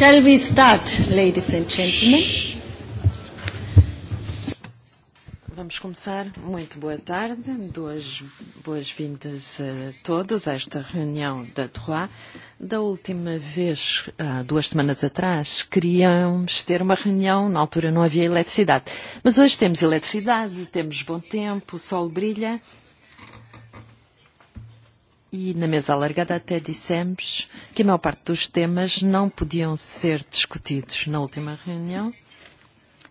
Shall we start, ladies and gentlemen? Vamos começar. Muito boa tarde. Duas boas-vindas a todos a esta reunião da Troá. Da última vez, há duas semanas atrás, queríamos ter uma reunião. Na altura não havia eletricidade. Mas hoje temos eletricidade, temos bom tempo, o sol brilha e na mesa alargada até dissemos que a maior parte dos temas não podiam ser discutidos na última reunião.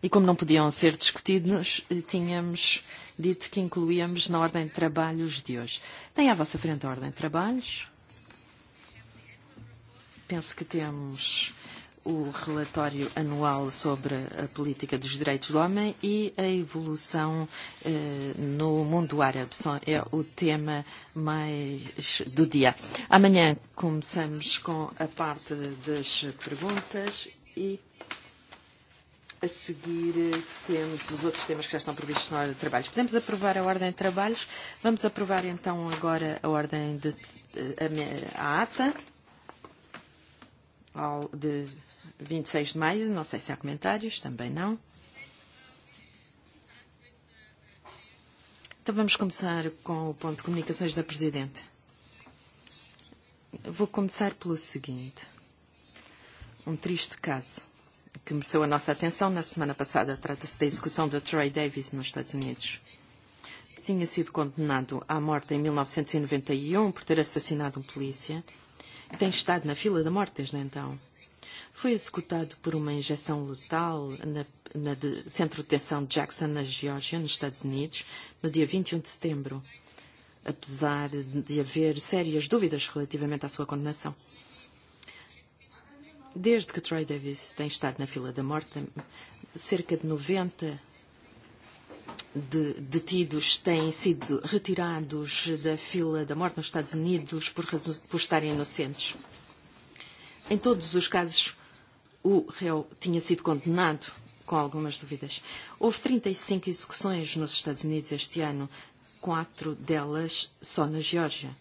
E como não podiam ser discutidos, eh, tínhamos dito que incluíamos na ordem de trabalhos de hoje. Tem à vossa frente a ordem de trabalhos. Penso que temos o relatório anual sobre a política dos direitos do homem e a evolução eh, no mundo árabe. É o tema mais do dia. Amanhã começamos com a parte das perguntas e a seguir temos os outros temas que já estão previstos na hora de trabalhos. Podemos aprovar a ordem de trabalhos. Vamos aprovar então agora a ordem de a, a ata. All the 26 e de maio, não sei se há comentários, também não. Então vamos começar com o ponto de comunicações da Presidente. Vou começar pelo seguinte. Um triste caso que mereceu a nossa atenção na semana passada. Trata-se da execução de Troy Davis nos Estados Unidos. Tinha sido condenado à morte em 1991 e e um por ter assassinado um polícia. Tem estado na fila da morte desde então foi executado por uma injeção letal na, na de, centro de detenção de Jackson, na Geórgia, nos Estados Unidos, no dia 21 e um de setembro, apesar de haver sérias dúvidas relativamente à sua condenação. Desde que Troy Davis tem estado na fila da morte, cerca de 90 de detidos têm sido retirados da fila da morte nos Estados Unidos por, por estarem inocentes. Em todos os casos, o réu tinha sido condenado, com algumas dúvidas. Houve 35 e execuções nos Estados Unidos este ano, quatro delas só na Geórgia.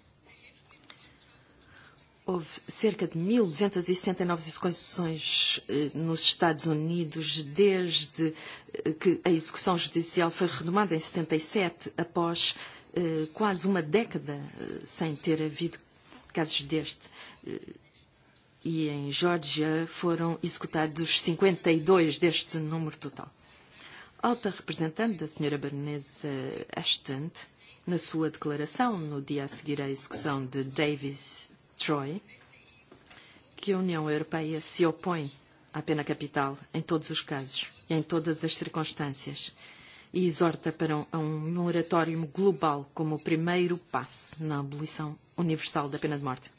Houve cerca de 1.269 e e execuções eh, nos Estados Unidos desde eh, que a execução judicial foi renomada em 77, após eh, quase uma década eh, sem ter havido casos deste. Eh, e em Geórgia foram executados 52 e deste número total. A alta representante da Sra. Baronesa Ashton, na sua declaração no dia a seguir à execução de Davis Troy, que a União Europeia se opõe à pena capital em todos os casos e em todas as circunstâncias e exorta para um, a um moratório global como o primeiro passo na abolição universal da pena de morte.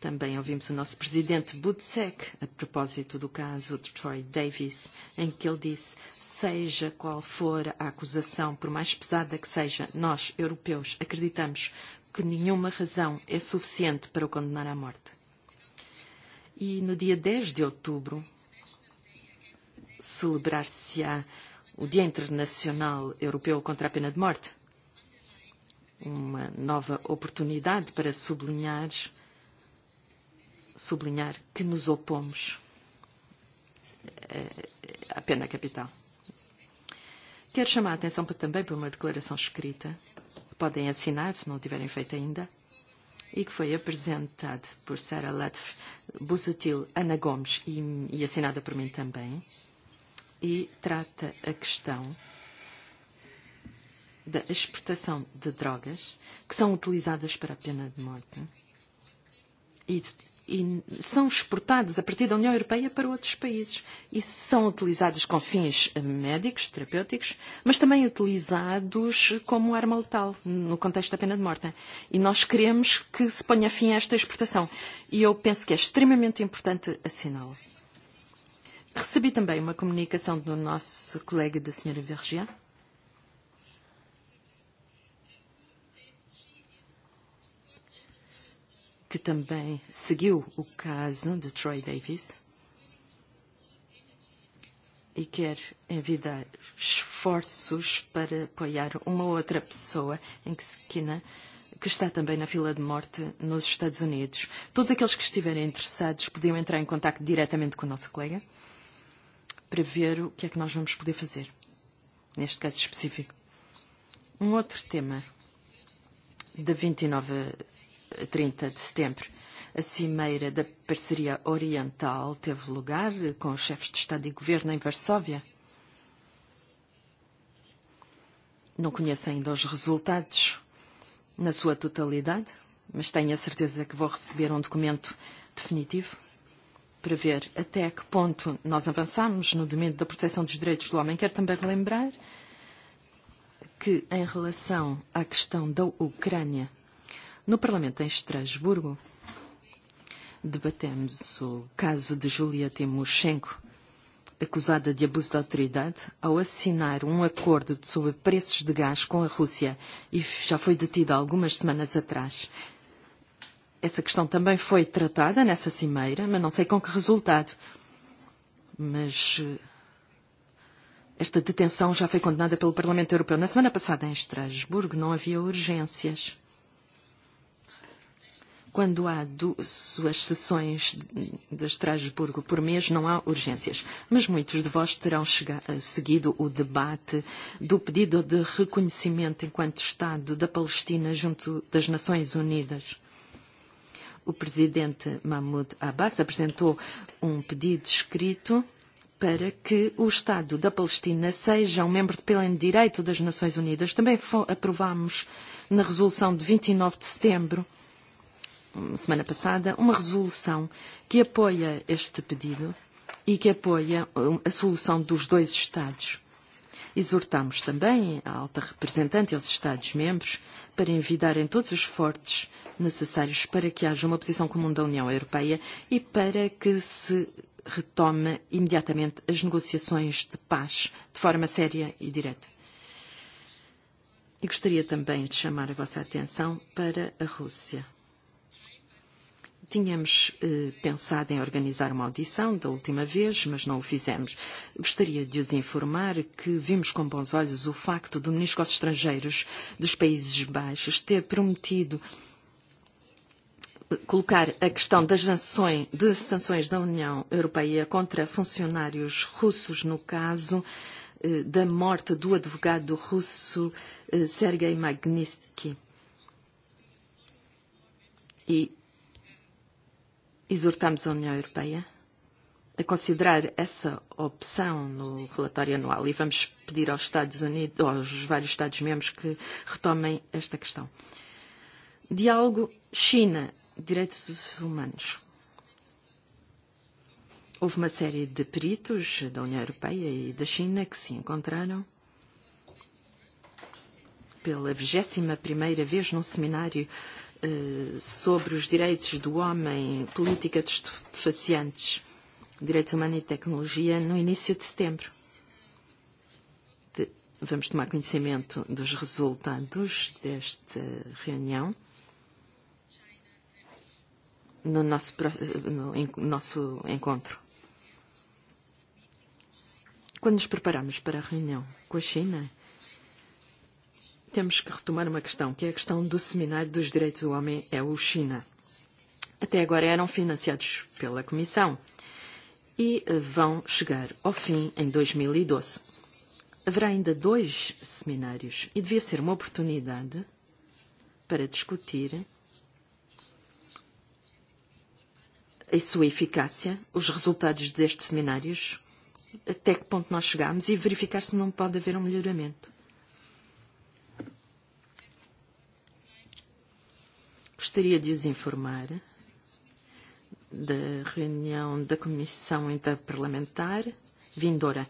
Também ouvimos o nosso presidente Budsek a propósito do caso de Troy Davis, em que ele disse: seja qual for a acusação, por mais pesada que seja, nós, europeus, acreditamos que nenhuma razão é suficiente para o condenar à morte. E no dia 10 de outubro celebrar-se-á o Dia Internacional Europeu contra a Pena de Morte. Uma nova oportunidade para sublinhar sublinhar que nos opomos à pena capital. Quero chamar a atenção também para uma declaração escrita, que podem assinar se não tiverem feito ainda, e que foi apresentada por Sara Latf Busutil, Ana Gomes e, e assinada por mim também, e trata a questão da exportação de drogas que são utilizadas para a pena de morte e e são exportadas a partir da União Europeia para outros países e são utilizados com fins eh, médicos, terapêuticos, mas também utilizados como arma letal no contexto da pena de morte. E nós queremos que se ponha fim a esta exportação. E eu penso que é extremamente importante assiná-lo. Recebi também uma comunicação do nosso colega da senhora Vergiat, que também seguiu o caso de Troy Davis e quer envidar esforços para apoiar uma outra pessoa em que Skinner que está também na fila de morte nos Estados Unidos. Todos aqueles que estiverem interessados podiam entrar em contato diretamente com o nosso colega para ver o que é que nós vamos poder fazer, neste caso específico. Um outro tema da 29 30 de setembro. A cimeira da parceria oriental teve lugar com os chefes de Estado e Governo em Varsóvia. Não conheço ainda os resultados na sua totalidade, mas tenho a certeza que vou receber um documento definitivo para ver até que ponto nós avançamos no domínio da proteção dos direitos do homem. Quero também lembrar que, em relação à questão da Ucrânia, No Parlamento em Estrasburgo, debatemos o caso de Julia Timoshenko, acusada de abuso de autoridade ao assinar um acordo sobre preços de gás com a Rússia e já foi detida algumas semanas atrás. Essa questão também foi tratada nessa cimeira, mas não sei com que resultado. Mas eh, esta detenção já foi condenada pelo Parlamento Europeu. Na semana passada, em Estrasburgo, não havia urgências. Quando há duas sessões de Estrasburgo por mês, não há urgências. Mas muitos de vós terão eh, seguido o debate do pedido de reconhecimento enquanto Estado da Palestina junto das Nações Unidas. O presidente Mahmoud Abbas apresentou um pedido escrito para que o Estado da Palestina seja um membro de pleno direito das Nações Unidas. Também aprovámos na resolução de 29 e de setembro semana passada, uma resolução que apoia este pedido e que apoia um, a solução dos dois Estados. Exortamos também a alta representante e aos Estados-membros para envidarem todos os fortes necessários para que haja uma posição comum da União Europeia e para que se retome imediatamente as negociações de paz de forma séria e direta. E gostaria também de chamar a vossa atenção para a Rússia. Tínhamos eh, pensado em organizar uma audição da última vez, mas não o fizemos. Gostaria de os informar que vimos com bons olhos o facto do Ministro dos Estrangeiros dos Países Baixos ter prometido colocar a questão das sanções, de sanções da União Europeia contra funcionários russos no caso eh, da morte do advogado russo eh, Sergei Magnitsky. E exortamos a União Europeia a considerar essa opção no relatório anual e vamos pedir aos Estados Unidos, aos vários Estados-membros que retomem esta questão. Diálogo China, direitos humanos. Houve uma série de peritos da União Europeia e da China que se encontraram pela 21ª vez num seminário Eh, sobre os direitos do homem, política de estupefacientes, direitos humanos e tecnologia, no início de setembro. De, vamos tomar conhecimento dos resultados desta reunião no nosso, eh, no, em, nosso encontro. Quando nos preparamos para a reunião com a China, temos que retomar uma questão, que é a questão do Seminário dos Direitos do Homem é o China. Até agora eram financiados pela Comissão e eh, vão chegar ao fim em 2012. E Haverá ainda dois seminários e devia ser uma oportunidade para discutir a sua eficácia, os resultados destes seminários, até que ponto nós chegámos e verificar se não pode haver um melhoramento. Gostaria de os informar da reunião da Comissão Interparlamentar vindoura.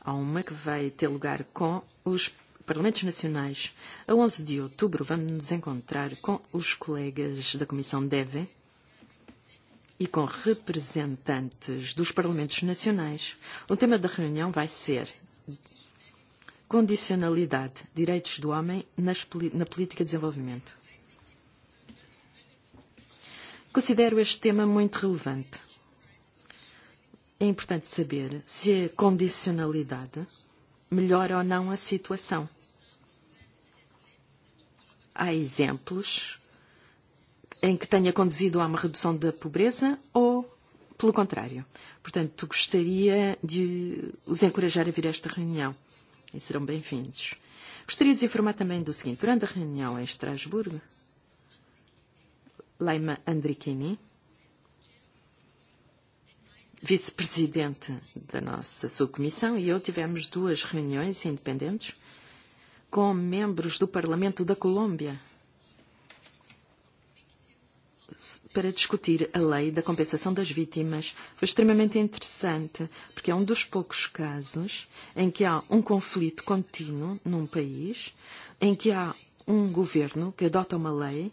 Há uma que vai ter lugar com os Parlamentos Nacionais. A 11 de outubro vamos nos encontrar com os colegas da Comissão DEVE e com representantes dos Parlamentos Nacionais. O tema da reunião vai ser condicionalidade, direitos do homem nas, na política de desenvolvimento. Considero este tema muito relevante. É importante saber se a condicionalidade melhora ou não a situação. Há exemplos em que tenha conduzido a uma redução da pobreza ou pelo contrário. Portanto, gostaria de os encorajar a vir a esta reunião e serão bem-vindos. Gostaria de os informar também do seguinte: durante a reunião em Estrasburgo, Leima Andrichini, vice-presidente da nossa subcomissão, e eu tivemos duas reuniões independentes com membros do Parlamento da Colômbia para discutir a lei da compensação das vítimas. Foi extremamente interessante, porque é um dos poucos casos em que há um conflito contínuo num país, em que há um governo que adota uma lei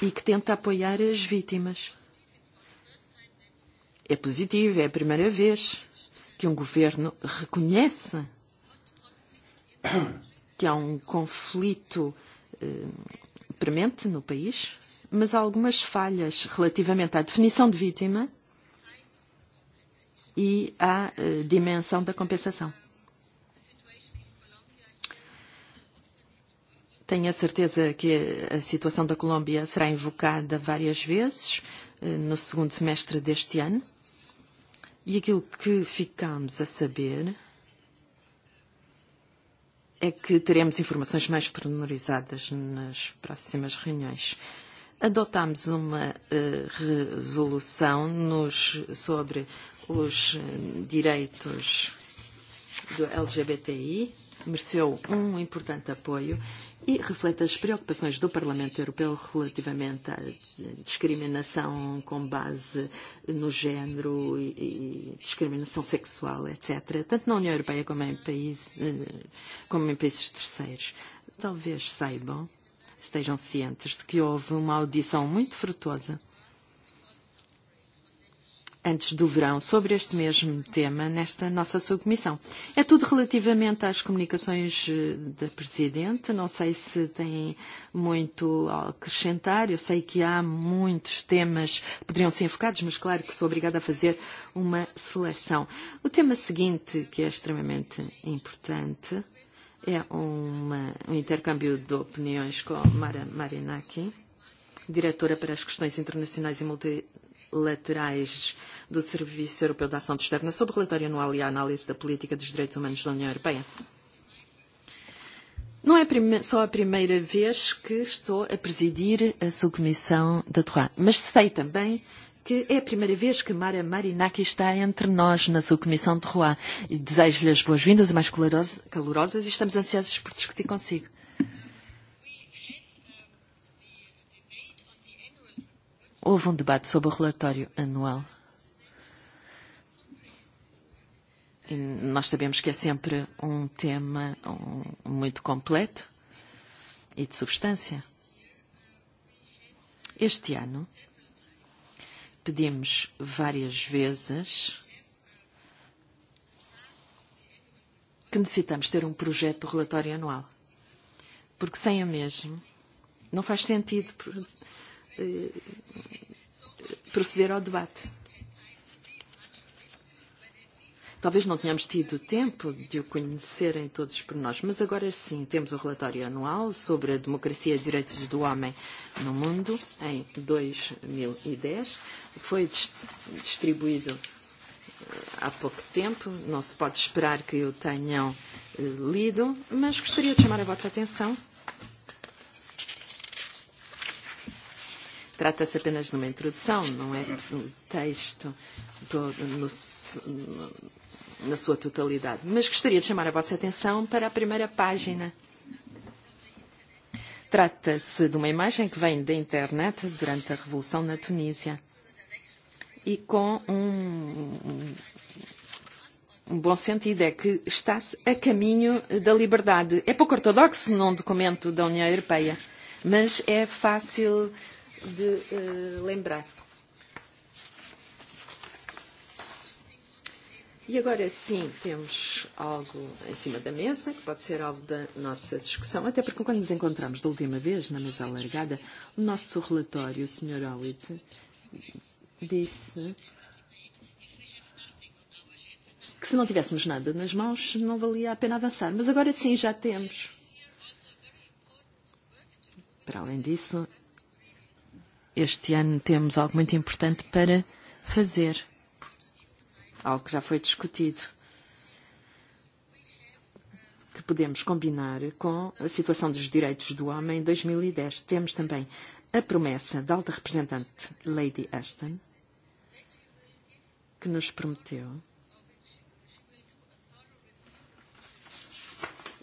e que tenta apoiar as vítimas. É positivo, é a primeira vez que um governo reconhece que há um conflito eh, premente no país, mas há algumas falhas relativamente à definição de vítima e à eh, dimensão da compensação. Tenho a certeza que a situação da Colômbia será invocada várias vezes eh, no segundo semestre deste ano. E aquilo que ficamos a saber é que teremos informações mais pormenorizadas nas próximas reuniões. Adotámos uma uh, resolução nos, sobre os eh, direitos do LGBTI, mereceu um importante apoio e reflete as preocupações do Parlamento Europeu relativamente à discriminação com base no género e, e discriminação sexual, etc., tanto na União Europeia como em, país, eh, como em países terceiros. Talvez saibam, estejam cientes de que houve uma audição muito frutuosa antes do verão sobre este mesmo tema nesta nossa subcomissão. É tudo relativamente às comunicações eh, da Presidente. Não sei se tem muito a acrescentar. Eu sei que há muitos temas que poderiam ser enfocados, mas claro que sou obrigada a fazer uma seleção. O tema seguinte, que é extremamente importante, é uma, um intercâmbio de opiniões com Mara Marinaki diretora para as questões internacionais e laterais do Serviço Europeu de Ação de Externa sobre o relatório anual e a análise da política dos direitos humanos da União Europeia. Não é só a primeira vez que estou a presidir a subcomissão da Troá, mas sei também que é a primeira vez que Mara Marinaki está entre nós na sua comissão de Rouen. E desejo-lhe as boas-vindas mais calorosas e estamos ansiosos por discutir consigo. houve um debate sobre o relatório anual. E nós sabemos que é sempre um tema um, muito completo e de substância. Este ano pedimos várias vezes que necessitamos ter um projeto de relatório anual. Porque sem a mesmo não faz sentido proceder ao debate. Talvez não tenhamos tido tempo de o conhecer em todos por nós, mas agora sim temos o relatório anual sobre a democracia e direitos do homem no mundo em 2010. E Foi distribuído eh, há pouco tempo, não se pode esperar que o tenham eh, lido, mas gostaria de chamar a vossa atenção Trata-se apenas de uma introdução, não é de um texto todo no, no, na sua totalidade. Mas gostaria de chamar a vossa atenção para a primeira página. Trata-se de uma imagem que vem da internet durante a Revolução na Tunísia e com um, um, um bom sentido é que está-se a caminho da liberdade. É pouco ortodoxo num documento da União Europeia, mas é fácil de eh, lembrar. E agora sim, temos algo em cima da mesa, que pode ser alvo da nossa discussão, até porque quando nos encontramos da última vez na mesa alargada, o nosso relatório, o Sr. Howitt, disse que se não tivéssemos nada nas mãos, não valia a pena avançar. Mas agora sim, já temos. Para além disso, este ano temos algo muito importante para fazer. Algo que já foi discutido. Que podemos combinar com a situação dos direitos do homem em 2010. E temos também a promessa da alta representante Lady Ashton, que nos prometeu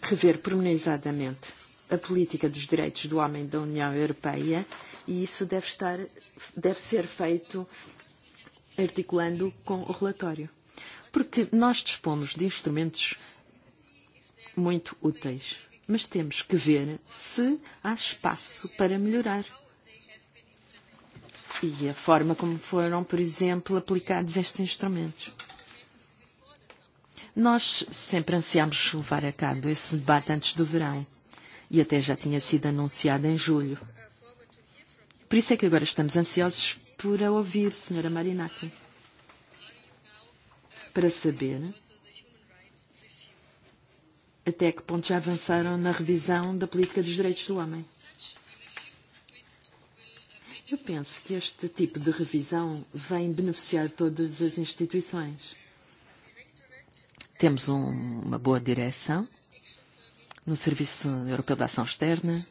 rever pormenorizadamente a política dos direitos do homem da União Europeia e isso deve, estar, deve ser feito articulando com o relatório. Porque nós dispomos de instrumentos muito úteis, mas temos que ver se há espaço para melhorar. E a forma como foram, por exemplo, aplicados estes instrumentos. Nós sempre ansiámos levar a cabo esse debate antes do verão e até já tinha sido anunciado em julho. Por isso é que agora estamos ansiosos por a ouvir, Senhora Marinaki, para saber até que ponto já avançaram na revisão da política dos direitos do homem. Eu penso que este tipo de revisão vem beneficiar todas as instituições. Temos um, uma boa direção no Serviço Europeu de Ação Externa,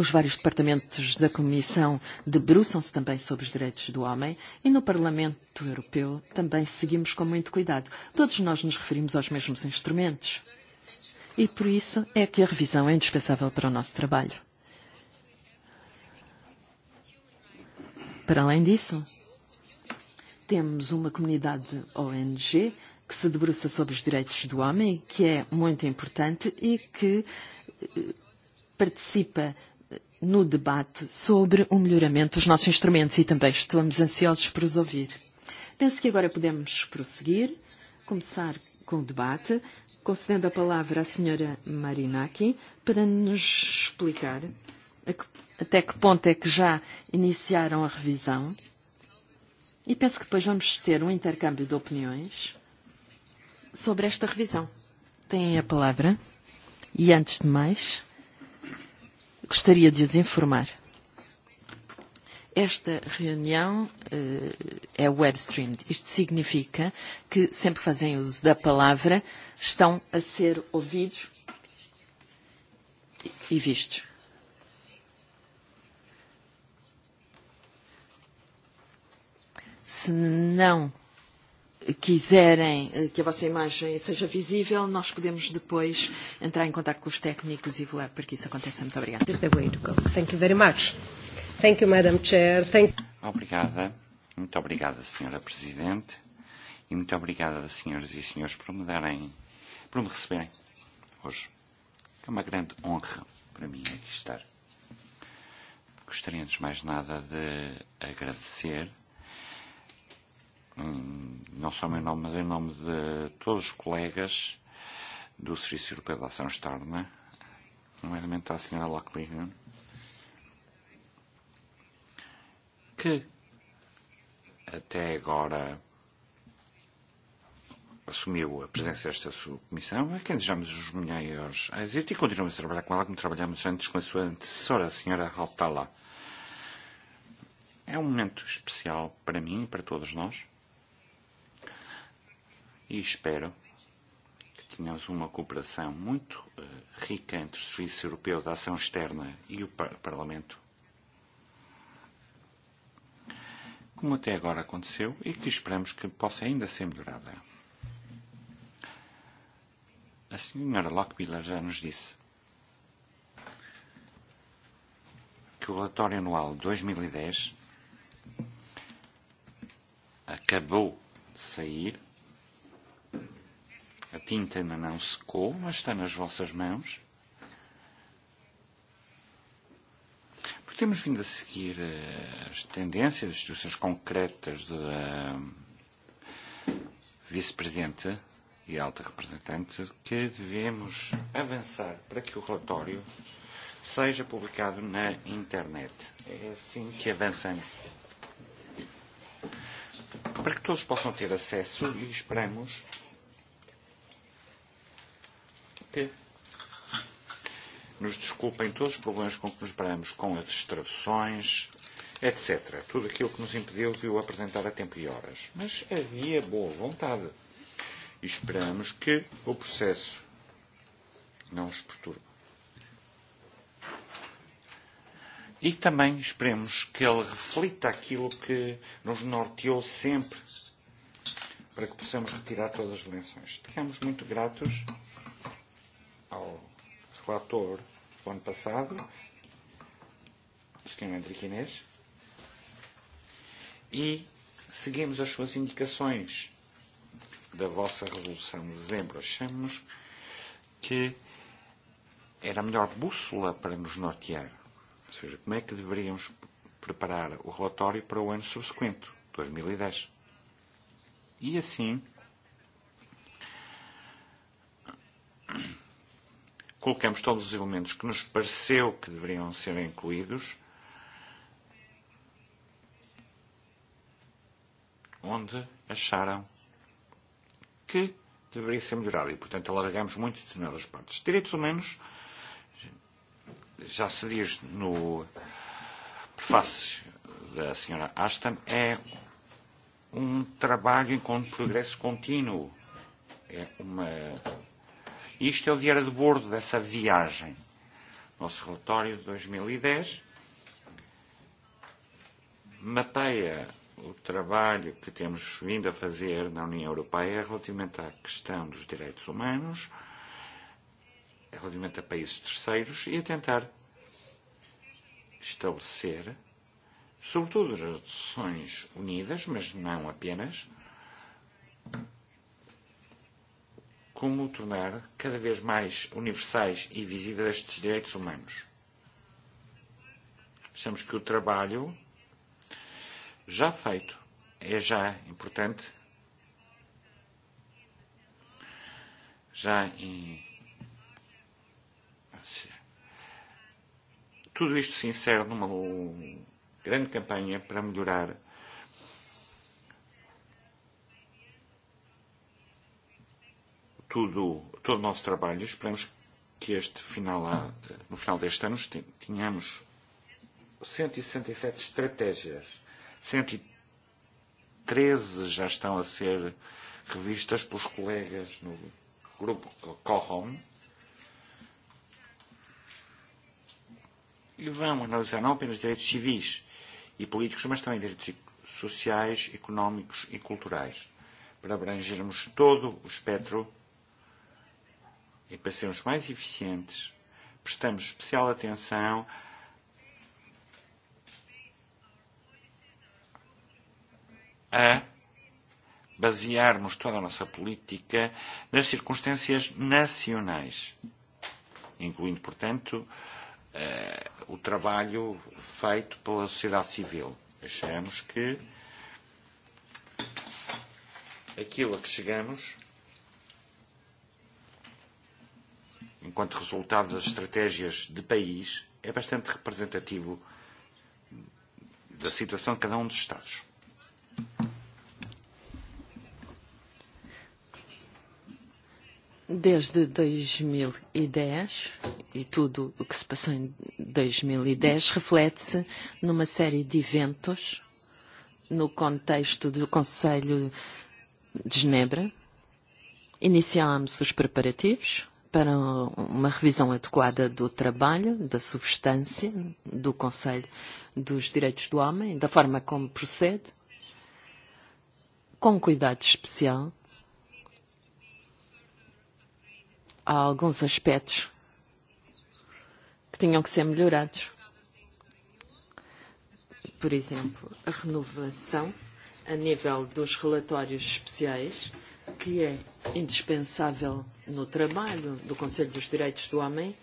os vários departamentos da Comissão debruçam-se também sobre os direitos do homem e no Parlamento Europeu também seguimos com muito cuidado. Todos nós nos referimos aos mesmos instrumentos e por isso é que a revisão é indispensável para o nosso trabalho. Para além disso, temos uma comunidade ONG que se debruça sobre os direitos do homem, que é muito importante e que eh, participa no debate sobre o melhoramento dos nossos instrumentos e também estamos ansiosos por os ouvir. Penso que agora podemos prosseguir, começar com o debate, concedendo a palavra à senhora Marinaki para nos explicar a que, até que ponto é que já iniciaram a revisão. E penso que depois vamos ter um intercâmbio de opiniões sobre esta revisão. Têm a palavra. E antes de mais, gostaria de os informar. Esta reunião eh, é webstreamed. Isto significa que sempre que fazem uso da palavra estão a ser ouvidos e vistos. Se não quiserem eh, que a vossa imagem seja visível, nós podemos depois entrar em contato com os técnicos e voar para que isso aconteça. Muito obrigada. This is the way to go. Thank you very much. Thank you, Madam Chair. Thank... Obrigada. Muito obrigada, Senhora Presidente. E muito obrigada, senhoras e senhores, por me darem, por me receberem hoje. É uma grande honra para mim aqui estar. Gostaria, antes de mais nada, de agradecer hum, não só meu nome, mas em nome de todos os colegas do Serviço Europeu de Ação Externa, nomeadamente à senhora Lockligan, que até agora assumiu a presença desta subcomissão, a quem desejamos os melhores êxitos e continuamos a trabalhar com ela como trabalhamos antes com a sua antecessora, a senhora Altala. É um momento especial para mim e para todos nós e espero que tenhamos uma cooperação muito uh, rica entre o Serviço Europeu de Ação Externa e o par Parlamento, como até agora aconteceu e que esperamos que possa ainda ser melhorada. A senhora Lockbiller já nos disse que o relatório anual 2010 e acabou de sair A tinta ainda não secou, mas está nas vossas mãos. Porque temos vindo a seguir eh, as tendências, as instruções concretas da eh, vice-presidente e alta representante que devemos avançar para que o relatório seja publicado na internet. É assim que avançamos. Para que todos possam ter acesso e esperamos que nos desculpem todos os problemas com que nos paramos, com as extrações, etc. Tudo aquilo que nos impediu de o apresentar a tempo e horas. Mas havia boa vontade. E esperamos que o processo não os perturbe. E também esperemos que ele reflita aquilo que nos norteou sempre para que possamos retirar todas as lenções. Ficamos muito gratos ao relator do ano passado, o Sr. Henrique Inês, e seguimos as suas indicações da vossa resolução de dezembro. Achamos que era a melhor bússola para nos nortear, ou seja, como é que deveríamos preparar o relatório para o ano subsequente, 2010. E, e assim, colocamos todos os elementos que nos pareceu que deveriam ser incluídos, onde acharam que deveria ser melhorado. E, portanto, alargamos muito determinadas partes. Direitos humanos, já se diz no prefácio da senhora Ashton, é um trabalho com um progresso contínuo. É uma Isto é o diário de bordo dessa viagem. Nosso relatório de 2010 e mapeia o trabalho que temos vindo a fazer na União Europeia relativamente à questão dos direitos humanos, relativamente a países terceiros e a tentar estabelecer, sobretudo nas Nações Unidas, mas não apenas, como tornar cada vez mais universais e visíveis estes direitos humanos. Achamos que o trabalho já feito é já importante, já em tudo isto se insere numa grande campanha para melhorar tudo, todo o nosso trabalho. Esperamos que este final, eh, no final deste ano tenhamos 167 e e estratégias. 113 e já estão a ser revistas pelos colegas no grupo COHOM. E vão analisar não apenas direitos civis e políticos, mas também direitos sociais, económicos e culturais, para abrangermos todo o espectro e para sermos mais eficientes, prestamos especial atenção a basearmos toda a nossa política nas circunstâncias nacionais, incluindo, portanto, eh, o trabalho feito pela sociedade civil. Achamos que aquilo a que chegamos enquanto resultado das estratégias de país, é bastante representativo da situação de cada um dos Estados. Desde 2010, e, e tudo o que se passou em 2010 e reflete-se numa série de eventos no contexto do Conselho de Genebra. Iniciámos os preparativos para uma revisão adequada do trabalho, da substância do Conselho dos Direitos do Homem, da forma como procede, com cuidado especial a alguns aspectos que tinham que ser melhorados. Por exemplo, a renovação a nível dos relatórios especiais, que é indispensável no trabalho do Conselho dos Direitos do Homem,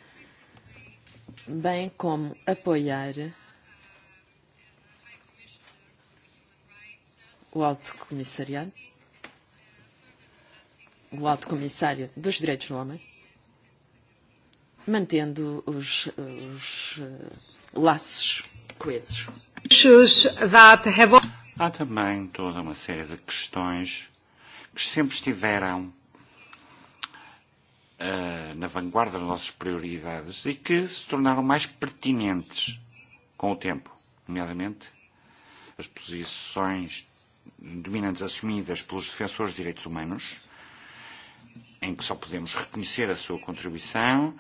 bem como apoiar o Alto Comissariado, o Alto Comissário dos Direitos do Homem, mantendo os, os uh, laços coesos. Há também toda uma série de questões que sempre estiveram uh, na vanguarda das nossas prioridades e que se tornaram mais pertinentes com o tempo, nomeadamente as posições dominantes assumidas pelos defensores de direitos humanos, em que só podemos reconhecer a sua contribuição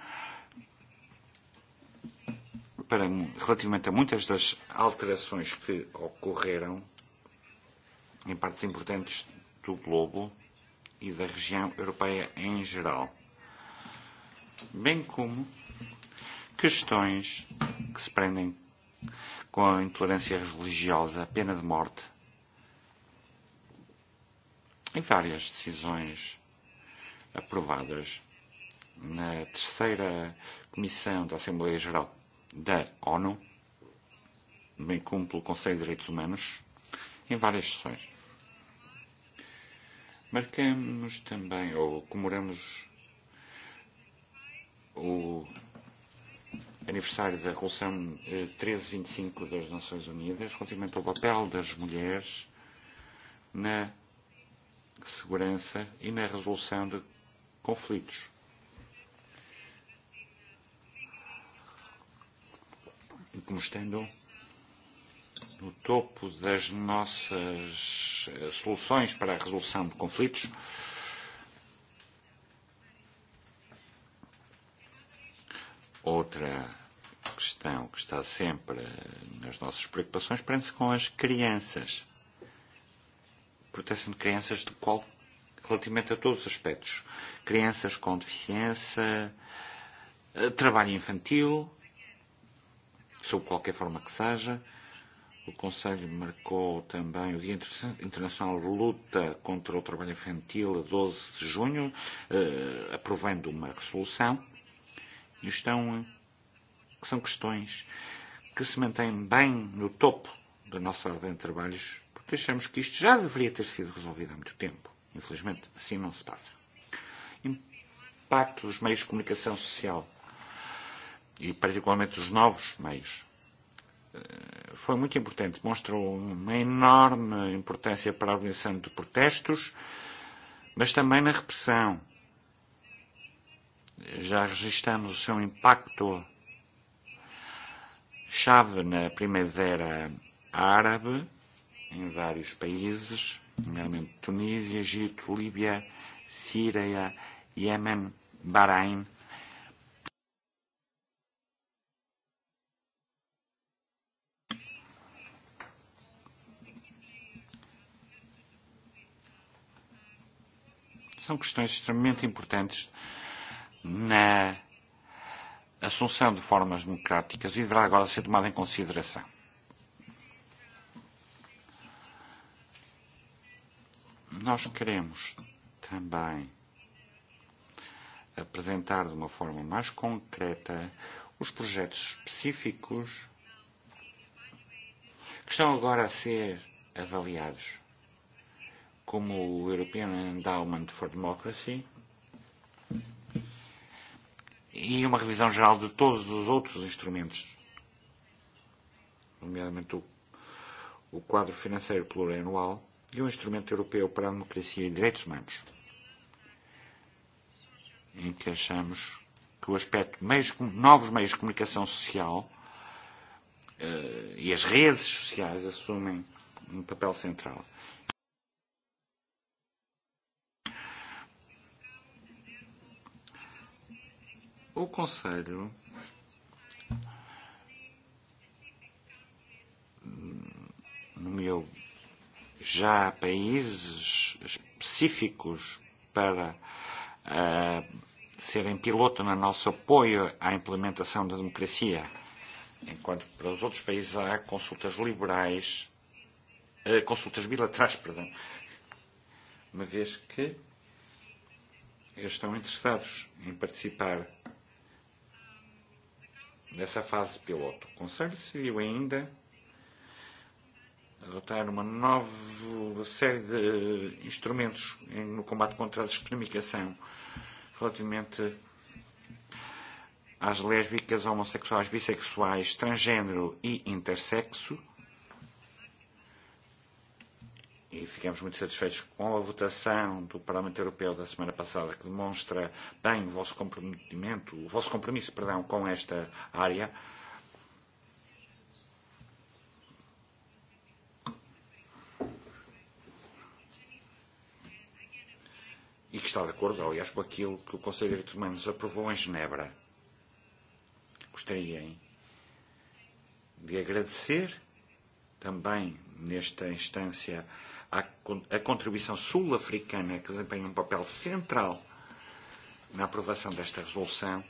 para, relativamente a muitas das alterações que ocorreram em partes importantes do globo e da região europeia em geral bem como questões que se prendem com a intolerância religiosa, a pena de morte. Em várias decisões aprovadas na terceira Comissão da Assembleia Geral da ONU, bem como pelo Conselho de Direitos Humanos, em várias sessões. Marcamos também, ou comemoramos o aniversário da Resolução 1325 eh, e das Nações Unidas relativamente ao papel das mulheres na segurança e na resolução de conflitos. E como estando no topo das nossas eh, soluções para a resolução de conflitos, uh, Outra questão que está sempre nas nossas preocupações prende-se com as crianças. Proteção de crianças de qual, relativamente a todos os aspectos. Crianças com deficiência, eh, trabalho infantil, sob qualquer forma que seja. O Conselho marcou também o Dia Internacional de Luta contra o Trabalho Infantil a 12 de junho, eh, aprovando uma resolução estão, que são questões que se mantêm bem no topo da nossa ordem de trabalhos, porque achamos que isto já deveria ter sido resolvido há muito tempo. Infelizmente, assim não se passa. Impacto dos meios de comunicação social e particularmente dos novos meios eh, foi muito importante, mostrou uma enorme importância para a organização de protestos, mas também na repressão já registramos o seu impacto. Chave na primavera árabe, em vários países, nomeadamente Tunísia, Egito, Líbia, Síria, Iémen, Bahrein. São questões extremamente importantes na assunção de formas democráticas e deverá agora ser tomada em consideração. Nós queremos também apresentar de uma forma mais concreta os projetos específicos que estão agora a ser avaliados, como o European Endowment for Democracy, e uma revisão geral de todos os outros instrumentos, nomeadamente o, o quadro financeiro plurianual e o instrumento europeu para a democracia e direitos humanos, em que achamos que o aspecto meios, novos meios de comunicação social eh, e as redes sociais assumem um papel central. o Conselho nomeou já países específicos para uh, serem piloto no nosso apoio à implementação da democracia, enquanto que para os outros países há consultas liberais, uh, consultas bilaterais, perdão, uma vez que eles estão interessados em participar nessa fase piloto. O Conselho decidiu ainda adotar uma nova série de instrumentos no combate contra a discriminação relativamente às lésbicas, homossexuais, bissexuais, transgênero e intersexo, e ficamos muito satisfeitos com a votação do Parlamento Europeu da semana passada, que demonstra bem o vosso comprometimento, o vosso compromisso, perdão, com esta área. E que está de acordo, aliás, com aquilo que o Conselho de Direitos Humanos aprovou em Genebra. Gostaria hein, de agradecer também nesta instância a contribuição sul-africana, que desempenha um papel central na aprovação desta resolução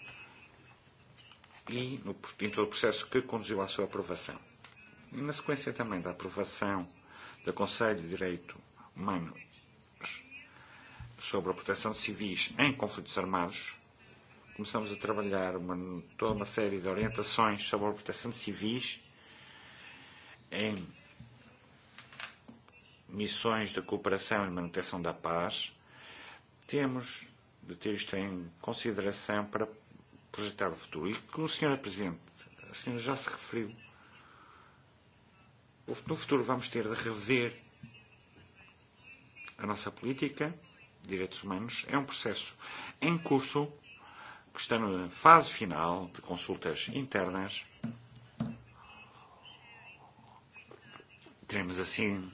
e no, em todo o processo que conduziu à sua aprovação. E na sequência também da aprovação do Conselho de Direito Humano sobre a proteção de civis em conflitos armados, começamos a trabalhar uma, toda uma série de orientações sobre a proteção de civis em missões de cooperação e manutenção da paz, temos de ter isto em consideração para projetar o futuro. E como a senhora Presidente, a senhora já se referiu, no futuro vamos ter de rever a nossa política de direitos humanos. É um processo em curso, que está na fase final de consultas internas. Teremos assim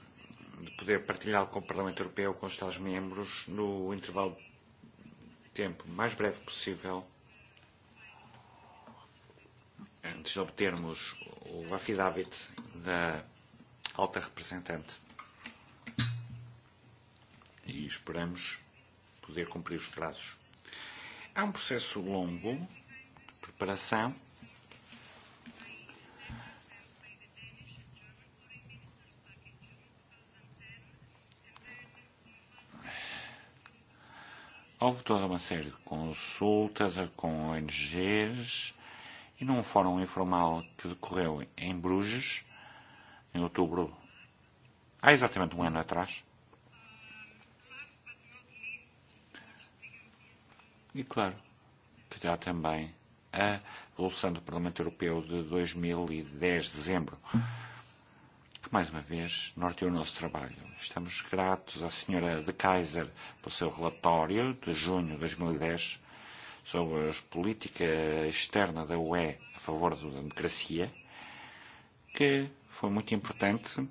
de poder partilhá-lo com o Parlamento Europeu, com os Estados-membros, no intervalo de tempo mais breve possível, antes de obtermos o affidavit da alta representante. E esperamos poder cumprir os prazos. Há um processo longo de preparação houve toda uma série de consultas com ONGs e num fórum informal que decorreu em Bruges, em outubro, há exatamente um ano atrás. E claro, que há também a resolução do Parlamento Europeu de 2010, e dezembro, mais uma vez, norteou o nosso trabalho. Estamos gratos à senhora de Kaiser pelo seu relatório de junho de 2010 e sobre a política externa da UE a favor da democracia, que foi muito importante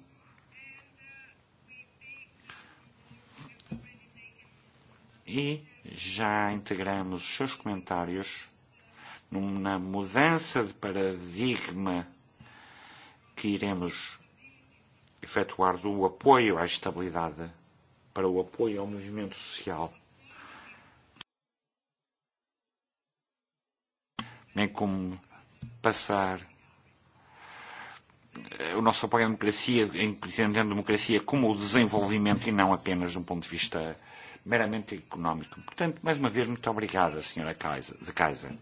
e já integramos os seus comentários numa mudança de paradigma que iremos efetuar do apoio à estabilidade para o apoio ao movimento social, nem como passar eh, o nosso apoio à democracia, entendendo a democracia como o desenvolvimento e não apenas de um ponto de vista meramente económico. Portanto, mais uma vez, muito obrigada, Sra. de Kaiser.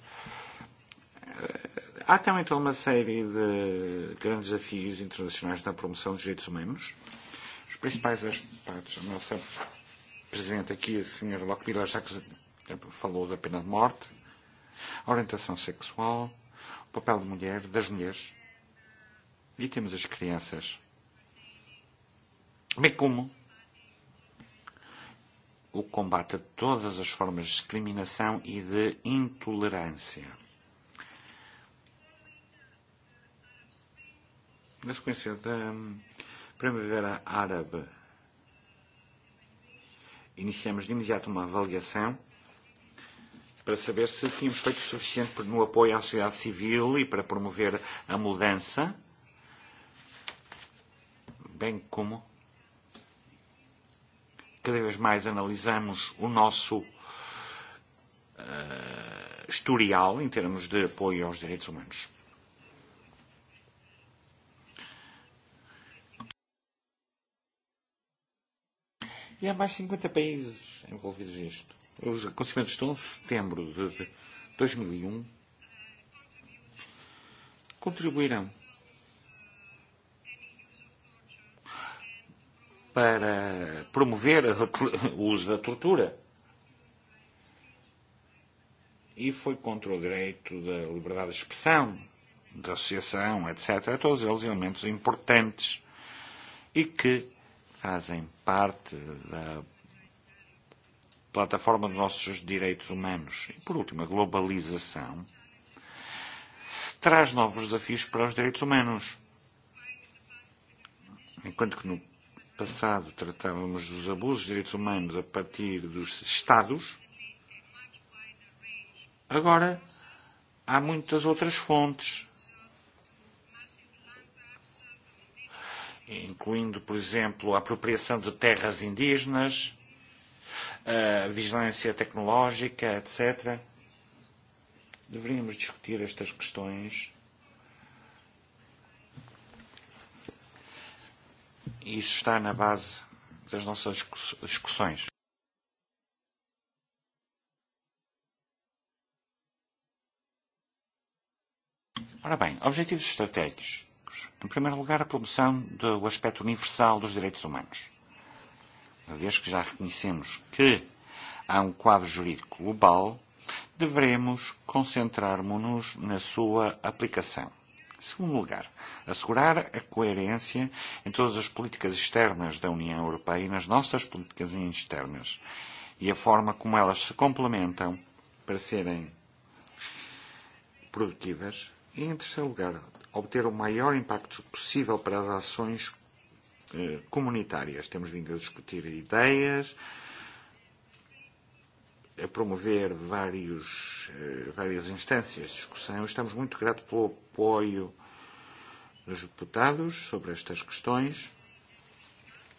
Há também toda uma série de grandes desafios internacionais na promoção dos direitos humanos. Os principais aspectos, a nossa Presidente aqui, a Sra. Lockmiller, já que falou da pena de morte, a orientação sexual, o papel de mulher, das mulheres, e temos as crianças. Bem como o combate a todas as formas de discriminação e de intolerância. desconhecida da um, Primavera Árabe. Iniciamos de imediato uma avaliação para saber se tínhamos feito o suficiente no apoio à sociedade civil e para promover a mudança, bem como cada vez mais analisamos o nosso uh, historial em termos de apoio aos direitos humanos. E há mais de 50 países envolvidos nisto. Os acontecimentos estão em setembro de 2001 e um. contribuirão para promover o uso da tortura. E foi contra o direito da liberdade de expressão, da associação, etc. Todos eles elementos importantes e que fazem parte da plataforma dos nossos direitos humanos. E, por último, a globalização traz novos desafios para os direitos humanos. Enquanto que no passado tratávamos dos abusos de direitos humanos a partir dos Estados, agora há muitas outras fontes incluindo, por exemplo, a apropriação de terras indígenas, a vigilância tecnológica, etc. Deveríamos discutir estas questões. E isso está na base das nossas discussões. Ora bem, objetivos estratégicos. Em primeiro lugar, a promoção do aspecto universal dos direitos humanos. Uma vez que já reconhecemos que há um quadro jurídico global, devemos concentrar-nos na sua aplicação. Em segundo lugar, assegurar a coerência em todas as políticas externas da União Europeia e nas nossas políticas externas e a forma como elas se complementam para serem produtivas Em terceiro lugar, obter o maior impacto possível para as ações eh, comunitárias. Temos vindo a discutir ideias, a promover vários, eh, várias instâncias de discussão. Estamos muito gratos pelo apoio dos deputados sobre estas questões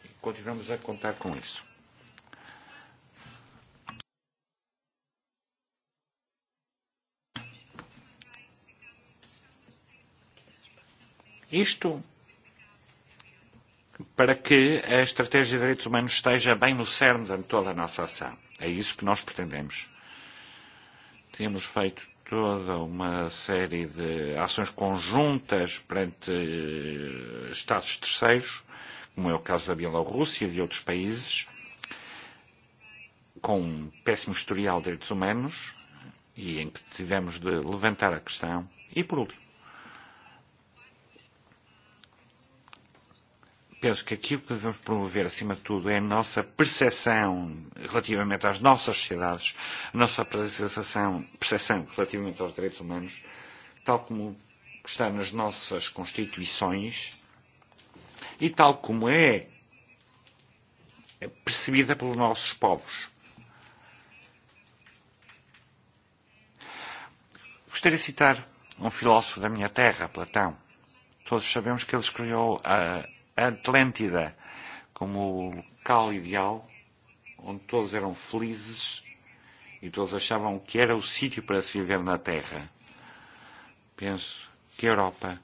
e continuamos a contar com isso. Isto para que a estratégia de direitos humanos esteja bem no cerne de toda a nossa ação. É isso que nós pretendemos. Temos feito toda uma série de ações conjuntas perante eh, Estados terceiros, como é o caso da Bielorrússia e de outros países, com um péssimo historial de direitos humanos e em que tivemos de levantar a questão. E, por último, penso que aquilo que devemos promover, acima de tudo, é a nossa percepção relativamente às nossas sociedades, a nossa percepção, percepção relativamente aos direitos humanos, tal como está nas nossas constituições e tal como é percebida pelos nossos povos. Gostaria de citar um filósofo da minha terra, Platão. Todos sabemos que ele escreveu a Atlântida como o local ideal onde todos eram felizes e todos achavam que era o sítio para se viver na Terra. Penso que a Europa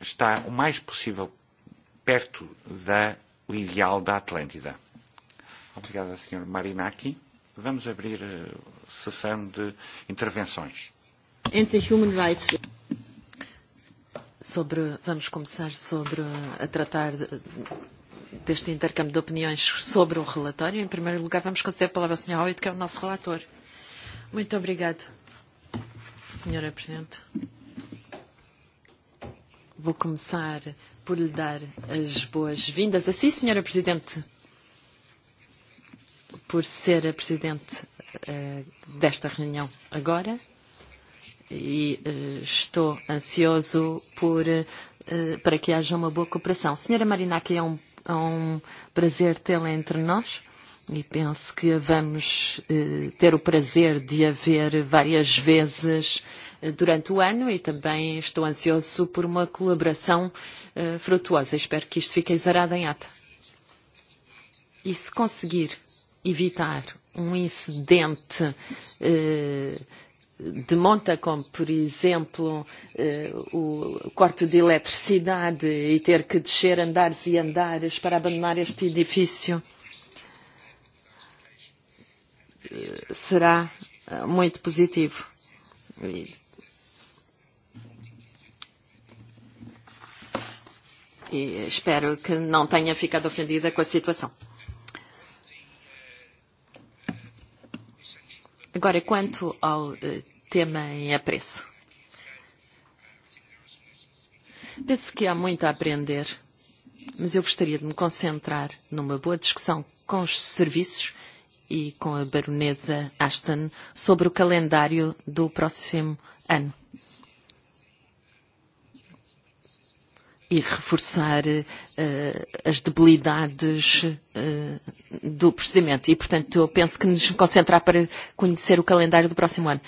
está o mais possível perto da, o ideal da Atlântida. Obrigada, Sr. Marinaki. Vamos abrir a eh, sessão de intervenções. Entre human rights sobre, vamos começar sobre, a tratar deste intercâmbio de opiniões sobre o relatório. Em primeiro lugar, vamos conceder a palavra ao Sr. Howitt, que é o nosso relator. Muito obrigado, Sra. Presidente. Vou começar por lhe dar as boas-vindas a si, Sra. Presidente, por ser a Presidente eh, desta reunião agora e eh, estou ansioso por, eh, para que haja uma boa cooperação. Senhora Marinaki, é um, é um prazer tê-la entre nós e penso que vamos eh, ter o prazer de a ver várias vezes durante o ano e também estou ansioso por uma colaboração frutuosa. Espero que isto fique exarado em ata. E se conseguir evitar um incidente eh, de monta, como por exemplo eh, o corte de eletricidade e ter que descer andares e andares para abandonar este edifício, eh, será eh, muito positivo. E, e espero que não tenha ficado ofendida com a situação. Agora, e quanto ao eh, tema em apreço. Penso que há muito a aprender, mas eu gostaria de me concentrar numa boa discussão com os serviços e com a baronesa Ashton sobre o calendário do próximo ano. e reforçar uh, as debilidades uh, do procedimento. E, portanto, eu penso que nos concentrar para conhecer o calendário do próximo ano.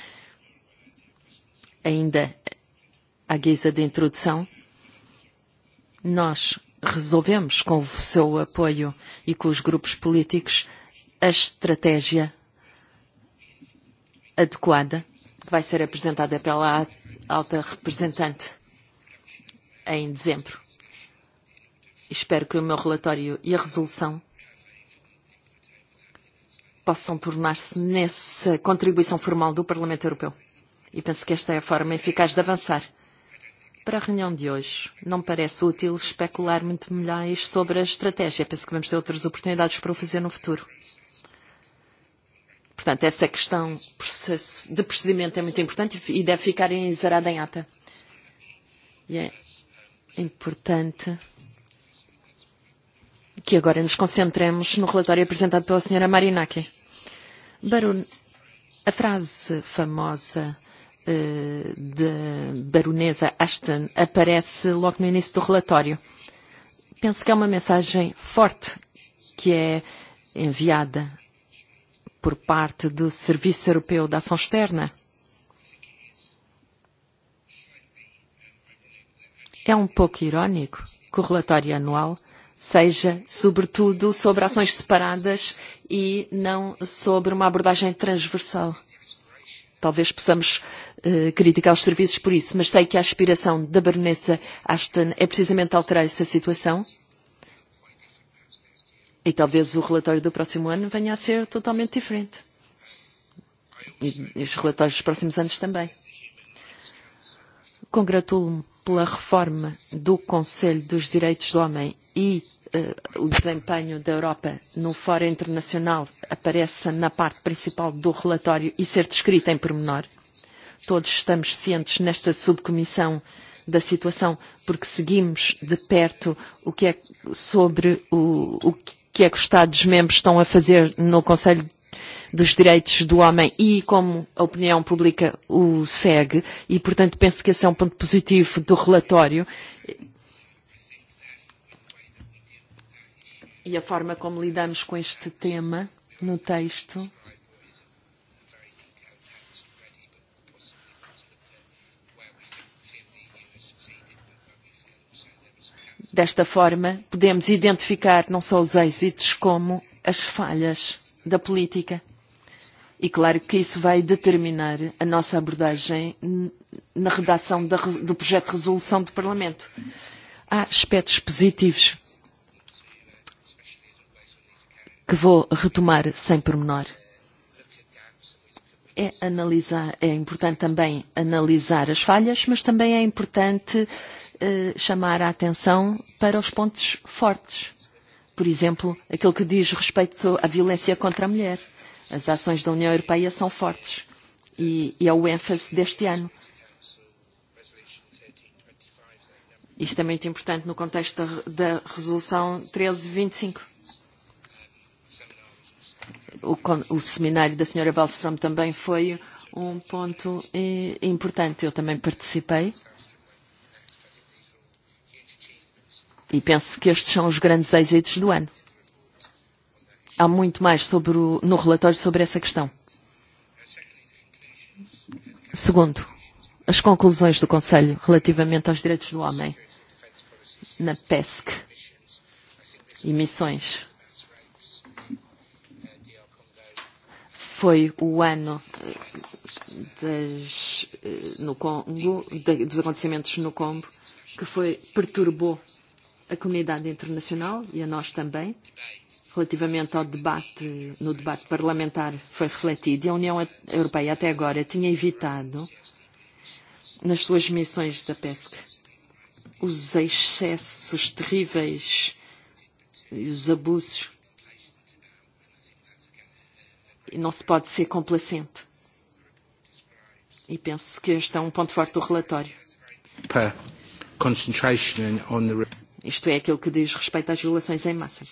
Ainda à guisa de introdução, nós resolvemos, com o seu apoio e com os grupos políticos, a estratégia adequada que vai ser apresentada pela alta representante em dezembro. Espero que o meu relatório e a resolução possam tornar-se nessa contribuição formal do Parlamento Europeu. E penso que esta é a forma eficaz de avançar. Para a reunião de hoje, não parece útil especular muito milhares sobre a estratégia. Penso que vamos ter outras oportunidades para o fazer no futuro. Portanto, essa questão de procedimento é muito importante e deve ficar encerrada em ata. E é importante que agora nos concentremos no relatório apresentado pela senhora Marinaki. Baron, a frase famosa uh, eh, de baronesa Ashton aparece logo no início do relatório. Penso que é uma mensagem forte que é enviada por parte do Serviço Europeu de Ação Externa É um pouco irónico que o relatório anual seja, sobretudo, sobre ações separadas e não sobre uma abordagem transversal. Talvez possamos uh, criticar os serviços por isso, mas sei que a aspiração da baronessa Ashton é precisamente alterar essa situação. E talvez o relatório do próximo ano venha a ser totalmente diferente. E, e os relatórios dos próximos anos também. Congratulo-me pela reforma do Conselho dos Direitos do Homem e uh, o desempenho da Europa no Fórum Internacional apareça na parte principal do relatório e ser descrita em pormenor. Todos estamos cientes nesta subcomissão da situação, porque seguimos de perto o que é sobre o, o que é que os Estados-membros estão a fazer no Conselho dos direitos do homem e como a opinião pública o segue e, portanto, penso que esse é um ponto positivo do relatório e a forma como lidamos com este tema no texto. Desta forma, podemos identificar não só os êxitos como as falhas da política. E claro que isso vai determinar a nossa abordagem na redação da, do projeto de resolução do Parlamento. Há aspectos positivos que vou retomar sem pormenor. É, analisar, é importante também analisar as falhas, mas também é importante eh, chamar a atenção para os pontos fortes por exemplo, aquilo que diz respeito à violência contra a mulher. As ações da União Europeia são fortes e, e é o ênfase deste ano. Isto é muito importante no contexto da, da Resolução 1325. E o, o seminário da Sra. Wallström também foi um ponto eh, importante. Eu também participei. Uh, e penso que estes são os grandes êxitos do ano. Há muito mais sobre o, no relatório sobre essa questão. Segundo, as conclusões do Conselho relativamente aos direitos do homem na PESC, emissões. Foi o ano eh, das, eh, no Congo, dos acontecimentos no Congo que foi, perturbou a comunidade internacional e a nós também, relativamente ao debate, no debate parlamentar, foi refletido. E a União Europeia até agora tinha evitado, nas suas missões da PESC, os excessos terríveis e os abusos. E não se pode ser complacente. E penso que este é um ponto forte do relatório. Pá concentration on the Isto é aquilo que diz respeito às violações em massa.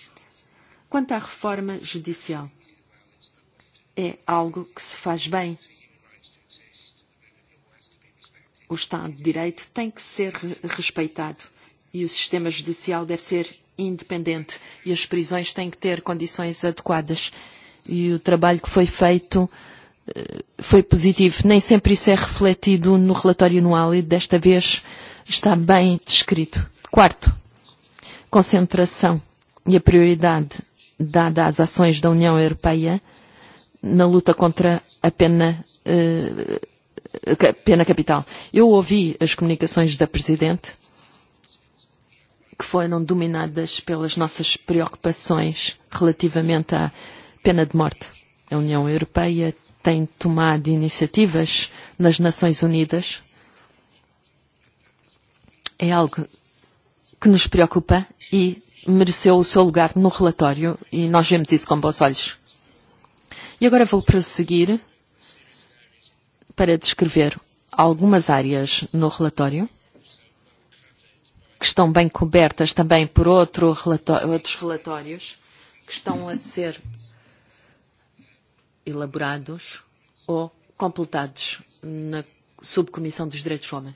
Quanto à reforma judicial, é algo que se faz bem. O Estado de Direito tem que ser respeitado e o sistema judicial deve ser independente e as prisões têm que ter condições adequadas. E o trabalho que foi feito eh, foi positivo. Nem sempre isso é refletido no relatório anual e desta vez está bem descrito. Quarto, concentração e a prioridade dada às ações da União Europeia na luta contra a pena, uh, pena capital. Eu ouvi as comunicações da Presidente, que foram dominadas pelas nossas preocupações relativamente à pena de morte. A União Europeia tem tomado iniciativas nas Nações Unidas. É algo que nos preocupa e mereceu o seu lugar no relatório e nós vemos isso com bons olhos. E agora vou prosseguir para descrever algumas áreas no relatório que estão bem cobertas também por outro relatório, outros relatórios que estão a ser elaborados ou completados na Subcomissão dos Direitos do Homem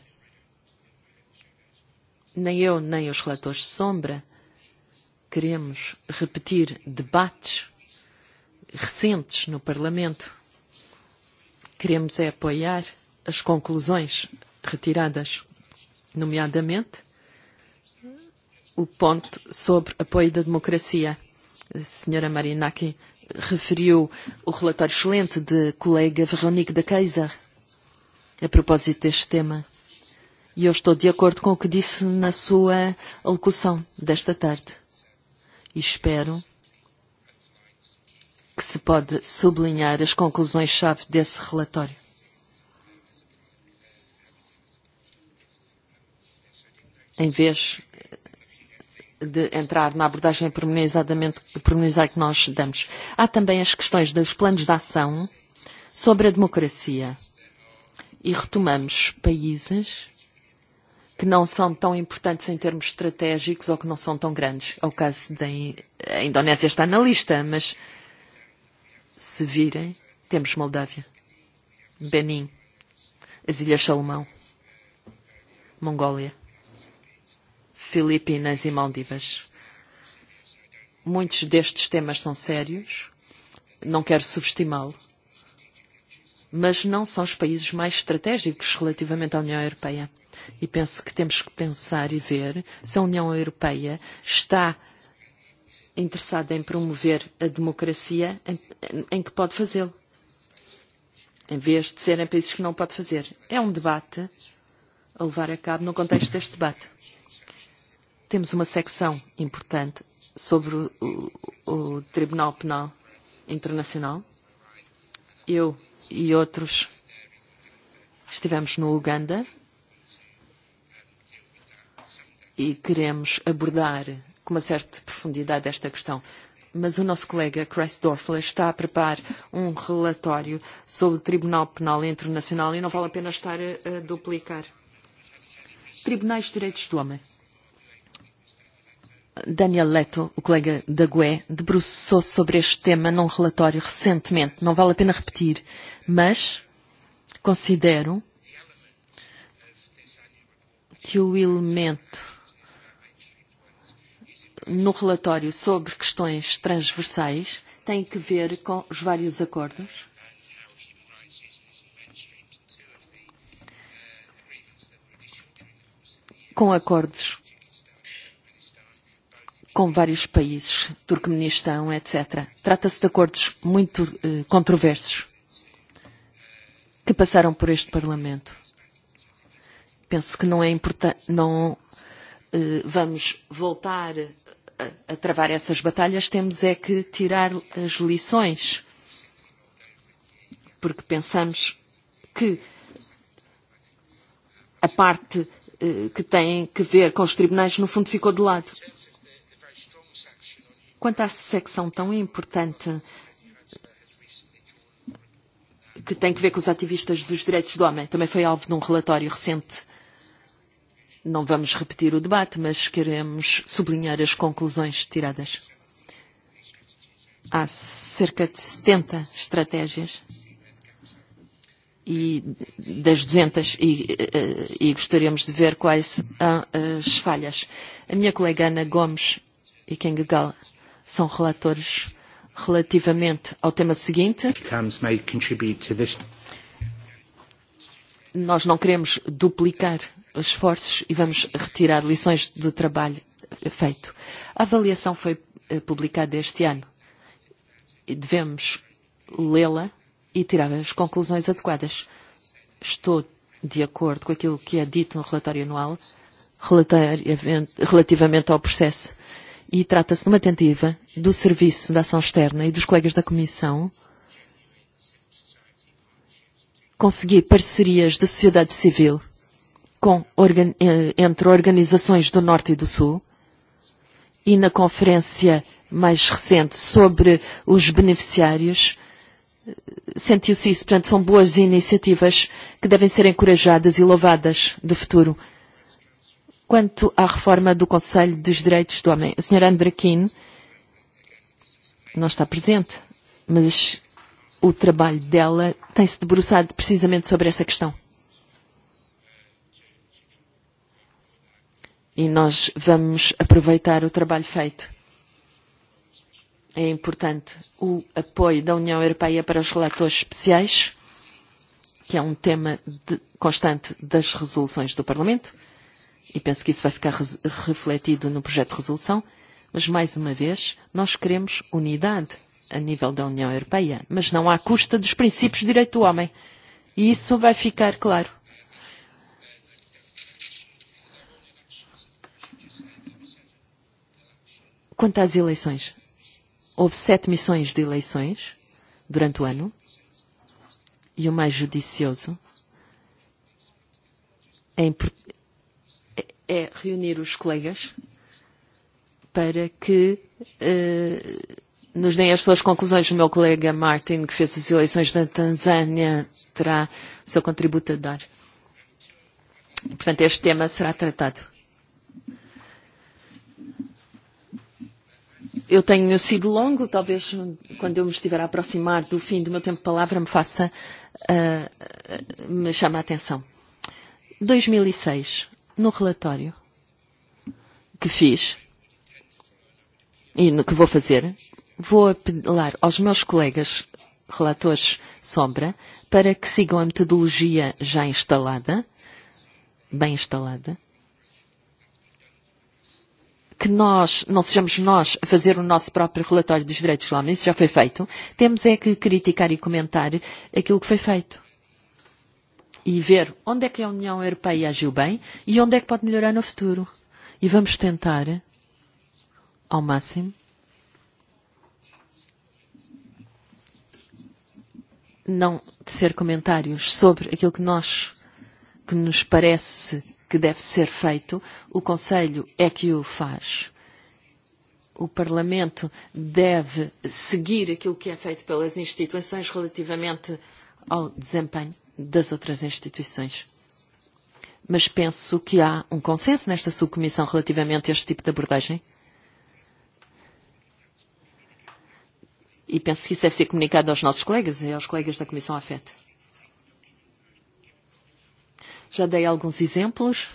nem eu nem os relatores de sombra queremos repetir debates recentes no Parlamento. Queremos é apoiar as conclusões retiradas, nomeadamente o ponto sobre apoio da democracia. A senhora Marinaki referiu o relatório excelente de colega Veronique de Kaiser a propósito deste tema. E eu estou de acordo com o que disse na sua alocução desta tarde. E espero que se pode sublinhar as conclusões-chave desse relatório. Em vez de entrar na abordagem pormenorizada que nós damos. Há também as questões dos planos de ação sobre a democracia. E retomamos países que não são tão importantes em termos estratégicos ou que não são tão grandes. É o caso da a Indonésia está na lista, mas se virem, temos Moldávia, Benin, as Ilhas Salomão, Mongólia, Filipinas e Maldivas. Muitos destes temas são sérios, não quero subestimá-lo, mas não são os países mais estratégicos relativamente à União Europeia e penso que temos que pensar e ver se a União Europeia está interessada em promover a democracia em, em, em que pode fazê-lo, em vez de serem países que não pode fazer. É um debate a levar a cabo no contexto deste debate. Temos uma secção importante sobre o, o, o Tribunal Penal Internacional. Eu e outros estivemos no Uganda e queremos abordar com uma certa profundidade esta questão. Mas o nosso colega Chris Dorfler está a preparar um relatório sobre o Tribunal Penal Internacional e não vale a pena estar a, a duplicar. Tribunais de Direitos do Homem. Daniel Leto, o colega da GUE, debruçou-se sobre este tema num relatório recentemente. Não vale a pena repetir, mas considero que o elemento no relatório sobre questões transversais tem que ver com os vários acordos. Com acordos com vários países, Turcomenistão, etc. Trata-se de acordos muito eh, controversos que passaram por este Parlamento. Penso que não é importante, não eh, vamos voltar a travar essas batalhas, temos é que tirar as lições, porque pensamos que a parte eh, que tem que ver com os tribunais, no fundo, ficou de lado. Quanto à secção tão importante que tem que ver com os ativistas dos direitos do homem, também foi alvo de um relatório recente Não vamos repetir o debate, mas queremos sublinhar as conclusões tiradas. Há cerca de 70 estratégias e das 200 e, eh, e gostaríamos de ver quais as falhas. A minha colega Ana Gomes e Kengegal são relatores relativamente ao tema seguinte. Nós não queremos duplicar esforços e vamos retirar lições do trabalho feito. A avaliação foi eh, publicada este ano e devemos lê-la e tirar as conclusões adequadas. Estou de acordo com aquilo que é dito no relatório anual relativamente ao processo e trata-se de uma tentativa do Serviço de Ação Externa e dos colegas da Comissão conseguir parcerias da sociedade civil com, organ, eh, entre organizações do Norte e do Sul e na conferência mais recente sobre os beneficiários sentiu-se isso. Portanto, são boas iniciativas que devem ser encorajadas e louvadas de futuro. Quanto à reforma do Conselho dos Direitos do Homem, a senhora Andraquin não está presente, mas o trabalho dela tem-se debruçado precisamente sobre essa questão. e nós vamos aproveitar o trabalho feito. É importante o apoio da União Europeia para os relatores especiais, que é um tema de, constante das resoluções do Parlamento, e penso que isso vai ficar res, refletido no projeto de resolução, mas mais uma vez, nós queremos unidade a nível da União Europeia, mas não à custa dos princípios de direito do homem. E isso vai ficar claro Quanto às eleições, houve sete missões de eleições durante o ano e o mais judicioso é, é reunir os colegas para que uh, nos deem as suas conclusões. O meu colega Martin, que fez as eleições na Tanzânia, terá o seu contributo a dar. Portanto, este tema será tratado. eu tenho sido longo, talvez quando eu me estiver a aproximar do fim do meu tempo de palavra me faça, uh, uh, me chama a atenção. 2006, e no relatório que fiz e no que vou fazer, vou apelar aos meus colegas relatores sombra para que sigam a metodologia já instalada, bem instalada, que nós não sejamos nós a fazer o nosso próprio relatório dos direitos do homem, isso já foi feito. Temos é que criticar e comentar aquilo que foi feito. E ver onde é que a União Europeia agiu bem e onde é que pode melhorar no futuro. E vamos tentar, ao máximo, não tecer comentários sobre aquilo que nós, que nos parece que deve ser feito, o Conselho é que o faz. O Parlamento deve seguir aquilo que é feito pelas instituições relativamente ao desempenho das outras instituições mas penso que há um consenso nesta subcomissão relativamente a este tipo de abordagem. E penso que isso deve ser comunicado aos nossos colegas e aos colegas da Comissão AFET. Já dei alguns exemplos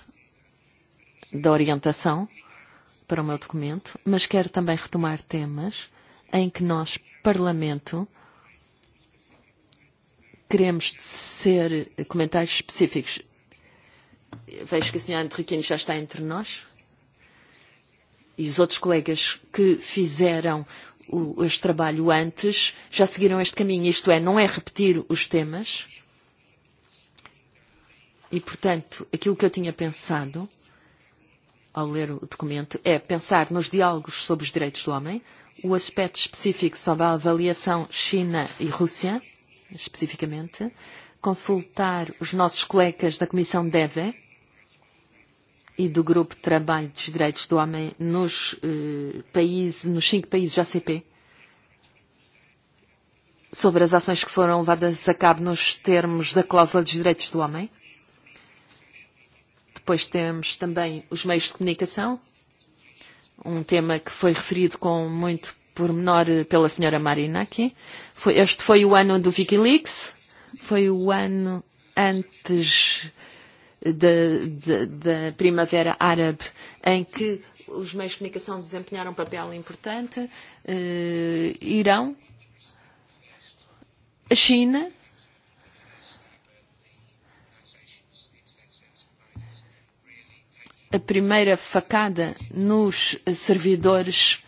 da orientação para o meu documento, mas quero também retomar temas em que nós, Parlamento, queremos ser comentários específicos. Vejo que a senhora Henriquinho já está entre nós e os outros colegas que fizeram o, este trabalho antes já seguiram este caminho. Isto é, não é repetir os temas, E, portanto, aquilo que eu tinha pensado ao ler o documento é pensar nos diálogos sobre os direitos do homem, o aspecto específico sobre a avaliação China e Rússia, especificamente, consultar os nossos colegas da Comissão DEVE e do Grupo de Trabalho dos Direitos do Homem nos, eh, países, nos cinco países ACP sobre as ações que foram levadas a cabo nos termos da cláusula dos direitos do homem Depois temos também os meios de comunicação, um tema que foi referido com muito pormenor pela senhora Marinaki. Foi, este foi o ano do Wikileaks, foi o ano antes da, da, da Primavera Árabe, em que os meios de comunicação desempenharam um papel importante. Uh, Irão, a China, a primeira facada nos servidores,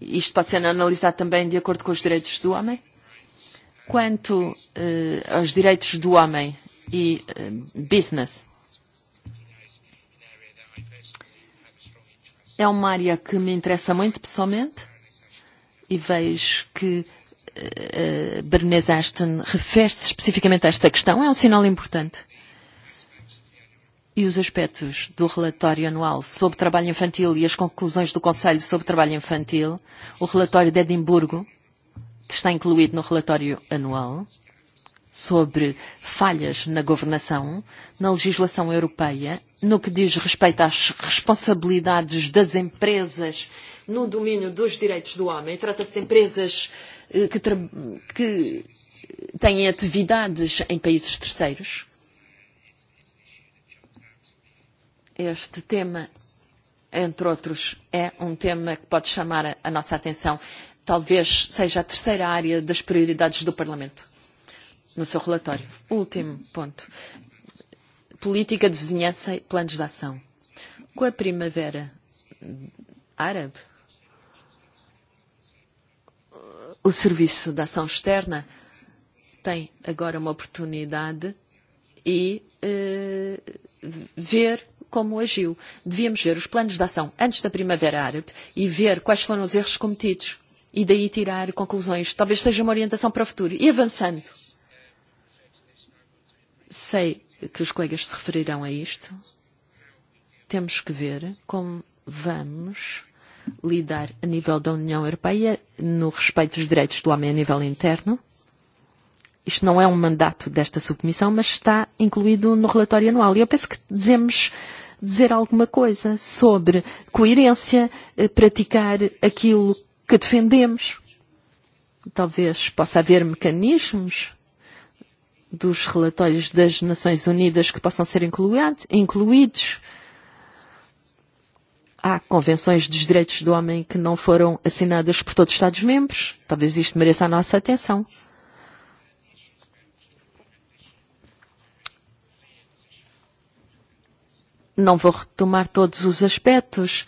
isto pode ser analisado também de acordo com os direitos do homem, quanto eh, aos direitos do homem e eh, business. É uma área que me interessa muito pessoalmente e vejo que eh, eh Bernays Ashton refere-se especificamente a esta questão. É um sinal importante e os aspectos do relatório anual sobre trabalho infantil e as conclusões do Conselho sobre trabalho infantil, o relatório de Edimburgo, que está incluído no relatório anual, sobre falhas na governação, na legislação europeia, no que diz respeito às responsabilidades das empresas no domínio dos direitos do homem. Trata-se de empresas eh, que, que têm atividades em países terceiros Este tema, entre outros, é um tema que pode chamar a nossa atenção. Talvez seja a terceira área das prioridades do Parlamento no seu relatório. Último ponto. Política de vizinhança e planos de ação. Com a primavera árabe, o Serviço de Ação Externa tem agora uma oportunidade e eh, ver como agiu. Devíamos ver os planos de ação antes da Primavera Árabe e ver quais foram os erros cometidos e daí tirar conclusões. Talvez seja uma orientação para o futuro. E avançando. Sei que os colegas se referirão a isto. Temos que ver como vamos lidar a nível da União Europeia no respeito dos direitos do homem a nível interno. Isto não é um mandato desta subcomissão, mas está incluído no relatório anual. E eu penso que dizemos dizer alguma coisa sobre coerência, eh, praticar aquilo que defendemos. Talvez possa haver mecanismos dos relatórios das Nações Unidas que possam ser incluídos. Há convenções dos direitos do homem que não foram assinadas por todos os Estados-membros. Talvez isto mereça a nossa atenção. Não vou retomar todos os aspectos.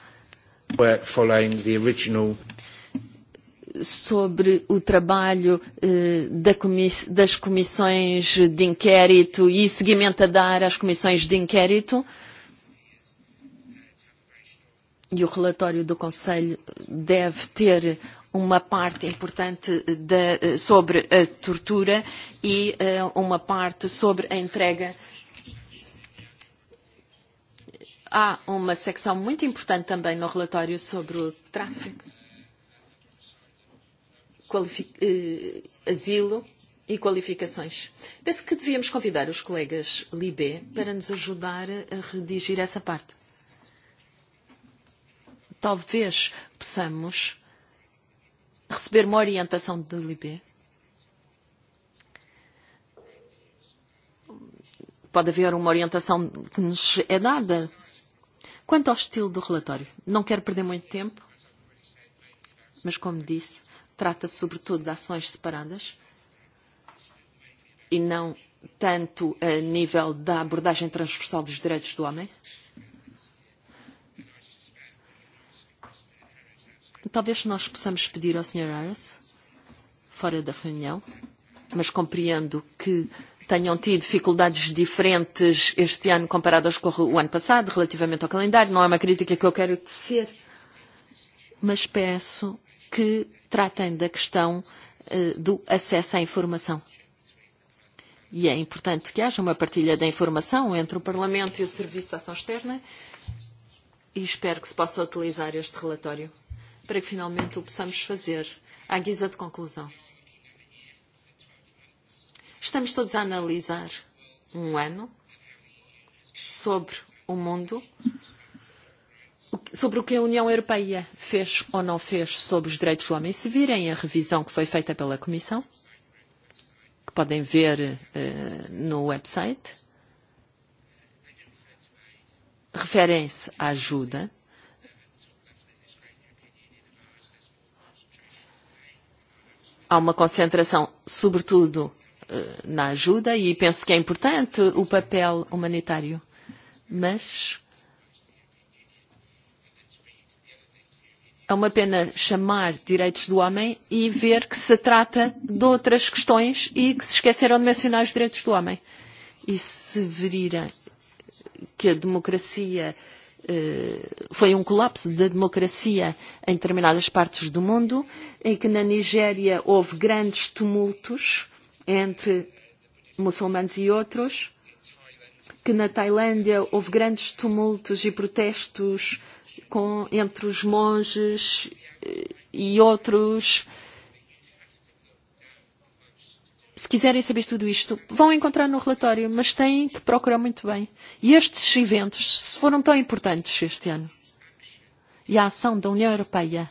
Sobre o trabalho eh, da comiss das comissões de inquérito e o seguimento a dar às comissões de inquérito. E o relatório do Conselho deve ter uma parte importante de, eh, sobre a tortura e uh, uma parte sobre a entrega Há uma secção muito importante também no relatório sobre o tráfico, eh, asilo e qualificações. Penso que devíamos convidar os colegas Libé para nos ajudar a redigir essa parte. Talvez possamos receber uma orientação de Libé. Pode haver uma orientação que nos é dada Quanto ao estilo do relatório, não quero perder muito tempo, mas como disse, trata-se sobretudo de ações separadas e não tanto a nível da abordagem transversal dos direitos do homem. Talvez nós possamos pedir ao Sr. Harris, fora da reunião, mas compreendo que tenham tido dificuldades diferentes este ano comparadas com o ano passado, relativamente ao calendário. Não é uma crítica que eu quero tecer, mas peço que tratem da questão uh, do acesso à informação. E é importante que haja uma partilha da informação entre o Parlamento e o Serviço de Ação Externa e espero que se possa utilizar este relatório para que finalmente o possamos fazer à guisa de conclusão. Estamos todos a analisar um ano sobre o mundo, sobre o que a União Europeia fez ou não fez sobre os direitos do homem. Se virem a revisão que foi feita pela Comissão, que podem ver uh, no website, referem-se à ajuda. Há uma concentração, sobretudo, na ajuda e penso que é importante o papel humanitário. Mas é uma pena chamar direitos do homem e ver que se trata de outras questões e que se esqueceram de mencionar os direitos do homem. E se virem que a democracia eh, foi um colapso da democracia em determinadas partes do mundo, em que na Nigéria houve grandes tumultos entre muçulmanos e outros, que na Tailândia houve grandes tumultos e protestos com, entre os monges eh, e outros. Se quiserem saber tudo isto, vão encontrar no relatório, mas têm que procurar muito bem. E estes eventos foram tão importantes este ano. E a ação da União Europeia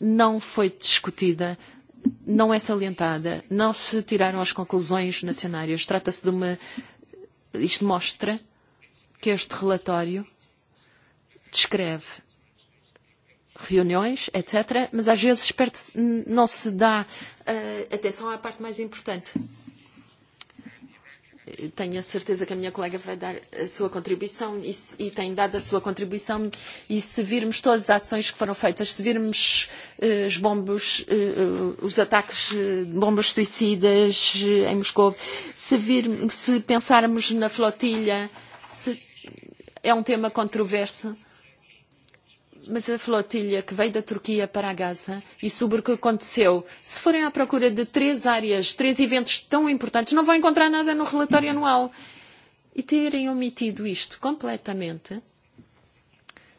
não foi discutida não é salientada, não se tiraram as conclusões nacionais. Trata-se de uma. Isto mostra que este relatório descreve reuniões, etc., mas às vezes não se dá uh, atenção à parte mais importante tenho a certeza que a minha colega vai dar a sua contribuição e, se, e tem dado a sua contribuição e se virmos todas as ações que foram feitas, se virmos eh, os bombos, eh, eh os ataques eh, de bombas suicidas eh, em Moscou, se, vir, se pensarmos na flotilha, se, é um tema controverso mas a flotilha que veio da Turquia para a Gaza e sobre o que aconteceu, se forem à procura de três áreas, três eventos tão importantes, não vão encontrar nada no relatório anual. E terem omitido isto completamente,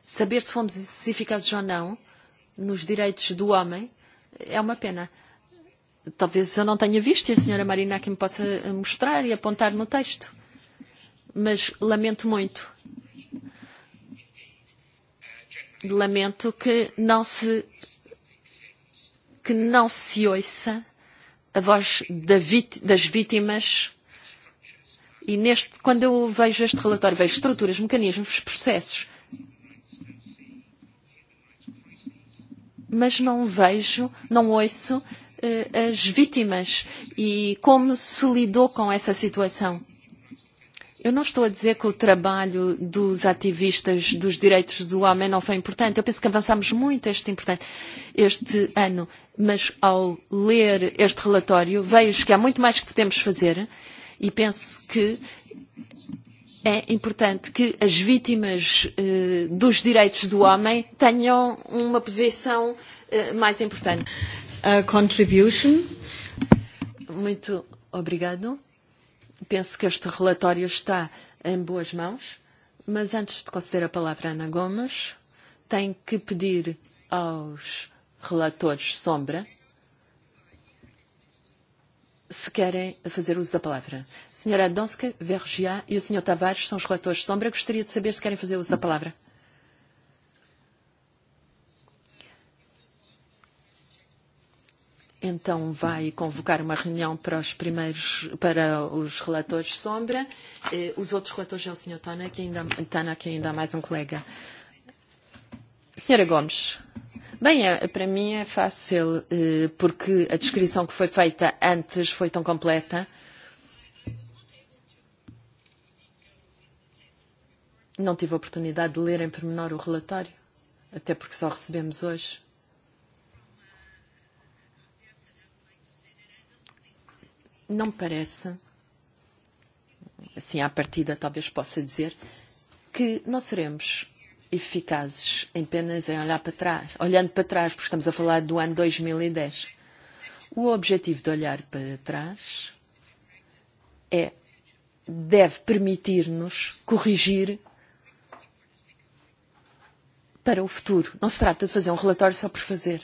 saber se fomos eficazes ou não nos direitos do homem, é uma pena. Talvez eu não tenha visto e a senhora Marina que me possa mostrar e apontar no texto. Mas lamento muito lamento que não se que não se ouça a voz da vit, das vítimas e neste quando eu vejo este relatório vejo estruturas, mecanismos, processos mas não vejo, não ouço uh, as vítimas e como se lidou com essa situação Eu não estou a dizer que o trabalho dos ativistas dos direitos do homem não foi importante. Eu penso que avançamos muito este importante este ano, mas ao ler este relatório vejo que há muito mais que podemos fazer e penso que é importante que as vítimas eh, dos direitos do homem tenham uma posição eh, mais importante. A contribution. Muito obrigado penso que este relatório está em boas mãos, mas antes de conceder a palavra a Ana Gomes, tenho que pedir aos relatores sombra se querem fazer uso da palavra. Senhora Donska, Vergia e o Sr. Tavares são os relatores sombra. Gostaria de saber se querem fazer uso da palavra. Então vai convocar uma reunião para os primeiros, para os relatores sombra. Eh, os outros relatores é o Sr. Tanak e ainda, Tanak, ainda há mais um colega. Senhora Gomes. Bem, é, para mim é fácil, eh, porque a descrição que foi feita antes foi tão completa. Não tive a oportunidade de ler em pormenor o relatório, até porque só recebemos hoje. não parece, assim à partida talvez possa dizer, que não seremos eficazes apenas em olhar para trás, olhando para trás, porque estamos a falar do ano 2010. E o objetivo de olhar para trás é, deve permitir-nos corrigir para o futuro. Não se trata de fazer um relatório só por fazer.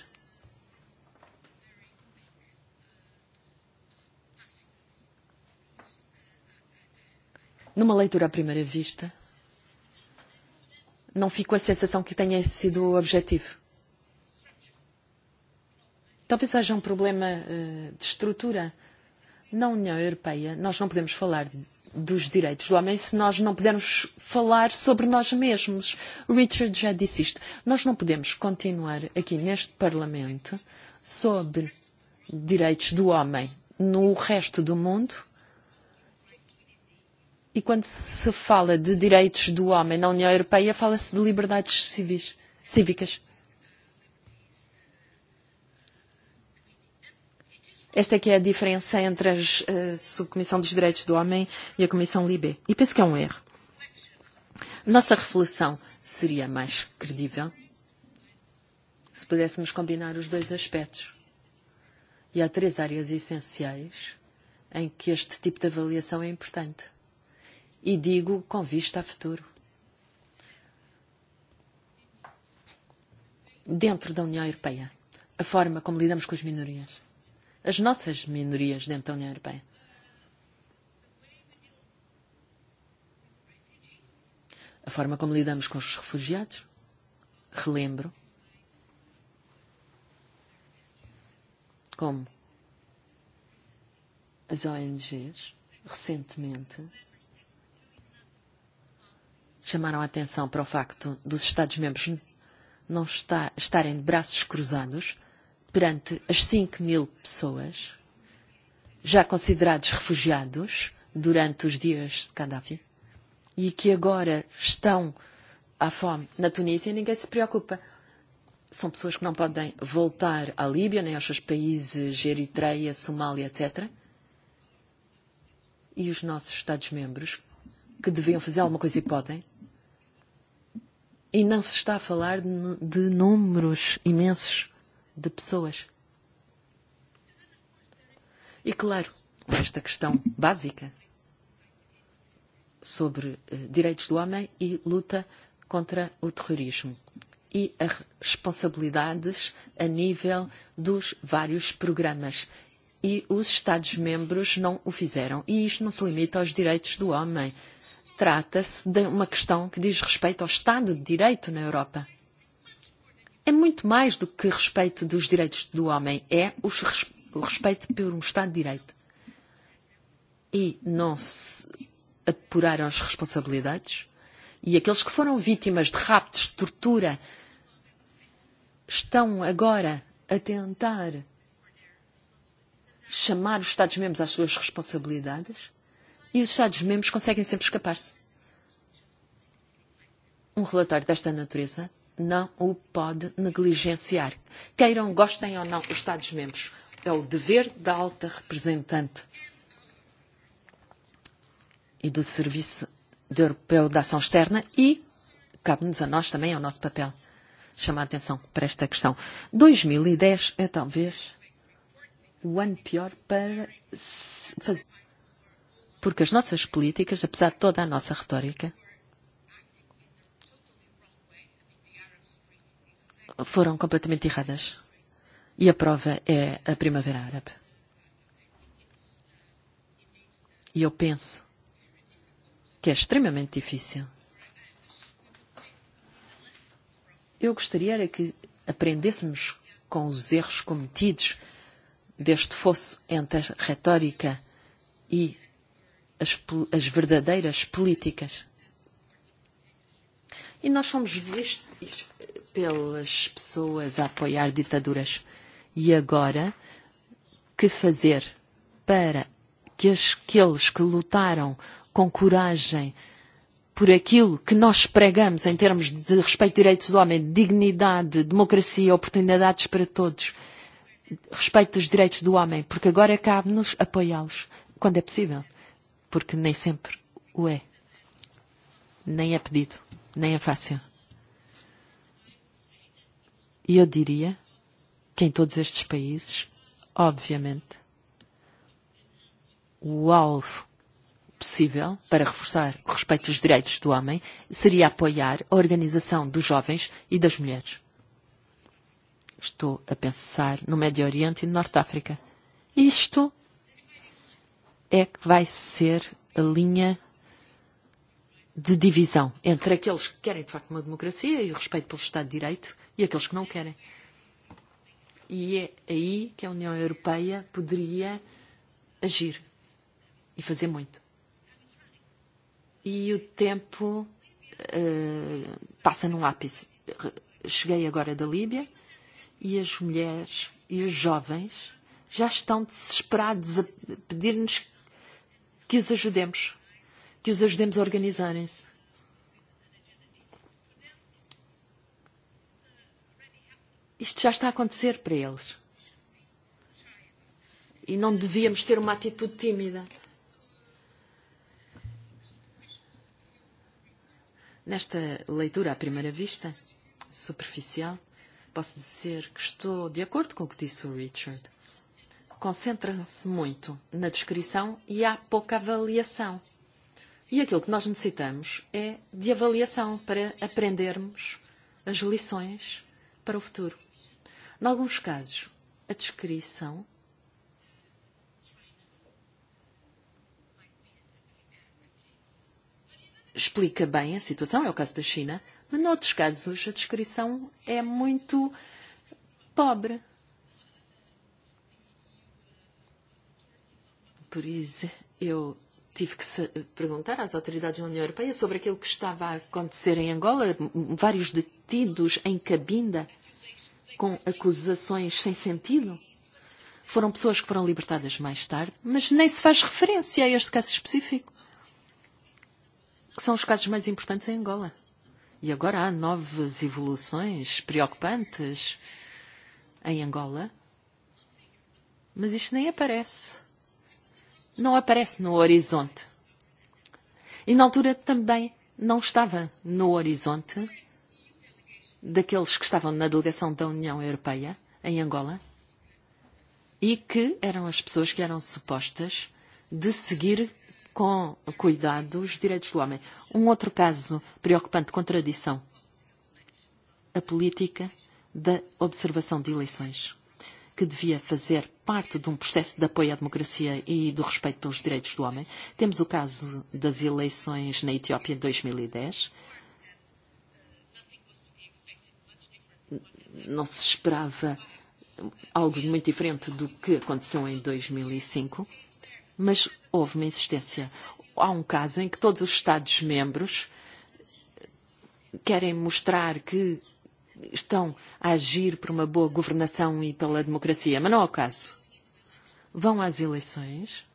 numa leitura à primeira vista, não fico a sensação que tenha sido o objetivo. Talvez haja um problema uh, de estrutura. Na União Europeia, nós não podemos falar dos direitos do homem se nós não pudermos falar sobre nós mesmos. Richard já disse isto. Nós não podemos continuar aqui neste Parlamento sobre direitos do homem no resto do mundo E quando se fala de direitos do homem na União Europeia, fala-se de liberdades civis, cívicas. Esta é que é a diferença entre a uh, eh, Subcomissão dos Direitos do Homem e a Comissão Libé. E penso que é um erro. Nossa reflexão seria mais credível se pudéssemos combinar os dois aspectos. E há três áreas essenciais em que este tipo de avaliação é importante. E digo com vista a futuro. Dentro da União Europeia, a forma como lidamos com as minorias, as nossas minorias dentro da União Europeia. A forma como lidamos com os refugiados, relembro. Como as ONGs, recentemente, chamaram a atenção para o facto dos Estados-membros não está, estarem de braços cruzados perante as 5 mil pessoas já considerados refugiados durante os dias de Gaddafi e que agora estão à fome na Tunísia, ninguém se preocupa. São pessoas que não podem voltar à Líbia, nem aos seus países, Eritreia, Somália, etc. E os nossos Estados-membros, que deviam fazer alguma coisa e podem, E não se está a falar de, de números imensos de pessoas. E claro, esta questão básica sobre eh, direitos do homem e luta contra o terrorismo e as responsabilidades a nível dos vários programas. E os Estados-membros não o fizeram. E isto não se limita aos direitos do homem. Eh, trata-se de uma questão que diz respeito ao Estado de Direito na Europa. É muito mais do que respeito dos direitos do homem, é os, o respeito por um Estado de Direito. E não se apuraram as responsabilidades, e aqueles que foram vítimas de raptos, de tortura, estão agora a tentar chamar os Estados-membros às suas responsabilidades? e os Estados-membros conseguem sempre escapar-se. Um relatório desta natureza não o pode negligenciar. Queiram, gostem ou não, os Estados-membros. É o dever da alta representante e do Serviço de Europeu de Ação Externa e cabe-nos a nós também, é o nosso papel, chamar a atenção para esta questão. 2010 e é talvez o ano pior para fazer porque as nossas políticas, apesar de toda a nossa retórica, foram completamente erradas. E a prova é a Primavera Árabe. E eu penso que é extremamente difícil. Eu gostaria era que aprendêssemos com os erros cometidos deste fosso entre a retórica e as, as verdadeiras políticas. E nós somos vistos pelas pessoas a apoiar ditaduras. E agora, que fazer para que aqueles que lutaram com coragem por aquilo que nós pregamos em termos de respeito a direitos do homem, dignidade, democracia, oportunidades para todos, respeito dos direitos do homem, porque agora cabe-nos apoiá-los quando é possível porque nem sempre o é. Nem é pedido, nem é fácil. E eu diria que em todos estes países, obviamente, o alvo possível para reforçar o respeito dos direitos do homem seria apoiar a organização dos jovens e das mulheres. Estou a pensar no Médio Oriente e no Norte de África. E isto é que vai ser a linha de divisão entre aqueles que querem de facto uma democracia e o respeito pelo Estado de Direito e aqueles que não querem. E é aí que a União Europeia poderia agir e fazer muito. E o tempo uh, passa num lápis. Cheguei agora da Líbia e as mulheres e os jovens já estão desesperados a pedir-nos que os ajudemos, que os ajudemos a organizarem-se. Isto já está a acontecer para eles. E não devíamos ter uma atitude tímida. Nesta leitura à primeira vista, superficial, posso dizer que estou de acordo com o que disse o Richard concentra-se muito na descrição e há pouca avaliação. E aquilo que nós necessitamos é de avaliação para aprendermos as lições para o futuro. Em alguns casos, a descrição explica bem a situação, é o caso da China, mas noutros casos a descrição é muito pobre. Por isso, eu tive que se perguntar às autoridades da União Europeia sobre aquilo que estava a acontecer em Angola, vários detidos em cabinda com acusações sem sentido. Foram pessoas que foram libertadas mais tarde, mas nem se faz referência a este caso específico, que são os casos mais importantes em Angola. E agora há novas evoluções preocupantes em Angola, mas isto nem aparece não aparece no horizonte. E na altura também não estava no horizonte daqueles que estavam na delegação da União Europeia em Angola e que eram as pessoas que eram supostas de seguir com cuidado os direitos do homem. Um outro caso preocupante de contradição. A política da observação de eleições que devia fazer parte de um processo de apoio à democracia e do respeito pelos direitos do homem. Temos o caso das eleições na Etiópia de 2010. E Não se esperava algo muito diferente do que aconteceu em 2005, e mas houve uma insistência. Há um caso em que todos os Estados-membros querem mostrar que estão a agir por uma boa governação e pela democracia, mas não é o caso. Vão às eleições.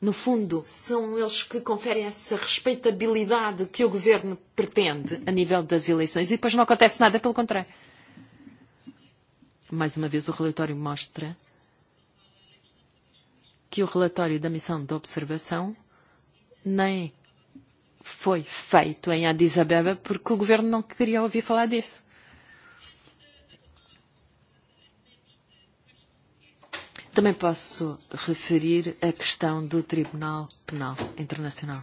No fundo, são eles que conferem essa respeitabilidade que o governo pretende a nível das eleições e depois não acontece nada, pelo contrário. Mais uma vez, o relatório mostra que o relatório da missão de observação nem foi feito em Addis Abeba porque o governo não queria ouvir falar disso. Também posso referir a questão do Tribunal Penal Internacional.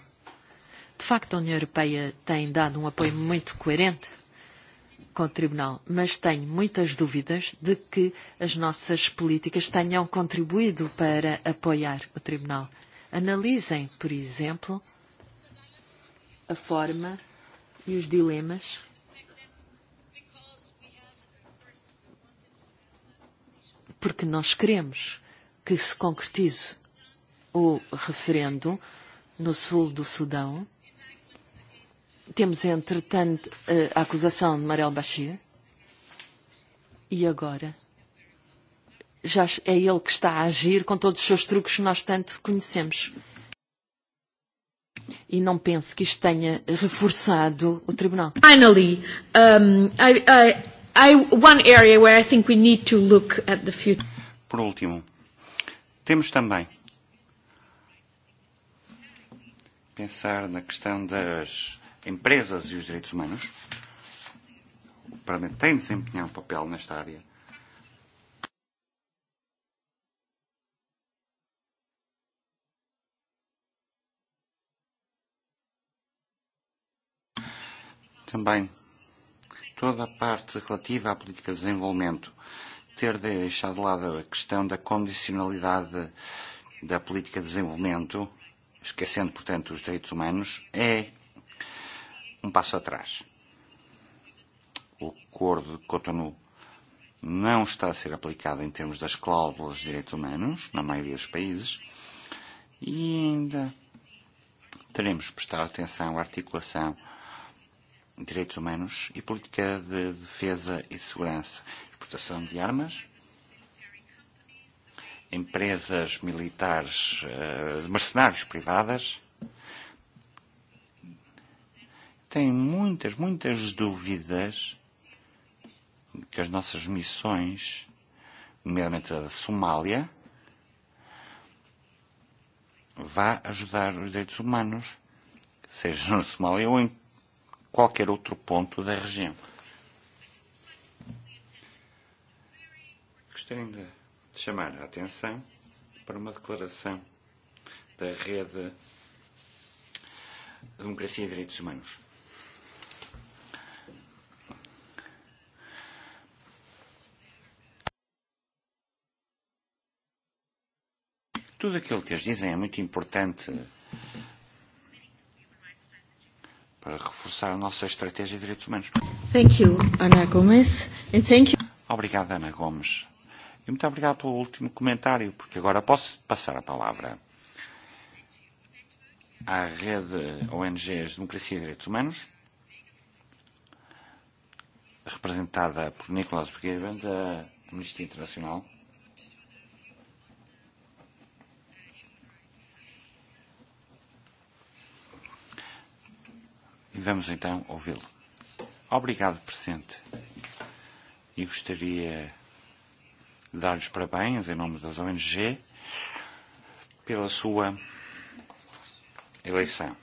De facto, a União Europeia tem dado um apoio muito coerente com o Tribunal, mas tenho muitas dúvidas de que as nossas políticas tenham contribuído para apoiar o Tribunal. Analisem, por exemplo, a forma e os dilemas porque nós queremos que se concretize o referendo no sul do Sudão. Temos, entretanto, eh, a acusação de Marel Bashir. E agora já é ele que está a agir com todos os seus truques que nós tanto conhecemos. E não penso que isto tenha reforçado o Tribunal. Finally, um, I, I, I, one area where I think we need to look at the future. Por último, temos também pensar na questão das empresas e os direitos humanos. O Parlamento tem desempenhado um papel nesta área Também toda a parte relativa à política de desenvolvimento ter deixado de lado a questão da condicionalidade da política de desenvolvimento, esquecendo, portanto, os direitos humanos, é um passo atrás. O acordo de Cotonou não está a ser aplicado em termos das cláusulas de direitos humanos, na maioria dos países, e ainda teremos de prestar atenção à articulação direitos humanos e política de defesa e segurança, exportação de armas, empresas militares, uh, mercenários privadas, tem muitas, muitas dúvidas que as nossas missões, nomeadamente a da Somália, vá ajudar os direitos humanos, seja na Somália ou em qualquer outro ponto da região. Gostaria de chamar a atenção para uma declaração da Rede Democracia e Direitos Humanos. Tudo aquilo que eles dizem é muito importante para reforçar a nossa estratégia de direitos humanos. Thank you, Ana Gomes. And thank you. Obrigado, Ana Gomes. E muito obrigado pelo último comentário, porque agora posso passar a palavra à rede ONGs Democracia e Direitos Humanos, representada por Nicolás Begueira, da Amnistia Internacional. e vamos então ouvi-lo. Obrigado, Presidente. E gostaria de dar os parabéns em nome das ONG pela sua eleição.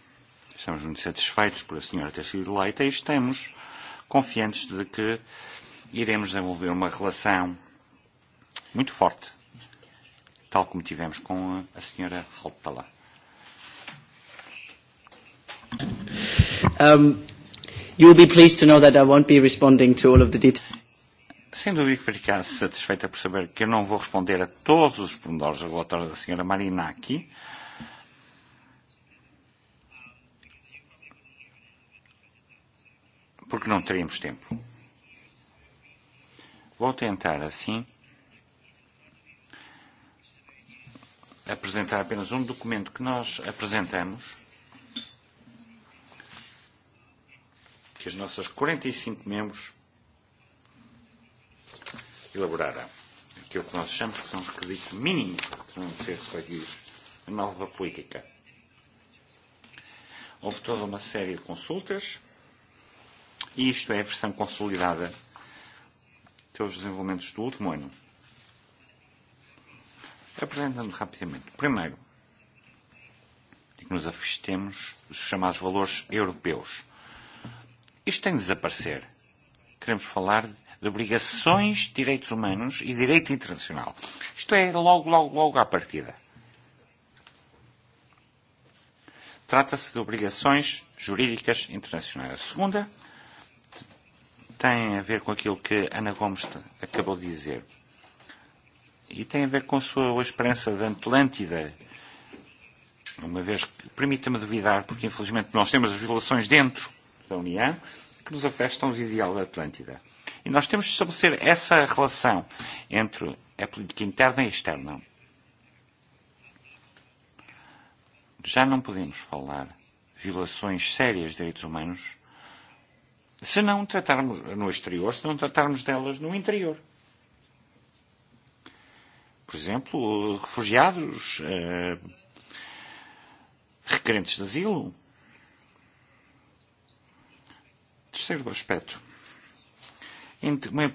Estamos muito satisfeitos por a senhora ter sido eleita e estamos confiantes de que iremos desenvolver uma relação muito forte, tal como tivemos com a senhora Halpala. Um, you'll be pleased to know that I won't be responding to all of the details. Sem dúvida que ficará satisfeita por saber que eu não vou responder a todos os pormenores do relatório da senhora Marinaki. Porque não teríamos tempo. Vou tentar, assim, apresentar apenas um documento que nós apresentamos que as nossas 45 e membros elaboraram aquilo que nós achamos que são os um requisitos mínimos um que vão ser seguidos na nova política. Houve toda uma série de consultas e isto é a versão consolidada pelos desenvolvimentos do último ano. Apresentando rapidamente. Primeiro, é e que nos afastemos dos chamados valores europeus Isto tem de desaparecer. Queremos falar de obrigações, de direitos humanos e direito internacional. Isto é logo, logo, logo à partida. Trata-se de obrigações jurídicas internacionais. A segunda tem a ver com aquilo que Ana Gomes acabou de dizer. E tem a ver com a sua esperança da Atlântida. Uma vez que, permita-me duvidar, porque infelizmente nós temos as violações dentro da União, que nos afastam um do ideal da Atlântida. E nós temos de estabelecer essa relação entre a política interna e externa. Já não podemos falar violações sérias de direitos humanos se não tratarmos no exterior, se não tratarmos delas no interior. Por exemplo, refugiados, eh, requerentes de asilo, Terceiro aspecto, uma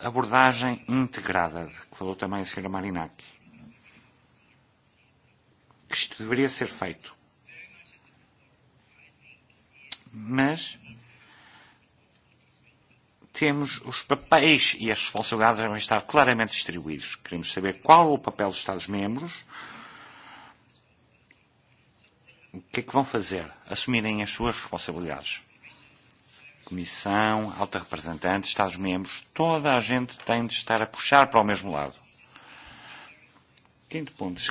abordagem integrada, que falou também a senhora Marinaki, que isto deveria ser feito. Mas temos os papéis e as responsabilidades devem estar claramente distribuídos. Queremos saber qual o papel dos Estados-membros, o que é que vão fazer, assumirem as suas responsabilidades. Comissão, alta representante, Estados-membros, toda a gente tem de estar a puxar para o mesmo lado. Quinto ponto,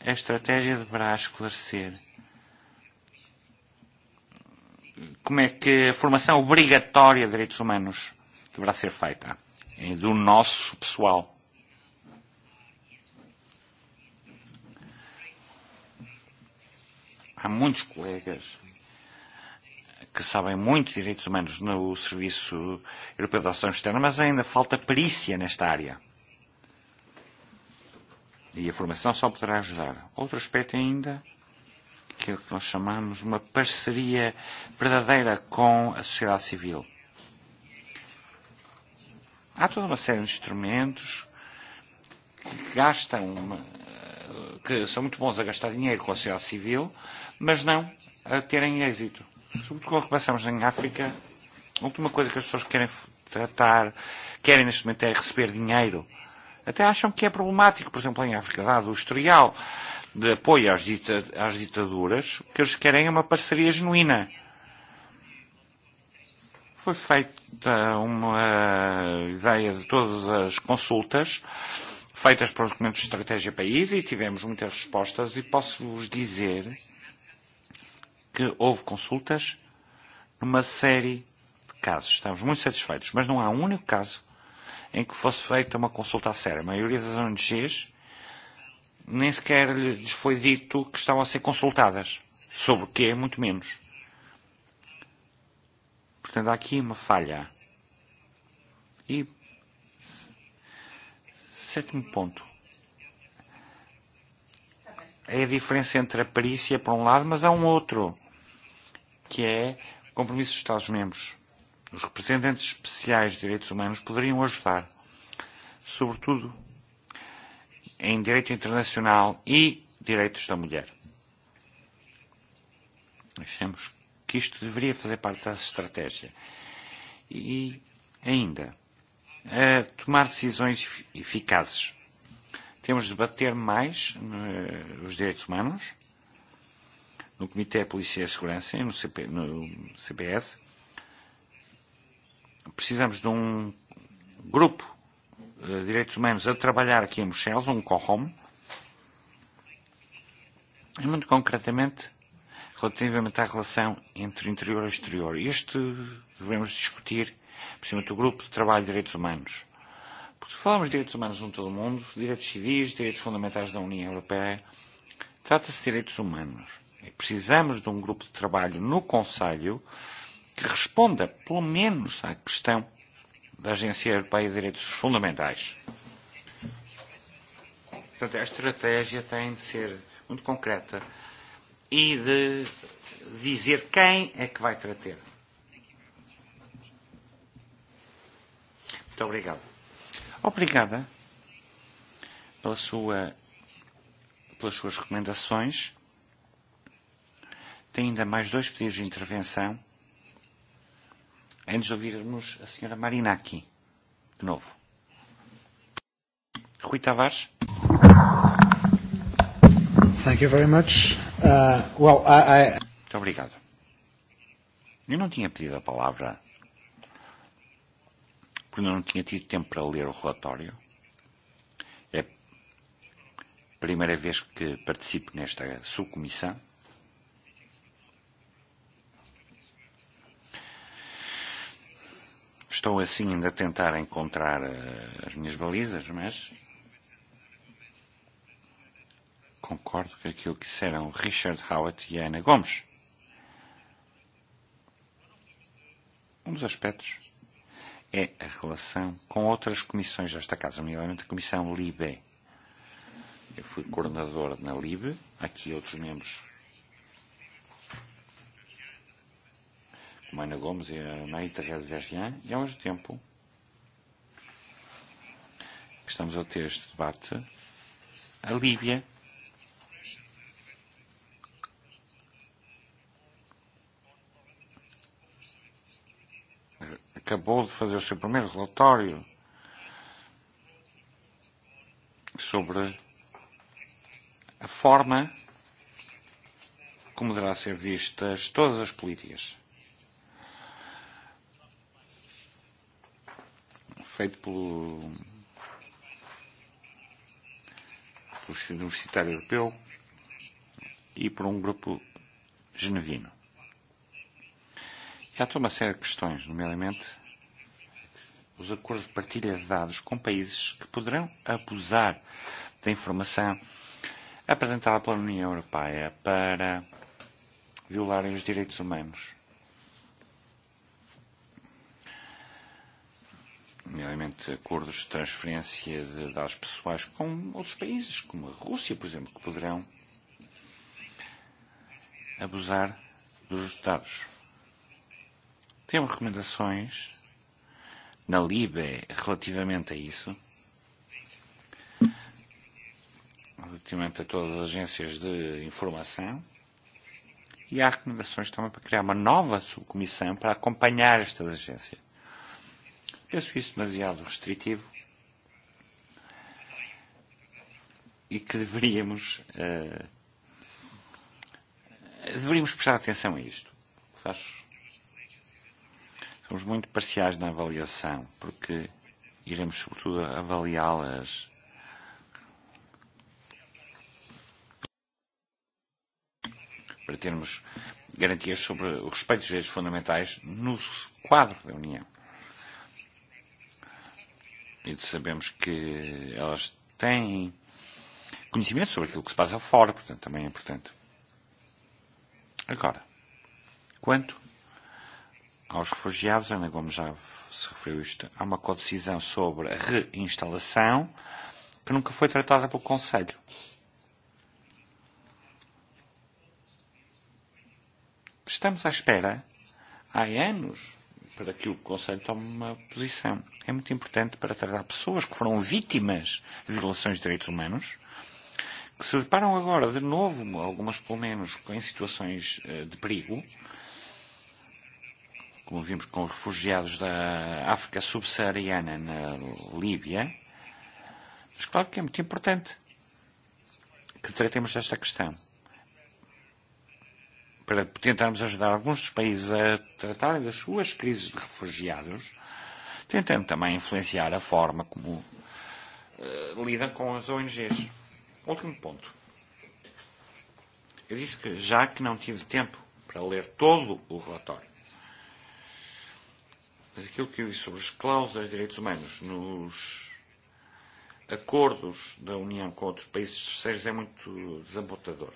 a estratégia deverá esclarecer como é que a formação obrigatória de direitos humanos deverá ser feita do nosso pessoal. Há muitos colegas que sabem muito de direitos humanos no Serviço Europeu de Ação Externa, mas ainda falta perícia nesta área. E a formação só poderá ajudar. Outro aspecto ainda, aquilo que nós chamamos uma parceria verdadeira com a sociedade civil. Há toda uma série de instrumentos que gastam uma, que são muito bons a gastar dinheiro com a sociedade civil, mas não a terem êxito. Sobre quando começamos em África, a última coisa que as pessoas querem tratar, querem neste momento é receber dinheiro. Até acham que é problemático, por exemplo, em África, dado o historial de apoio às, dita, às ditaduras, o que eles querem é uma parceria genuína. Foi feita uma ideia de todas as consultas feitas para os documentos de estratégia país e tivemos muitas respostas e posso-vos dizer que houve consultas numa série de casos. Estamos muito satisfeitos, mas não há um único caso em que fosse feita uma consulta a sério. A maioria das ONGs nem sequer lhes foi dito que estavam a ser consultadas. Sobre o que é, muito menos. Portanto, há aqui uma falha. E sétimo ponto é a diferença entre a perícia por um lado, mas há um outro, que é o compromisso dos Estados-membros. Os representantes especiais de direitos humanos poderiam ajudar, sobretudo em direito internacional e direitos da mulher. Achamos que isto deveria fazer parte da estratégia. E ainda, a tomar decisões eficazes Temos de bater mais nos eh, direitos humanos, no Comitê de Polícia e Segurança e no, CP, no CPS. Precisamos de um grupo eh, de direitos humanos a trabalhar aqui em Bruxelas, um COHOM, e muito concretamente relativamente à relação entre interior e exterior. E este devemos discutir por cima do Grupo de Trabalho de Direitos Humanos. Por falarmos de direitos humanos em todo o mundo, direitos civis, direitos fundamentais da União Europeia, trata-se de direitos humanos. E precisamos de um grupo de trabalho no Conselho que responda, pelo menos, à questão da Agência Europeia de Direitos Fundamentais. Portanto, a estratégia tem de ser muito concreta e de dizer quem é que vai tratar. Muito obrigado. Obrigada pela sua, pelas suas recomendações. Tem ainda mais dois pedidos de intervenção. Antes de ouvirmos a senhora Marinaki, de novo. Rui Tavares. Thank you very much. Uh, well, I, I... Muito obrigado. Eu não tinha pedido a palavra porque não tinha tido tempo para ler o relatório. É a primeira vez que participo nesta subcomissão. Estou assim ainda a tentar encontrar eh, as minhas balizas, mas concordo com aquilo que disseram Richard Howitt e Ana Gomes. Um dos aspectos é a relação com outras comissões desta Casa, nomeadamente a Comissão LIBE. Eu fui coordenador na LIBE, aqui outros membros, como a Ana Gomes e a Naita Vergian, e ao mesmo tempo estamos a ter este debate, a Líbia acabou de fazer o seu primeiro relatório sobre a forma como deverá ser vistas todas as políticas. Feito pelo, pelo Instituto Universitário Europeu e por um grupo genevino. E há toda uma série de questões, nomeadamente os acordos de partilha de dados com países que poderão abusar da informação apresentada pela União Europeia para violarem os direitos humanos. nomeadamente acordos de transferência de dados pessoais com outros países, como a Rússia, por exemplo, que poderão abusar dos dados. Temos recomendações na Libe relativamente a isso, relativamente a todas as agências de informação, e há recomendações também para criar uma nova subcomissão para acompanhar estas agências. Penso isso demasiado restritivo e que deveríamos uh, deveríamos prestar atenção a isto. Faz Somos muito parciais na avaliação, porque iremos, sobretudo, avaliá-las para termos garantias sobre o respeito dos direitos fundamentais no quadro da União. E sabemos que elas têm conhecimento sobre aquilo que se passa fora, portanto, também é importante. Agora, quanto aos refugiados, Ana Gomes já se referiu isto, há uma codecisão sobre a reinstalação que nunca foi tratada pelo Conselho. Estamos à espera há anos para que o Conselho tome uma posição. É muito importante para tratar pessoas que foram vítimas de violações de direitos humanos, que se deparam agora, de novo, algumas pelo menos, em situações eh, de perigo, uh, como vimos, com refugiados da África subsaariana na Líbia. Mas claro que é muito importante que tratemos desta questão para tentarmos ajudar alguns dos países a tratarem das suas crises de refugiados, tentando também influenciar a forma como uh, eh, lidam com as ONGs. Último ponto. Eu disse que já que não tive tempo para ler todo o relatório, aquilo que sobre as cláusulas de direitos humanos nos acordos da União com outros países terceiros é muito desapontador.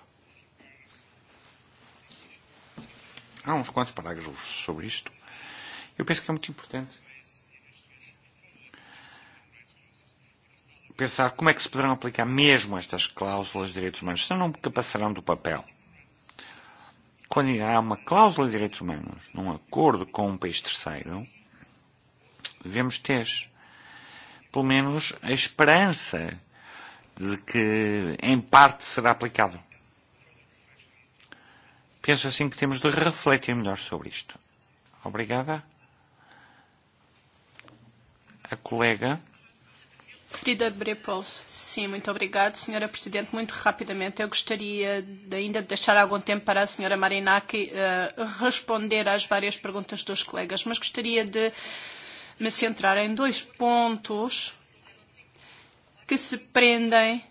Há uns quantos parágrafos sobre isto. Eu penso que é muito importante pensar como é que se poderão aplicar mesmo estas cláusulas de direitos humanos, senão nunca passarão do papel. Quando há uma cláusula de direitos humanos num acordo com um país terceiro, devemos ter pelo menos a esperança de que em parte será aplicado. Penso assim que temos de refletir melhor sobre isto. Obrigada. A colega. Frida Brepols, sim, muito obrigado, Senhora Presidente. Muito rapidamente, eu gostaria de ainda de deixar algum tempo para a Senhora Marinaki uh, eh, responder às várias perguntas dos colegas, mas gostaria de uh, me centrar em dois pontos que se prendem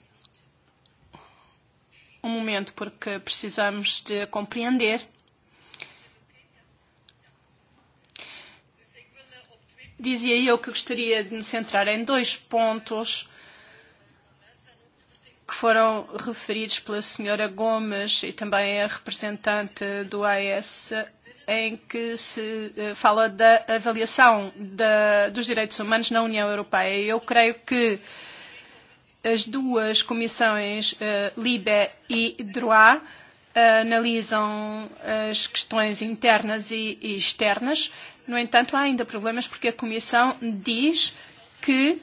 um momento, porque precisamos de compreender. Dizia eu que gostaria de me centrar em dois pontos que foram referidos pela senhora Gomes e também a representante do AS e em que se eh, fala da avaliação da, dos direitos humanos na União Europeia. Eu creio que as duas comissões, uh, LIBE e DROA, eh, analisam as questões internas e, e externas. No entanto, há ainda problemas porque a Comissão diz que,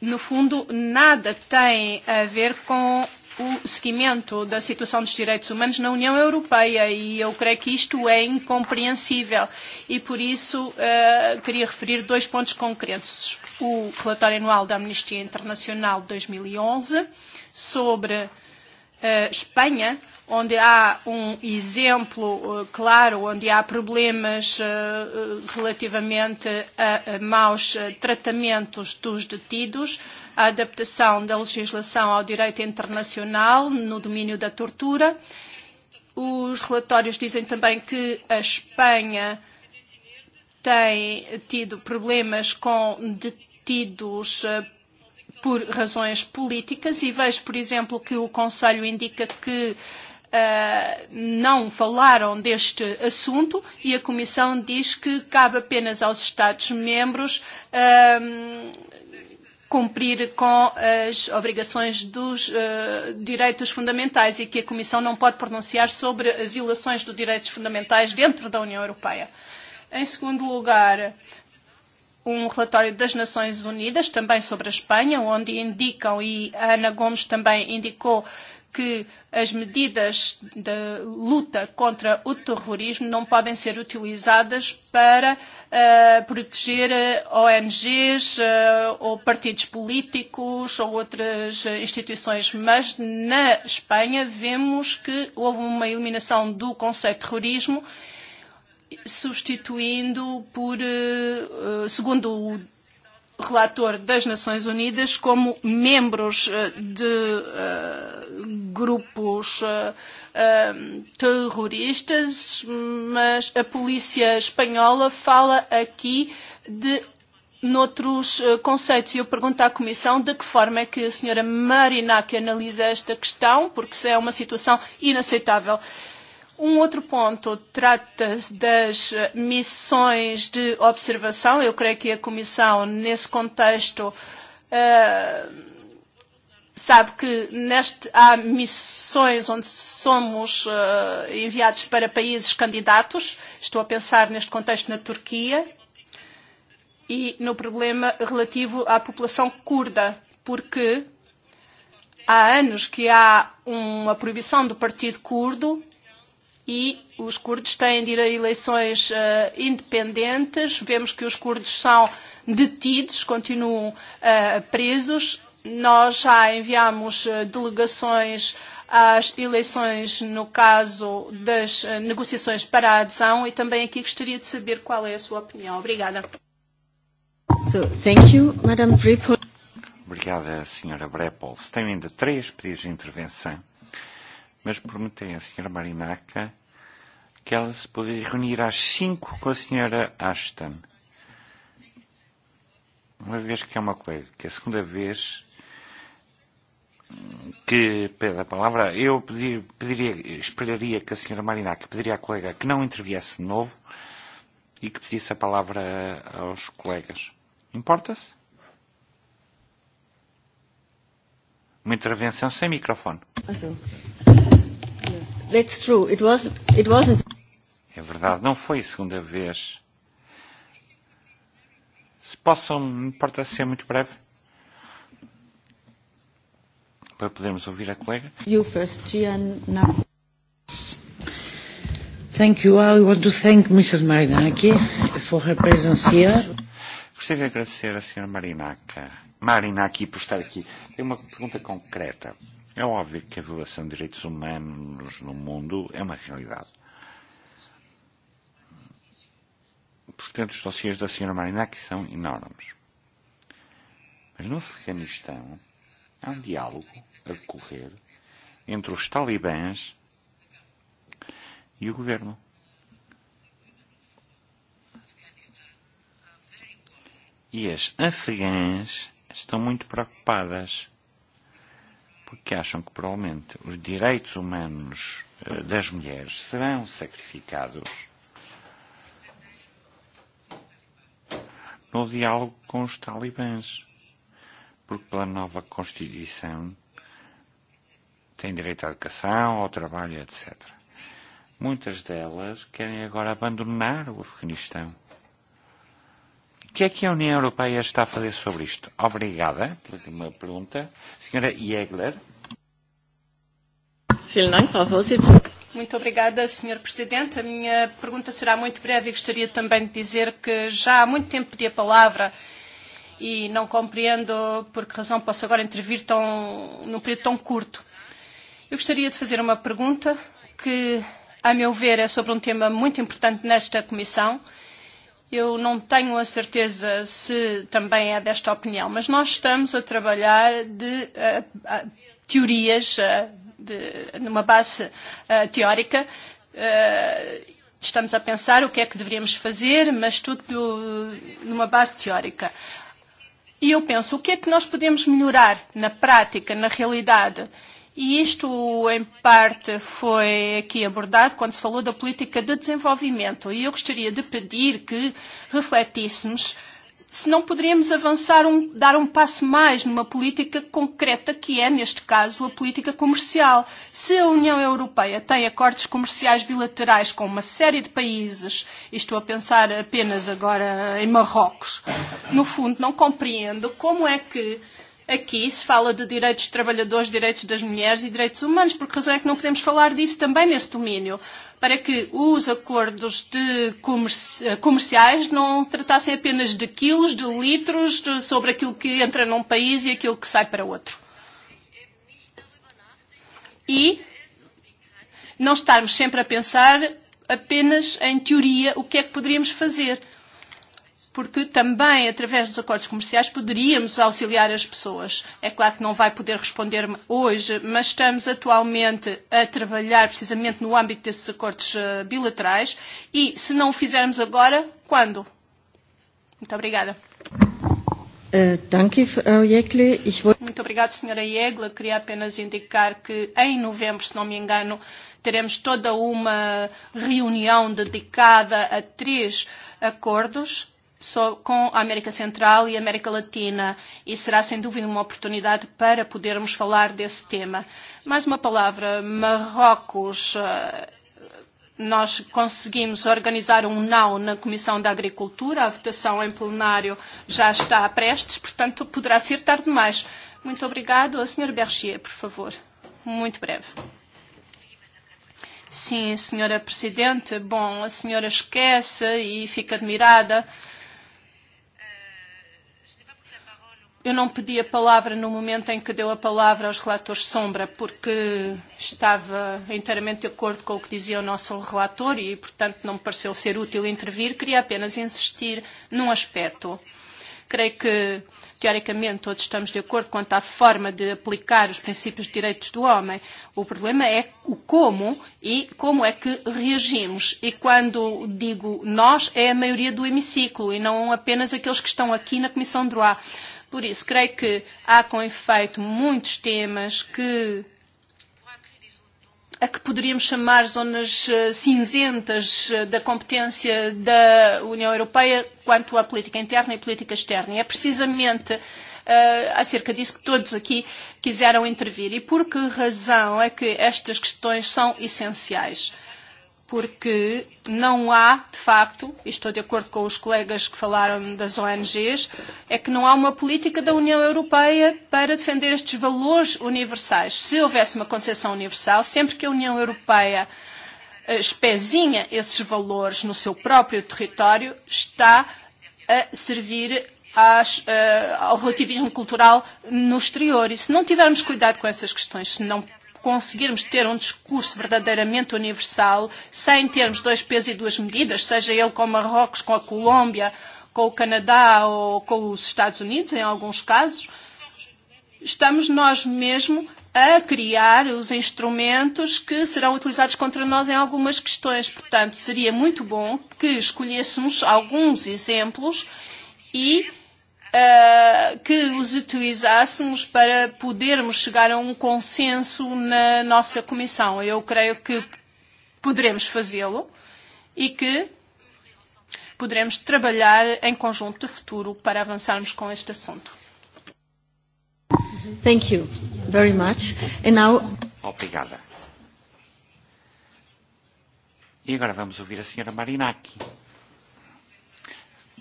no fundo, nada tem a ver com o seguimento da situação dos direitos humanos na União Europeia e eu creio que isto é incompreensível e por isso uh, queria referir dois pontos concretos. O relatório anual da Amnistia Internacional de 2011 e sobre uh, Espanha, onde há um exemplo uh, claro, onde há problemas uh, relativamente a, a maus tratamentos dos detidos, uh, a adaptação da legislação ao direito internacional no domínio da tortura. Os relatórios dizem também que a Espanha tem tido problemas com detidos eh, por razões políticas e vejo, por exemplo, que o Conselho indica que uh, não falaram deste assunto e a Comissão diz que cabe apenas aos Estados-membros uh, eh, cumprir com eh, as obrigações dos uh, direitos fundamentais e que a Comissão não pode pronunciar sobre violações dos direitos fundamentais dentro da União Europeia. Em segundo lugar, um relatório das Nações Unidas, também sobre a Espanha, onde indicam, e a Ana Gomes também indicou, que as medidas de luta contra o terrorismo não podem ser utilizadas para uh, proteger eh, ONGs uh, eh, ou partidos políticos ou outras instituições. Mas na Espanha vemos que houve uma eliminação do conceito de terrorismo substituindo por, uh, segundo o relator das Nações Unidas como membros eh, de uh, grupos uh, uh, terroristas, mas a polícia espanhola fala aqui de noutros uh, conceitos. E eu pergunto à Comissão de que forma é que a senhora Marinac analisa esta questão, porque isso é uma situação inaceitável. Uh, Um outro ponto trata-se das missões de observação. Eu creio que a Comissão, nesse contexto, uh, sabe que neste, há missões onde somos uh, enviados para países candidatos. Estou a pensar neste contexto na Turquia e no problema relativo à população curda, porque há anos que há uma proibição do Partido Curdo e os curdos têm de ir a eleições uh, independentes. Vemos que os curdos são detidos, continuam uh, presos. Nós já enviamos uh, delegações às eleições no caso das uh, negociações para a adesão e também aqui gostaria de saber qual é a sua opinião. Obrigada. So, thank you, Madam Brepol. Obrigada, Sra. Brepols. Tenho ainda três pedidos de intervenção mas prometei à senhora Marinaca que ela se poderia reunir às 5 com a senhora Ashton. Uma vez que é uma colega, que é a segunda vez que pede a palavra, eu pedir, pediria, esperaria que a senhora Marinaca pediria à colega que não interviesse de novo e que pedisse a palavra aos colegas. Importa-se? Uma intervenção sem microfone. Azul. That's true. It was, it wasn't. É verdade, não foi a segunda vez. Se possam, importa ser muito breve, para podermos ouvir a colega. You first, Gianna. Thank you. I want to thank Mrs. Marinaki for her presence here. Gostaria de agradecer à Sra. Marinaka, Marinaki por estar aqui. Tenho uma pergunta concreta. É óbvio que a violação de direitos humanos no mundo é uma realidade. Portanto, os dossiês da Sra. Marinaki são enormes. Mas no Afeganistão há um diálogo a decorrer entre os talibãs e o governo. E as afegãs estão muito preocupadas porque acham que provavelmente os direitos humanos eh, das mulheres serão sacrificados no diálogo com os talibãs, porque pela nova Constituição têm direito à educação, ao trabalho, etc. Muitas delas querem agora abandonar o Afeganistão que é que a União Europeia está a fazer sobre isto? Obrigada pela primeira pergunta. Senhora Jägler. Muito obrigada, Sr. Presidente. A minha pergunta será muito breve e gostaria também de dizer que já há muito tempo pedi a palavra e não compreendo por que razão posso agora intervir tão, num período tão curto. Eu gostaria de fazer uma pergunta que, a meu ver, é sobre um tema muito importante nesta Comissão Eu não tenho a certeza se também é desta opinião, mas nós estamos a trabalhar de uh, uh, teorias, uh, de, numa base uh, teórica. Uh, estamos a pensar o que é que deveríamos fazer, mas tudo numa base teórica. E eu penso, o que é que nós podemos melhorar na prática, na realidade? Uh, E isto, em parte, foi aqui abordado quando se falou da política de desenvolvimento. E eu gostaria de pedir que refletíssemos se não poderíamos avançar, um, dar um passo mais numa política concreta que é, neste caso, a política comercial. Se a União Europeia tem acordos comerciais bilaterais com uma série de países, e estou a pensar apenas agora em Marrocos, no fundo não compreendo como é que Aqui se fala de direitos de trabalhadores, direitos das mulheres e direitos humanos, porque razão é que não podemos falar disso também nesse domínio, para que os acordos de comerci eh, comerciais não tratassem apenas de quilos, de litros, de, sobre aquilo que entra num país e aquilo que sai para outro. E não estarmos sempre a pensar apenas em teoria o que é que poderíamos fazer porque também através dos acordos comerciais poderíamos auxiliar as pessoas. É claro que não vai poder responder hoje, mas estamos atualmente a trabalhar precisamente no âmbito desses acordos eh, bilaterais e se não o fizermos agora, quando? Muito obrigada. Eh, Muito obrigada, Sra. Iegla. Queria apenas indicar que em novembro, se não me engano, teremos toda uma reunião dedicada a três acordos só com a América Central e América Latina e será sem dúvida uma oportunidade para podermos falar desse tema. Mais uma palavra, Marrocos. Eh, nós conseguimos organizar um não na Comissão da Agricultura, a votação em plenário já está prestes, portanto poderá ser tarde demais. Muito obrigado. A senhora Berchier, por favor. Muito breve. Sim, senhora Presidente. Bom, a senhora esquece e fica admirada. Uh, Eu não pedi a palavra no momento em que deu a palavra aos relatores Sombra, porque estava inteiramente de acordo com o que dizia o nosso relator e, portanto, não me pareceu ser útil intervir. Queria apenas insistir num aspecto. Creio que, teoricamente, todos estamos de acordo quanto à forma de aplicar os princípios de direitos do homem. O problema é o como e como é que reagimos. E quando digo nós, é a maioria do hemiciclo e não apenas aqueles que estão aqui na Comissão do A Por isso, creio que há com efeito muitos temas que a que poderíamos chamar zonas eh, cinzentas eh, da competência da União Europeia quanto à política interna e política externa. E é precisamente uh, acerca disso que todos aqui quiseram intervir. E por que razão é que estas questões são essenciais? Uh, porque não há, de facto, e estou de acordo com os colegas que falaram das ONGs, é que não há uma política da União Europeia para defender estes valores universais. Se houvesse uma concepção universal, sempre que a União Europeia eh, espezinha esses valores no seu próprio território, está a servir às, uh, ao relativismo cultural no exterior. E se não tivermos cuidado com essas questões, se não conseguirmos ter um discurso verdadeiramente universal, sem termos dois pesos e duas medidas, seja ele com Marrocos, com a Colômbia, com o Canadá ou com os Estados Unidos, em alguns casos, estamos nós mesmo a criar os instrumentos que serão utilizados contra nós em algumas questões. Portanto, seria muito bom que escolhêssemos alguns exemplos e uh, que os utilizássemos para podermos chegar a um consenso na nossa comissão. Eu creio que poderemos fazê-lo e que poderemos trabalhar em conjunto de futuro para avançarmos com este assunto. Thank you very much. And now... Obrigada. E agora vamos ouvir a senhora Marinaki.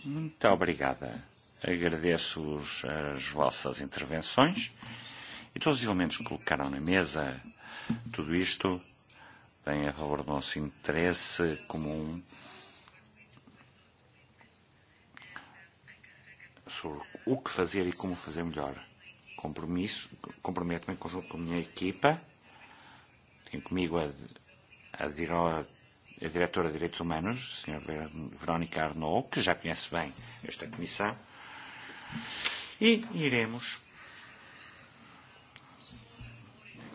Muito obrigada. Agradeço os, as vossas intervenções e todos os elementos que colocaram na mesa. Tudo isto vem a favor do nosso interesse comum sobre o que fazer e como fazer melhor. Compromisso, comprometo-me em conjunto com a minha equipa, tenho comigo a, a, a, a diretora de Direitos Humanos, a senhora Verónica Arnaud, que já conhece bem esta comissão, E iremos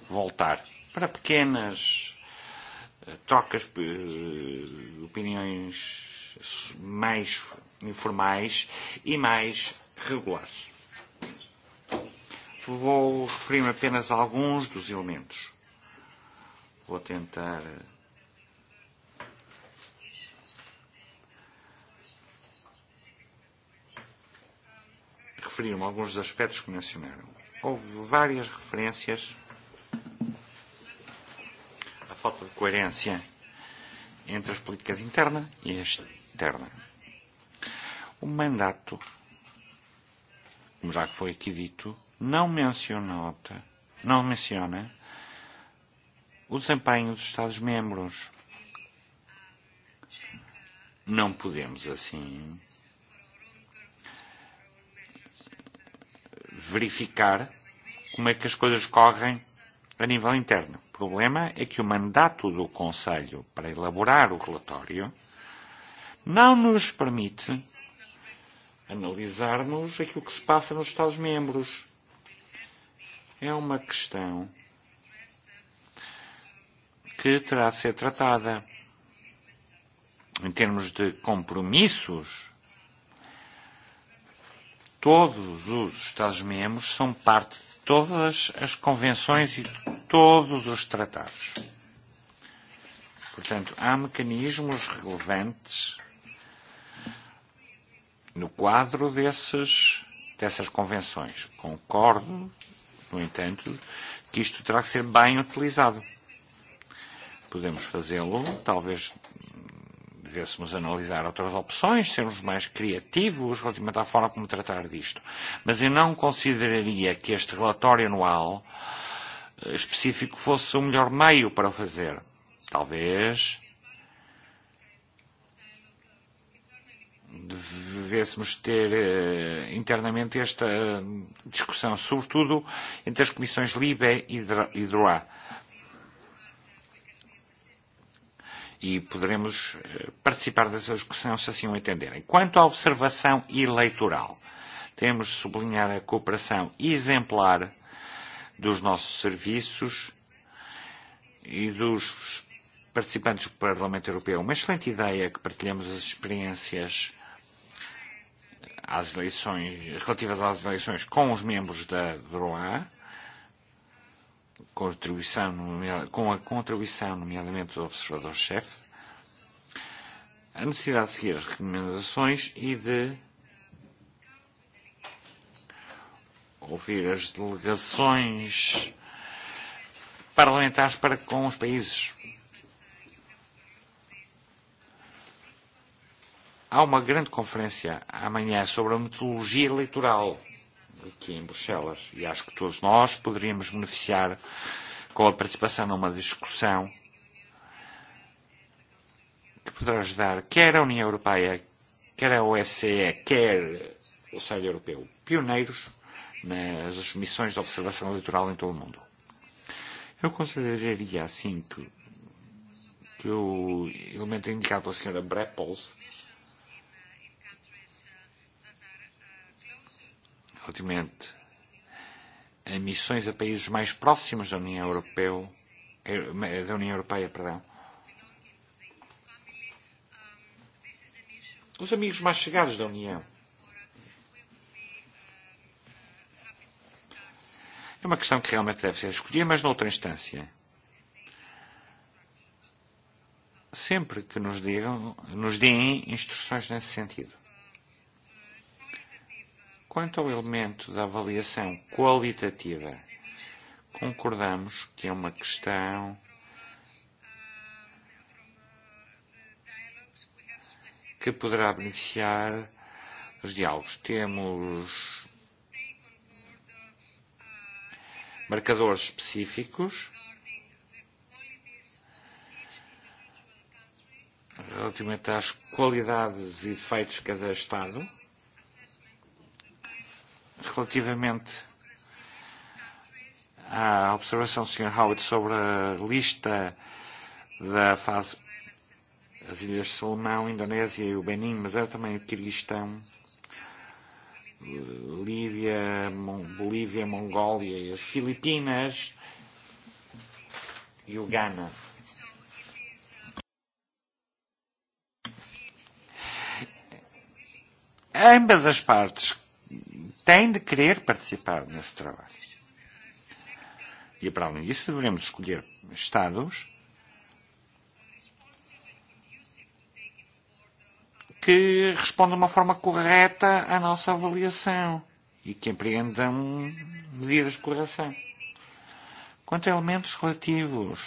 voltar para pequenas eh, trocas, eh, opiniões mais informais e mais regulares. Vou referir-me apenas a alguns dos elementos. Vou tentar referiram alguns dos aspectos que mencionaram. Houve várias referências à falta de coerência entre as políticas interna e externa. O mandato, como já foi aqui dito, não menciona, não menciona o desempenho dos Estados-membros. Não podemos, assim, verificar como é que as coisas correm a nível interno. O problema é que o mandato do Conselho para elaborar o relatório não nos permite analisarmos aquilo que se passa nos Estados-membros. É uma questão que terá de ser tratada. Em termos de compromissos todos os Estados-membros são parte de todas as convenções e de todos os tratados. Portanto, há mecanismos relevantes no quadro desses, dessas convenções. Concordo, no entanto, que isto terá que ser bem utilizado. Podemos fazê-lo, talvez devêssemos analisar outras opções, sermos mais criativos relativamente à forma como tratar disto. Mas eu não consideraria que este relatório anual eh, específico fosse o melhor meio para o fazer. Talvez devêssemos ter eh, internamente esta eh, discussão, sobretudo entre as comissões LIBE e DROA. E e poderemos eh, participar dessa discussão se assim o entenderem. Quanto à observação eleitoral, temos de sublinhar a cooperação exemplar dos nossos serviços e dos participantes do Parlamento Europeu. Uma excelente ideia que partilhamos as experiências às eleições, relativas às eleições com os membros da DROA contribuição, com a contribuição, nomeadamente do observador-chefe, a necessidade de seguir as recomendações e de ouvir as delegações parlamentares para com os países. Há uma grande conferência amanhã sobre a metodologia eleitoral aqui em Bruxelas. E acho que todos nós poderíamos beneficiar com a participação numa discussão que poderá ajudar quer a União Europeia, quer a OSCE, quer o Conselho Europeu, pioneiros nas missões de observação eleitoral em todo o mundo. Eu consideraria assim que, que o elemento indicado pela senhora Brepols relativamente a missões a países mais próximos da União Europeia, eh, da União Europeia, perdão. Os amigos mais chegados da União. É uma questão que realmente deve ser escolhida, mas noutra instância. Sempre que nos digam, nos deem instruções nesse sentido. Quanto ao elemento da avaliação qualitativa, concordamos que é uma questão que poderá beneficiar os diálogos. Temos marcadores específicos relativamente às qualidades e defeitos de cada Estado relativamente à observação do Sr. Howard sobre a lista da fase as Ilhas Solomão, Indonésia e o Benin, mas era também o Quirguistão, Líbia, Bolívia, Mongólia e as Filipinas e o Ghana. Ambas as partes tem de querer participar nesse trabalho. E, para além disso, devemos escolher Estados que respondam de uma forma correta à nossa avaliação e que empreendam medidas de correção. Quanto a elementos relativos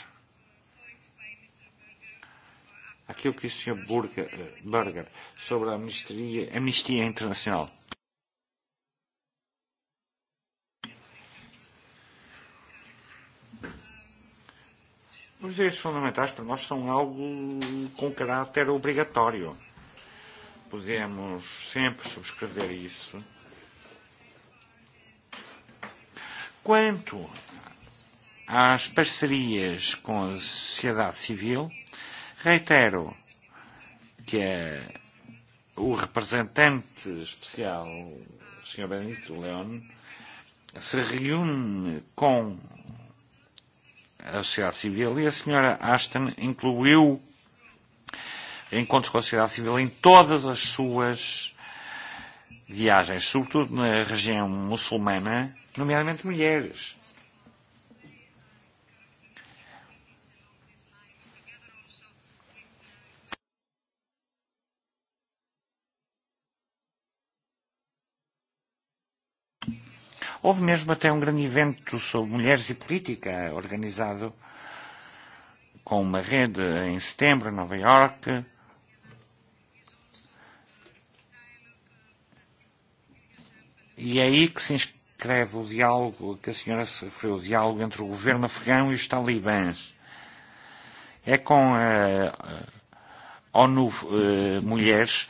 àquilo que disse o Sr. Burger, Burger sobre a amnistia, amnistia internacional, Os direitos fundamentais para nós são algo com caráter obrigatório. Podemos sempre subscrever isso. Quanto às parcerias com a sociedade civil, reitero que é o representante especial, o Sr. Benito León, se reúne com a sociedade civil e a senhora Ashton incluiu encontros com a sociedade civil em todas as suas viagens, sobretudo na região muçulmana, nomeadamente mulheres. Houve mesmo até um grande evento sobre mulheres e política organizado com uma rede em setembro em Nova Iorque. E é aí que se inscreve o diálogo, que a senhora se referiu, o diálogo entre o governo afegão e os talibãs. É com a eh, eh, ONU eh, Mulheres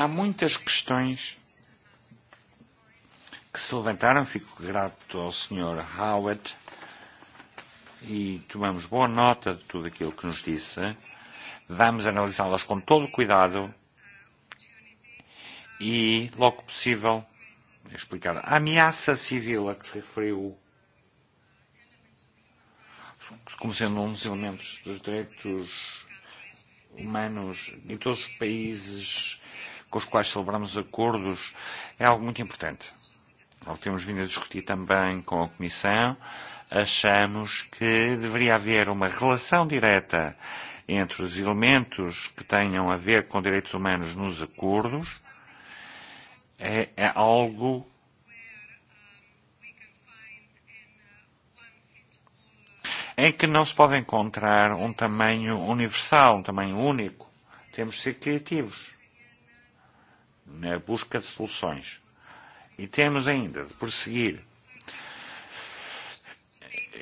Há muitas questões que se levantaram. Fico grato ao Sr. Howard e tomamos boa nota de tudo aquilo que nos disse. Vamos analisá-las com todo cuidado e, logo possível, explicar. A ameaça civil a que se referiu como sendo um dos elementos dos direitos humanos em todos os países com os quais celebramos acordos, é algo muito importante. Algo que temos vindo a discutir também com a Comissão. Achamos que deveria haver uma relação direta entre os elementos que tenham a ver com direitos humanos nos acordos. É, é algo em que não se pode encontrar um tamanho universal, um tamanho único. Temos de ser criativos na busca de soluções. E temos ainda de perseguir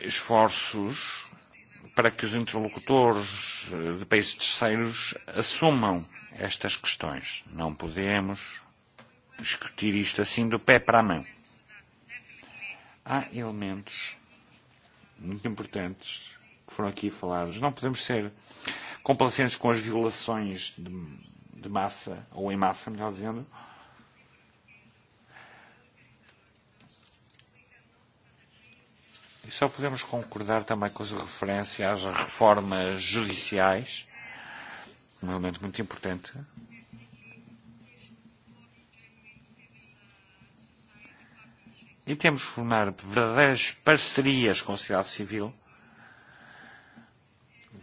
esforços para que os interlocutores eh, de países terceiros assumam estas questões. Não podemos discutir isto assim do pé para a mão. Há elementos muito importantes que foram aqui falados. Não podemos ser complacentes com as violações de de massa, ou em massa, melhor dizendo, E só podemos concordar também com a sua referência às reformas judiciais, um elemento muito importante. E temos de formar verdadeiras parcerias com a sociedade civil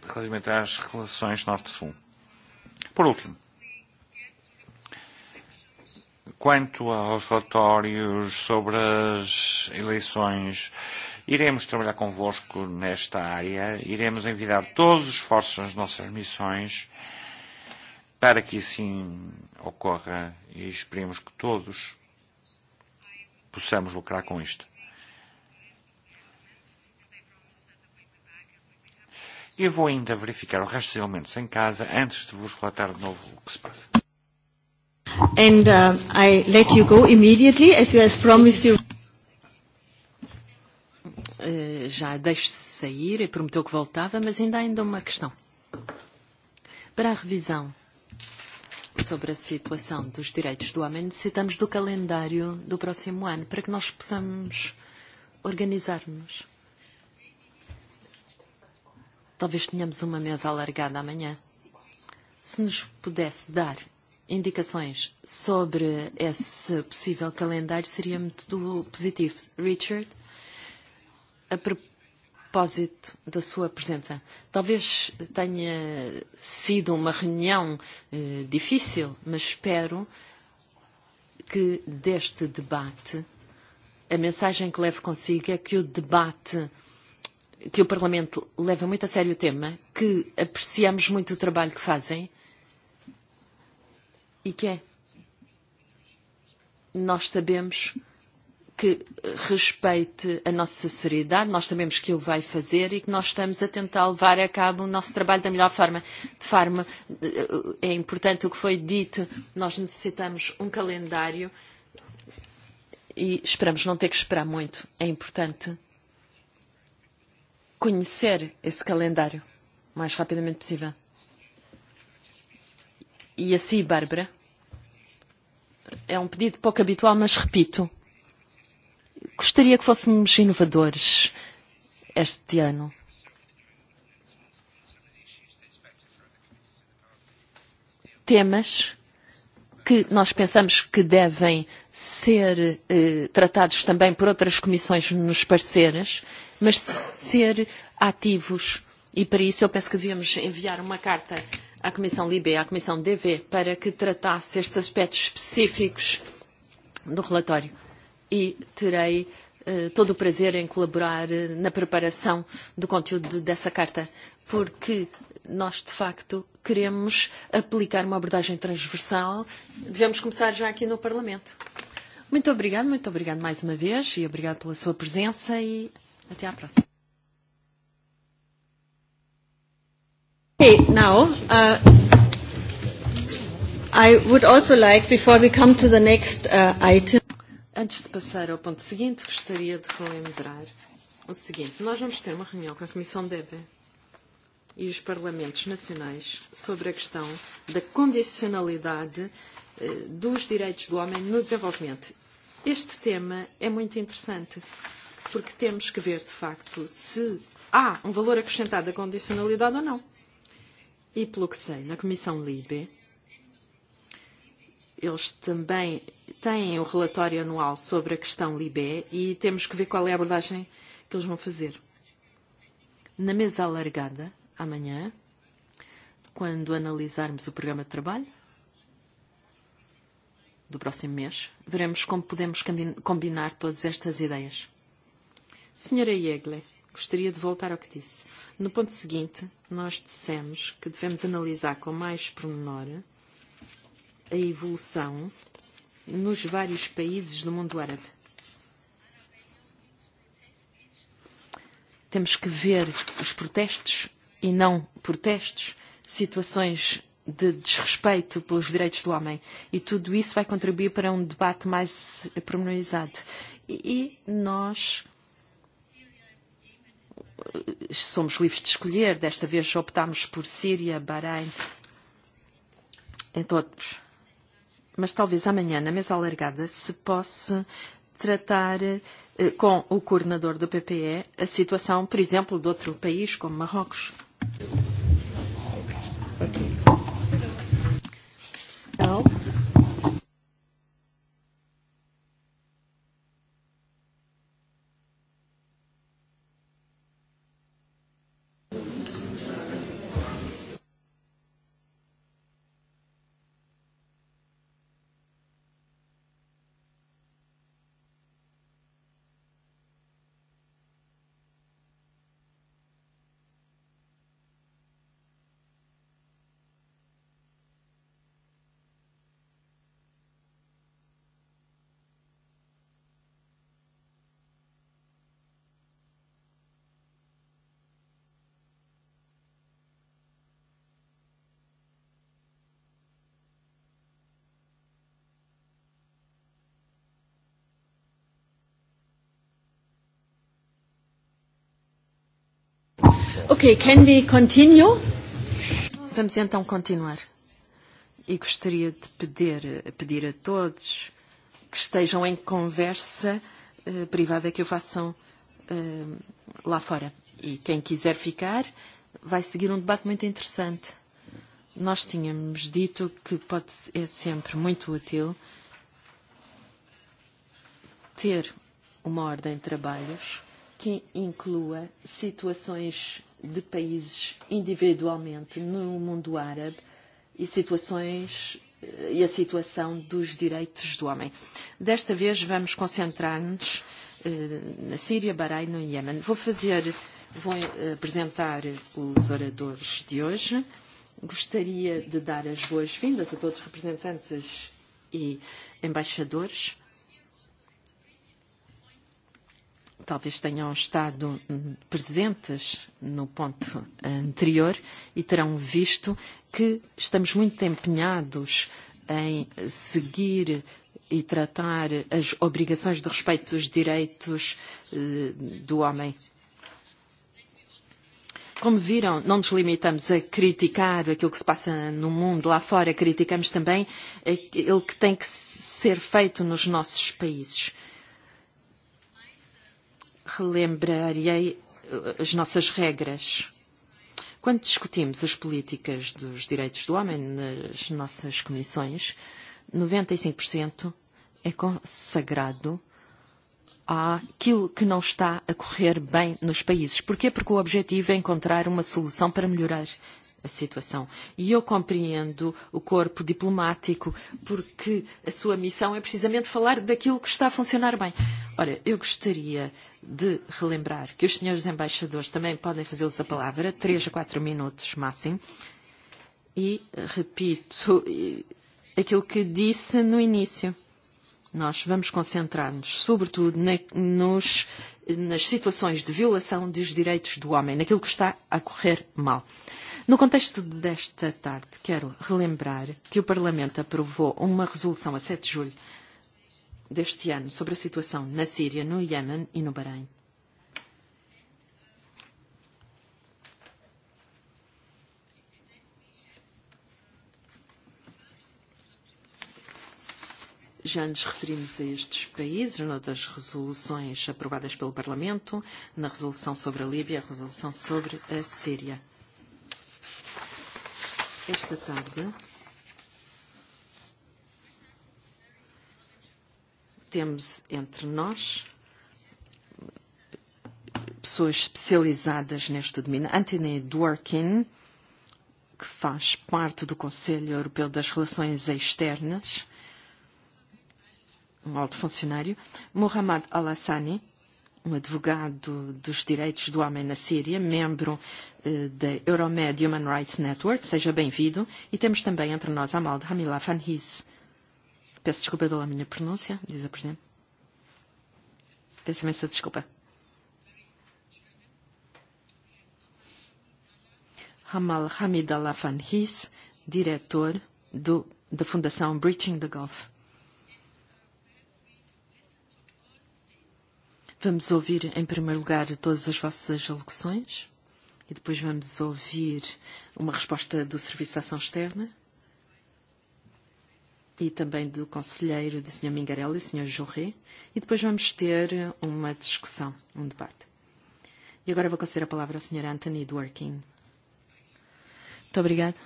relativamente às relações Norte-Sul. Por último, Quanto aos relatórios sobre as eleições, iremos trabalhar convosco nesta área, iremos envidar todos os esforços nas nossas missões para que assim ocorra e esperemos que todos possamos lucrar com isto. Eu vou ainda verificar o resto dos elementos em casa antes de vos relatar de novo o que se passa and uh, I let you go immediately as you well as promised you. Uh, já deixo sair e prometeu que voltava, mas ainda há ainda uma questão. Para a revisão sobre a situação dos direitos do homem, necessitamos do calendário do próximo ano para que nós possamos organizar-nos. Talvez tenhamos uma mesa alargada amanhã. Se nos pudesse dar indicações sobre esse possível calendário seria muito positivo. Richard, a propósito da sua presença, talvez tenha sido uma reunião eh, difícil, mas espero que deste debate a mensagem que levo consigo é que o debate que o Parlamento leva muito a sério o tema, que apreciamos muito o trabalho que fazem Ique e nós sabemos que respeite a nossa seriedade, nós sabemos que ele vai fazer e que nós estamos a tentar levar a cabo o nosso trabalho da melhor forma. De forma, eh, é importante o que foi dito, nós necessitamos um calendário e esperamos não ter que esperar muito. É importante conhecer esse calendário o mais rapidamente possível. E assim, Bárbara, é um pedido pouco habitual, mas repito, gostaria que fôssemos inovadores este ano. Temas que nós pensamos que devem ser eh, tratados também por outras comissões nos parceiras, mas ser ativos. E para isso eu penso que devíamos enviar uma carta à Comissão Libe e à Comissão DV para que tratasse estes aspectos específicos do relatório e terei eh, todo o prazer em colaborar eh, na preparação do conteúdo dessa carta, porque nós, de facto, queremos aplicar uma abordagem transversal. Devemos começar já aqui no Parlamento. Muito obrigado, muito obrigado mais uma vez e obrigado pela sua presença e até à próxima. Okay, now, uh, I would also like, before we come to the next uh, item... Antes de passar ao ponto seguinte, gostaria de relembrar o seguinte. Nós vamos ter uma reunião com a Comissão DEBE e os Parlamentos Nacionais sobre a questão da condicionalidade uh, dos direitos do homem no desenvolvimento. Este tema é muito interessante, porque temos que ver, de facto, se há um valor acrescentado à condicionalidade ou não e pelo que sei, na Comissão Libe, eles também têm o um relatório anual sobre a questão Libé e temos que ver qual é a abordagem que eles vão fazer. Na mesa alargada, amanhã, quando analisarmos o programa de trabalho do próximo mês, veremos como podemos combinar todas estas ideias. Senhora Yegle, gostaria de voltar ao que disse. No ponto seguinte, nós dissemos que devemos analisar com mais pormenor a evolução nos vários países do mundo árabe. Temos que ver os protestos e não protestos, situações de desrespeito pelos direitos do homem. E tudo isso vai contribuir para um debate mais pormenorizado. E, e nós somos livres de escolher. Desta vez optámos por Síria, Bahrein, entre outros. Mas talvez amanhã, na mesa alargada, se possa tratar eh, com o coordenador do PPE a situação, por exemplo, de outro país como Marrocos. Okay. Okay, can we continue? Vamos então continuar. E gostaria de pedir, pedir a todos que estejam em conversa eh, privada que o façam eh, lá fora. E quem quiser ficar, vai seguir um debate muito interessante. Nós tínhamos dito que pode, é sempre muito útil ter uma ordem de trabalhos que inclua situações de países individualmente no mundo árabe e situações eh, e a situação dos direitos do homem. Desta vez vamos concentrar-nos eh, na Síria, Bahrein e no Iémen. Vou fazer, vou eh, apresentar os oradores de hoje. Gostaria de dar as boas-vindas a todos os representantes e embaixadores talvez tenham estado presentes no ponto eh, anterior e terão visto que estamos muito empenhados em seguir e tratar as obrigações de respeito dos direitos eh, do homem. Como viram, não nos limitamos a criticar aquilo que se passa no mundo lá fora, criticamos também eh, aquilo que tem que ser feito nos nossos países relembrarei eh, as nossas regras. Quando discutimos as políticas dos direitos do homem nas nossas comissões, 95% e é consagrado àquilo que não está a correr bem nos países. Porquê? Porque o objetivo é encontrar uma solução para melhorar situação. E eu compreendo o corpo diplomático, porque a sua missão é precisamente falar daquilo que está a funcionar bem. Ora, eu gostaria de relembrar que os senhores embaixadores também podem fazer uso da palavra, 3 a 4 minutos máximo. E repito e aquilo que disse no início. Nós vamos concentrar-nos, sobretudo, na, nos, nas situações de violação dos direitos do homem, naquilo que está a correr mal. Uh, No contexto desta tarde, quero relembrar que o Parlamento aprovou uma resolução a 7 de julho deste ano sobre a situação na Síria, no Iémen e no Bahrein. Já nos referimos a estes países nas resoluções aprovadas pelo Parlamento, na resolução sobre a Líbia e a resolução sobre a Síria esta tarde temos entre nós pessoas especializadas neste domínio. Anthony Dworkin, que faz parte do Conselho Europeu das Relações Externas, um alto funcionário. Mohamed Alassani, um advogado dos direitos do homem na Síria, membro eh, da Euromed Human Rights Network. Seja bem-vindo. E temos também entre nós Amal de Hamila Fanhis. Peço desculpa pela minha pronúncia, diz a Presidente. Peço imensa desculpa. Hamal Hamidallah Fanhis, diretor do, da Fundação Breaching the Gulf. Vamos ouvir, em primeiro lugar, todas as vossas alocuções e depois vamos ouvir uma resposta do Serviço de Ação Externa e também do Conselheiro do Sr. Mingarelli, Sr. Jorré, e depois vamos ter uma discussão, um debate. E agora vou conceder a palavra ao Sr. Anthony Dworkin. Muito obrigada.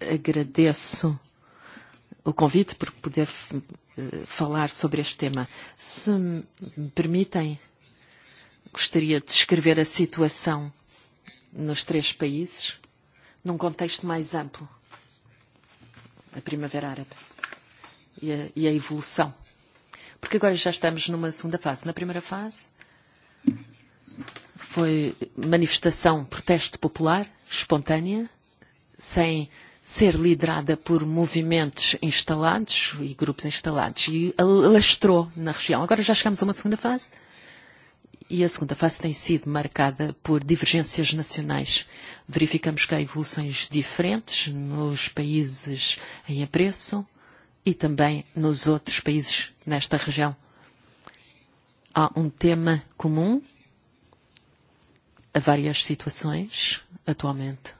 Agradeço o convite por poder falar sobre este tema. Se me permitem, gostaria de descrever a situação nos três países num contexto mais amplo. A Primavera Árabe e a, e a evolução. Porque agora já estamos numa segunda fase. Na primeira fase foi manifestação, protesto popular, espontânea, sem uh, ser liderada por movimentos instalados e grupos instalados e alastrou na região. Agora já chegamos a uma segunda fase e a segunda fase tem sido marcada por divergências nacionais. Verificamos que há evoluções diferentes nos países em apreço e também nos outros países nesta região. Há um tema comum a várias situações atualmente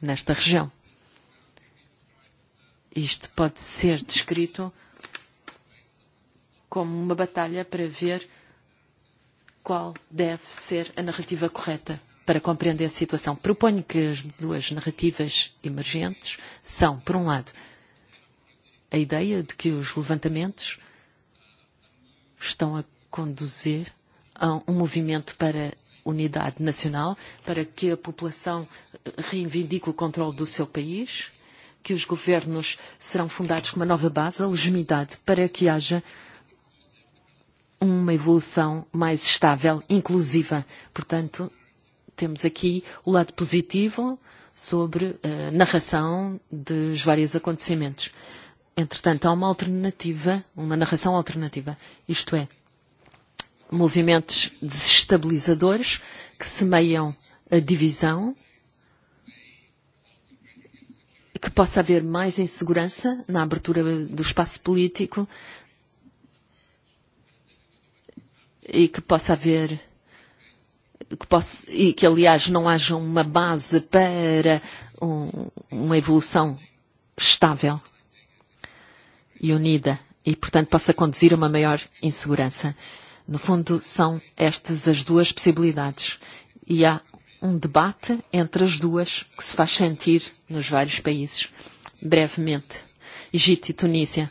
nesta região Isto pode ser descrito como uma batalha para ver qual deve ser a narrativa correta para compreender a situação. Proponho que as duas narrativas emergentes são, por um lado, a ideia de que os levantamentos estão a conduzir a um movimento para unidade nacional, para que a população reivindique o controle do seu país que os governos serão fundados com uma nova base, a legitimidade para que haja uma evolução mais estável, inclusiva. Portanto, temos aqui o lado positivo sobre a eh, narração dos vários acontecimentos. Entretanto, há uma alternativa, uma narração alternativa, isto é, movimentos desestabilizadores que semeiam a divisão que possa haver mais insegurança na abertura do espaço político e que possa haver que possa, e que aliás não haja uma base para um, uma evolução estável e unida e portanto possa conduzir a uma maior insegurança. No fundo são estas as duas possibilidades e há um debate entre as duas que se faz sentir nos vários países. Brevemente, Egito e Tunísia.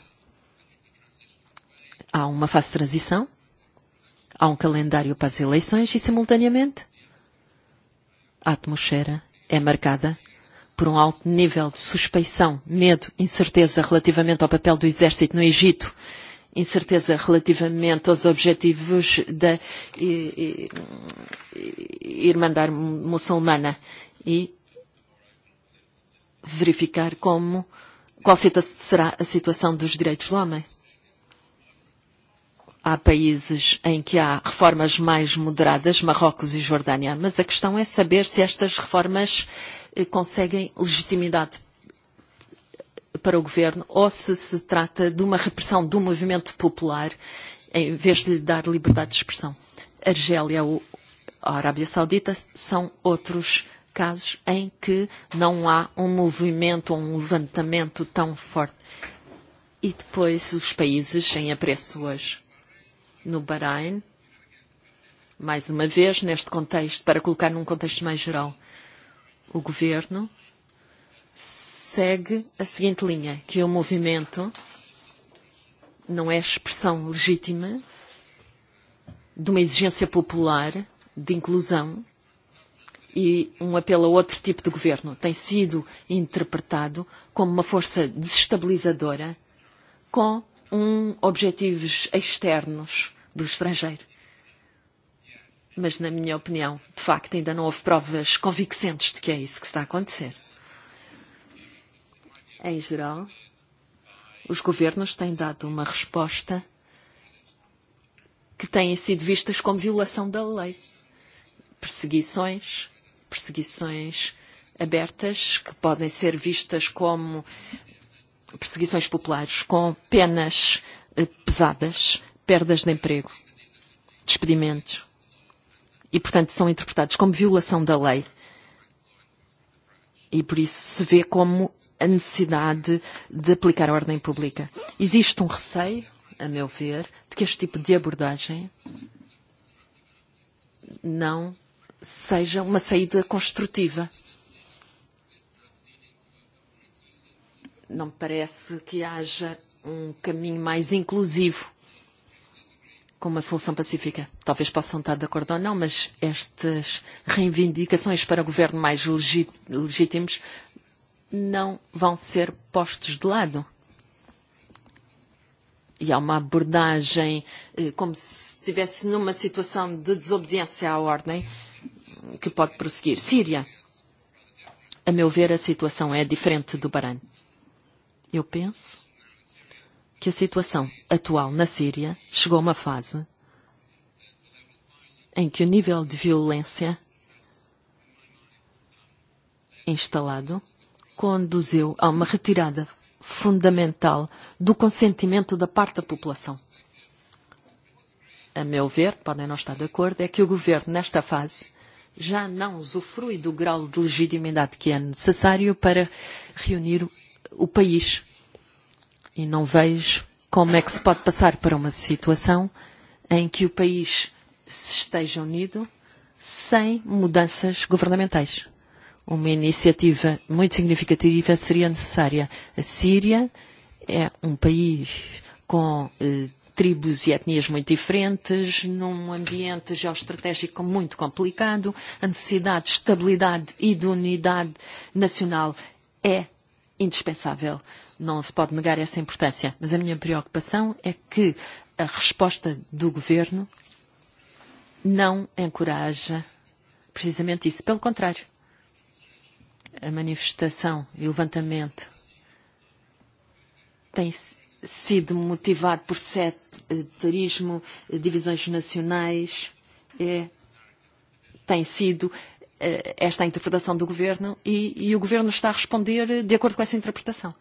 Há uma fase de transição, há um calendário para as eleições e, simultaneamente, a atmosfera é marcada por um alto nível de suspeição, medo, incerteza relativamente ao papel do exército no Egito incerteza relativamente aos objetivos da e, e, e Irmandade Muçulmana e verificar como, qual será a situação dos direitos do homem. Há países em que há reformas mais moderadas, Marrocos e Jordânia, mas a questão é saber se estas reformas eh, conseguem legitimidade para o governo ou se se trata de uma repressão do movimento popular em vez de lhe dar liberdade de expressão. A Argélia ou a Arábia Saudita são outros casos em que não há um movimento ou um levantamento tão forte. E depois os países em apreço hoje. No Bahrein, mais uma vez, neste contexto, para colocar num contexto mais geral, o governo segue a seguinte linha, que o movimento não é expressão legítima de uma exigência popular de inclusão e um apelo a outro tipo de governo. Tem sido interpretado como uma força desestabilizadora com um objetivos externos do estrangeiro. Mas, na minha opinião, de facto, ainda não houve provas convincentes de que é isso que está a acontecer. Em geral, os governos têm dado uma resposta que têm sido vistas como violação da lei. Perseguições, perseguições abertas, que podem ser vistas como perseguições populares, com penas eh, pesadas, perdas de emprego, despedimentos. E, portanto, são interpretados como violação da lei. E por isso se vê como a necessidade de aplicar a ordem pública. Existe um receio, a meu ver, de que este tipo de abordagem não seja uma saída construtiva. Não parece que haja um caminho mais inclusivo com uma solução pacífica. Talvez possam estar de acordo ou não, mas estas reivindicações para o governo mais legítimos não vão ser postos de lado. E há uma abordagem eh, como se estivesse numa situação de desobediência à ordem que pode prosseguir. Síria. A meu ver, a situação é diferente do Bahrein. Eu penso que a situação atual na Síria chegou a uma fase em que o nível de violência instalado conduziu a uma retirada fundamental do consentimento da parte da população. A meu ver, podem não estar de acordo, é que o governo, nesta fase, já não usufrui do grau de legitimidade que é necessário para reunir o país. E não vejo como é que se pode passar para uma situação em que o país esteja unido sem mudanças governamentais. Uma iniciativa muito significativa seria necessária. A Síria é um país com eh, tribos e etnias muito diferentes, num ambiente geoestratégico muito complicado. A necessidade de estabilidade e de unidade nacional é indispensável. Não se pode negar essa importância. Mas a minha preocupação é que a resposta do governo não encoraja precisamente isso. Pelo contrário, a manifestação e o levantamento tem sido motivado por setarismo, eh, divisões nacionais, é, tem sido é, eh, esta a interpretação do governo e, e o governo está a responder eh, de acordo com essa interpretação.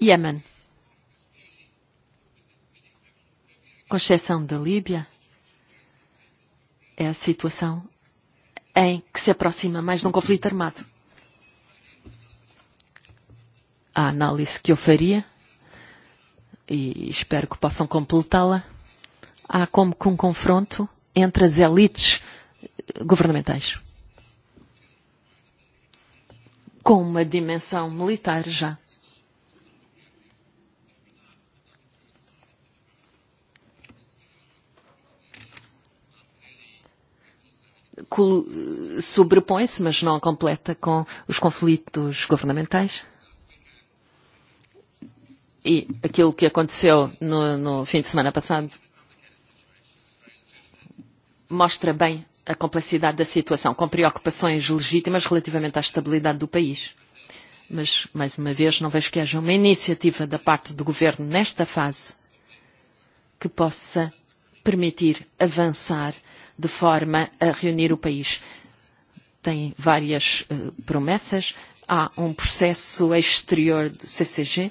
Iémen. Com exceção da Líbia, é a situação em que se aproxima mais de um conflito armado. A análise que eu faria, e espero que possam completá-la, há como que um confronto entre as elites eh, governamentais. Com uma dimensão militar já sobrepõe-se, mas não completa com os conflitos governamentais. E aquilo que aconteceu no, no fim de semana passado mostra bem a complexidade da situação, com preocupações legítimas relativamente à estabilidade do país. Mas, mais uma vez, não vejo que haja uma iniciativa da parte do governo nesta fase que possa permitir avançar de forma a reunir o país. Tem várias uh, promessas. Há um processo exterior do CCG.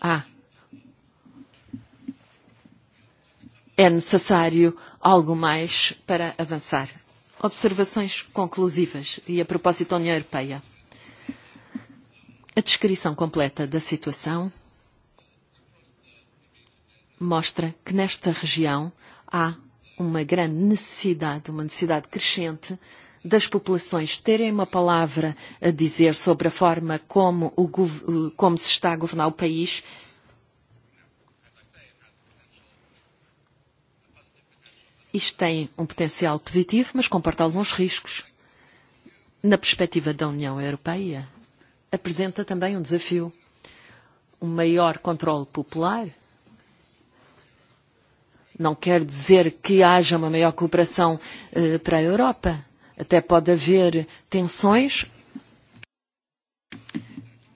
Há. É necessário algo mais para avançar. Observações conclusivas e a propósito da União Europeia. A descrição completa da situação mostra que nesta região há uma grande necessidade, uma necessidade crescente das populações terem uma palavra a dizer sobre a forma como, o, como se está a governar o país. Isto tem um potencial positivo, mas comporta alguns riscos. Na perspectiva da União Europeia, apresenta também um desafio. Um maior controle popular não quer dizer que haja uma maior cooperação eh, para a Europa. Até pode haver tensões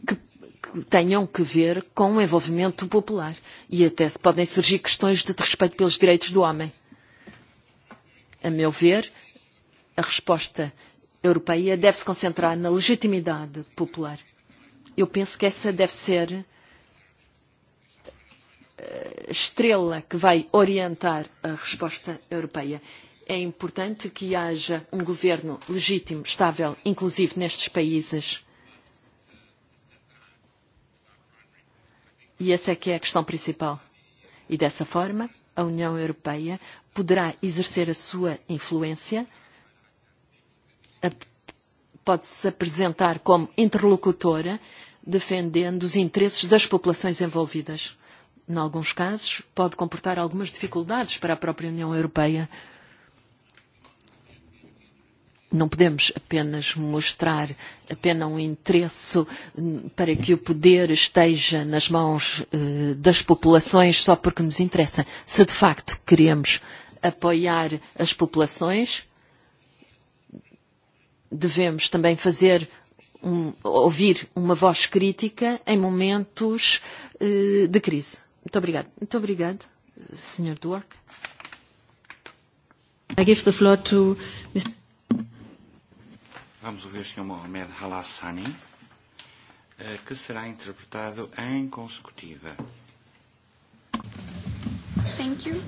que, que tenham que ver com o envolvimento popular. E até se podem surgir questões de respeito pelos direitos do homem. A meu ver, a resposta europeia deve se concentrar na legitimidade popular. Eu penso que essa deve ser estrela que vai orientar a resposta europeia. É importante que haja um governo legítimo, estável, inclusive nestes países. E essa é que é a questão principal. E dessa forma, a União Europeia poderá exercer a sua influência, pode-se apresentar como interlocutora, defendendo os interesses das populações envolvidas em alguns casos, pode comportar algumas dificuldades para a própria União Europeia. Não podemos apenas mostrar apenas um interesse para que o poder esteja nas mãos eh, das populações só porque nos interessa. Se de facto queremos apoiar as populações, devemos também fazer um, ouvir uma voz crítica em momentos eh, de crise. Muito obrigado. Muito obrigado, Sr. Dwork. I give the floor to Mr. Vamos ouvir o Sr. Mohamed Halassani, eh, que será interpretado em consecutiva. Thank you.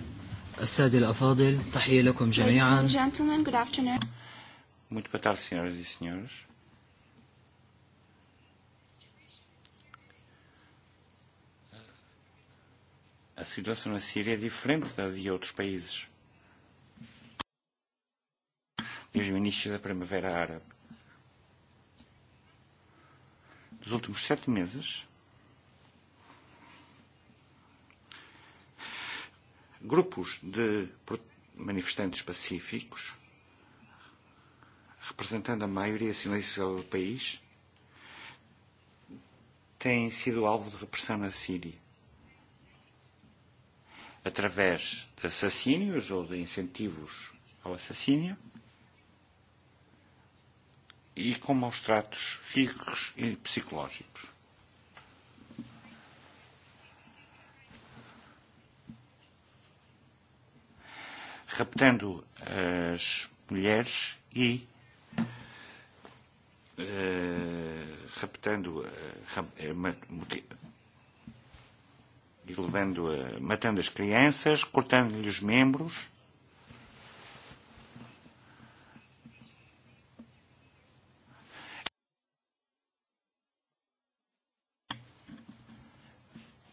السادة الأفاضل تحية لكم جميعا. Ladies and gentlemen, good afternoon. Muito boa tarde, senhoras e senhores. a situação na Síria é diferente da de outros países. Desde o início da Primavera Árabe. Nos últimos sete meses, grupos de manifestantes pacíficos, representando a maioria e silenciosa do país, têm sido alvo de repressão na Síria através de assassínios ou de incentivos ao assassínio e com maus tratos físicos e psicológicos. Raptando as mulheres e uh, raptando uh, e levando a, eh, matando as crianças, cortando-lhe os membros.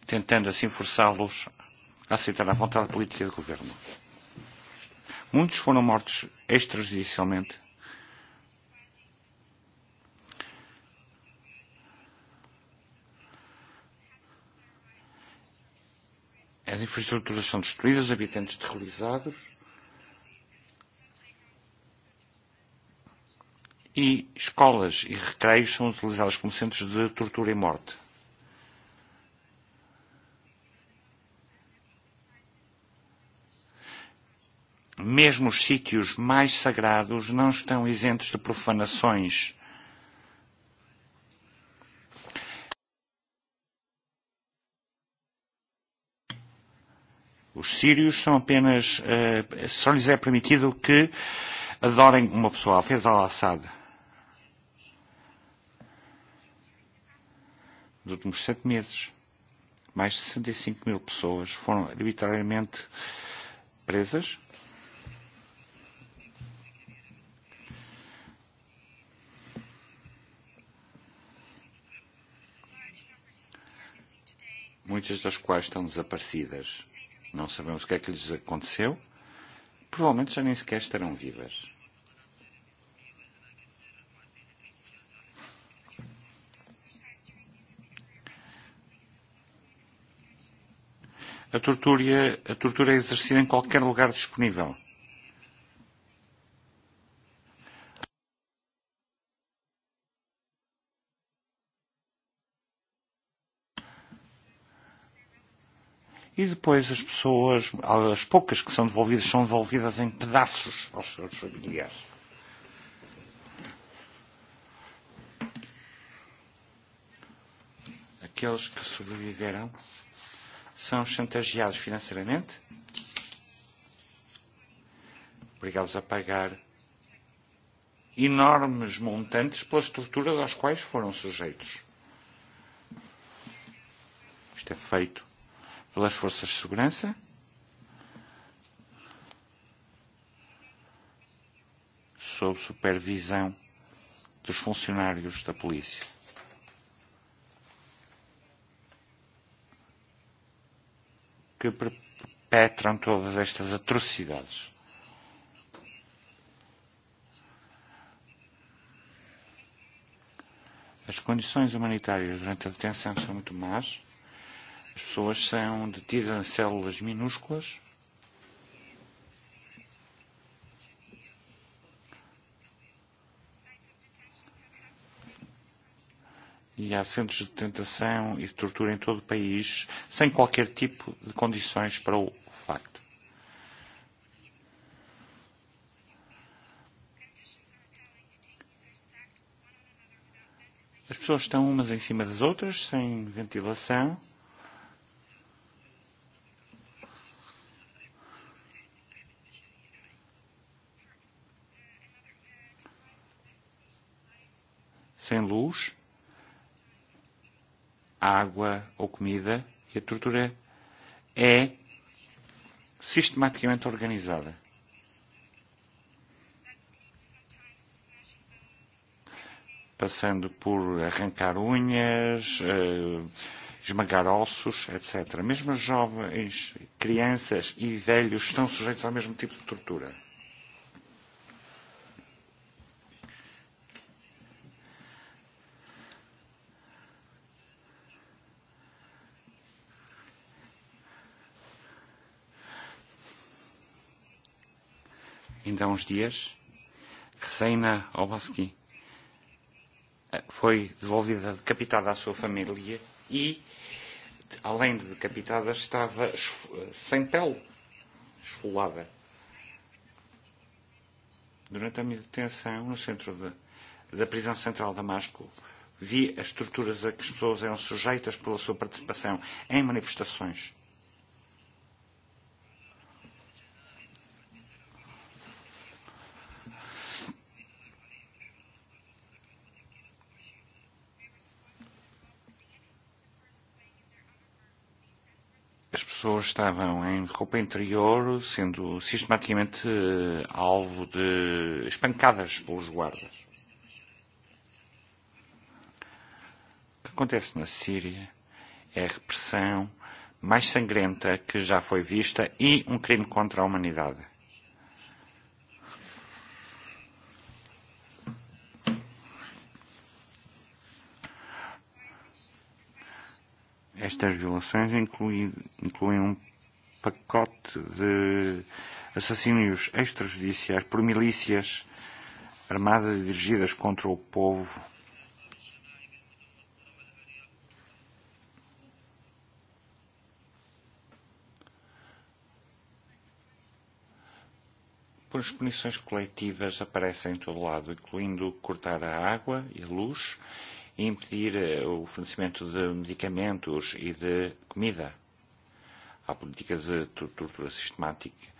Tentando assim forçá-los a aceitar a vontade política do governo. Muitos foram mortos extrajudicialmente as infraestruturas são destruídas, os habitantes terrorizados. E escolas e recreios são utilizados como centros de tortura e morte. Mesmo os sítios mais sagrados não estão isentos de profanações Os sírios são apenas, uh, só lhes é permitido que adorem uma pessoa, Hafez al-Assad. Nos últimos sete meses, mais de 65 e mil pessoas foram arbitrariamente presas. Muitas das quais estão desaparecidas Não sabemos o que é que lhes aconteceu. Provavelmente já nem sequer estarão vivas. A tortura, a tortura é exercida em qualquer lugar disponível. e depois as pessoas, as poucas que são devolvidas, são devolvidas em pedaços aos seus familiares. Aqueles que sobreviveram são chantageados financeiramente, obrigados a pagar enormes montantes pelas torturas às quais foram sujeitos. Isto é feito pelas forças de segurança, sob supervisão dos funcionários da polícia. Que perpetram todas estas atrocidades. As condições humanitárias durante a detenção são muito más. As pessoas são detidas em células minúsculas. E há centros de tentação e de tortura em todo o país, sem qualquer tipo de condições para o facto. As pessoas estão umas em cima das outras, sem ventilação. sem luz, água ou comida e a tortura é sistematicamente organizada. Passando por arrancar unhas, eh, esmagar ossos, etc. Mesmo jovens, crianças e velhos estão sujeitos ao mesmo tipo de tortura. ainda há uns dias, refém na Obaski, eh, foi devolvida decapitada à sua família e, além de decapitada, estava eh, sem pele, esfolada. Durante a minha detenção no centro de, da prisão central de Damasco, vi as torturas a que as pessoas eram sujeitas pela sua participação em manifestações pessoas estavam em roupa interior, sendo sistematicamente eh, alvo de espancadas pelos guardas. O que acontece na Síria é a repressão mais sangrenta que já foi vista e um crime contra a humanidade. Estas violações incluem, incluem um pacote de assassínios extrajudiciais por milícias armadas e dirigidas contra o povo. Por punições coletivas aparecem em todo lado, incluindo cortar a água e a luz e impedir eh, o fornecimento de medicamentos e de comida. Há política de tortura sistemática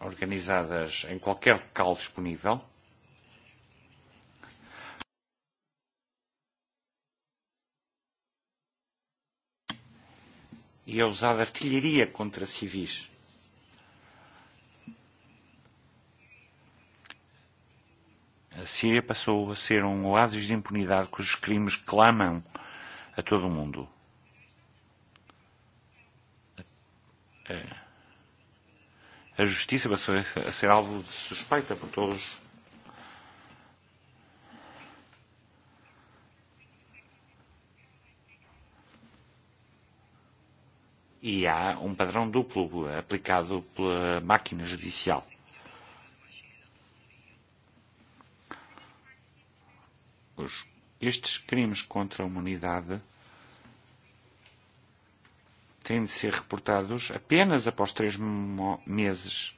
organizadas em qualquer local disponível. E é usada artilharia contra civis. A Síria passou a ser um oásis de impunidade cujos crimes clamam a todo o mundo. A justiça passou a ser alvo de suspeita por todos. E há um padrão duplo aplicado pela máquina judicial. os, estes crimes contra a humanidade têm de ser reportados apenas após três meses.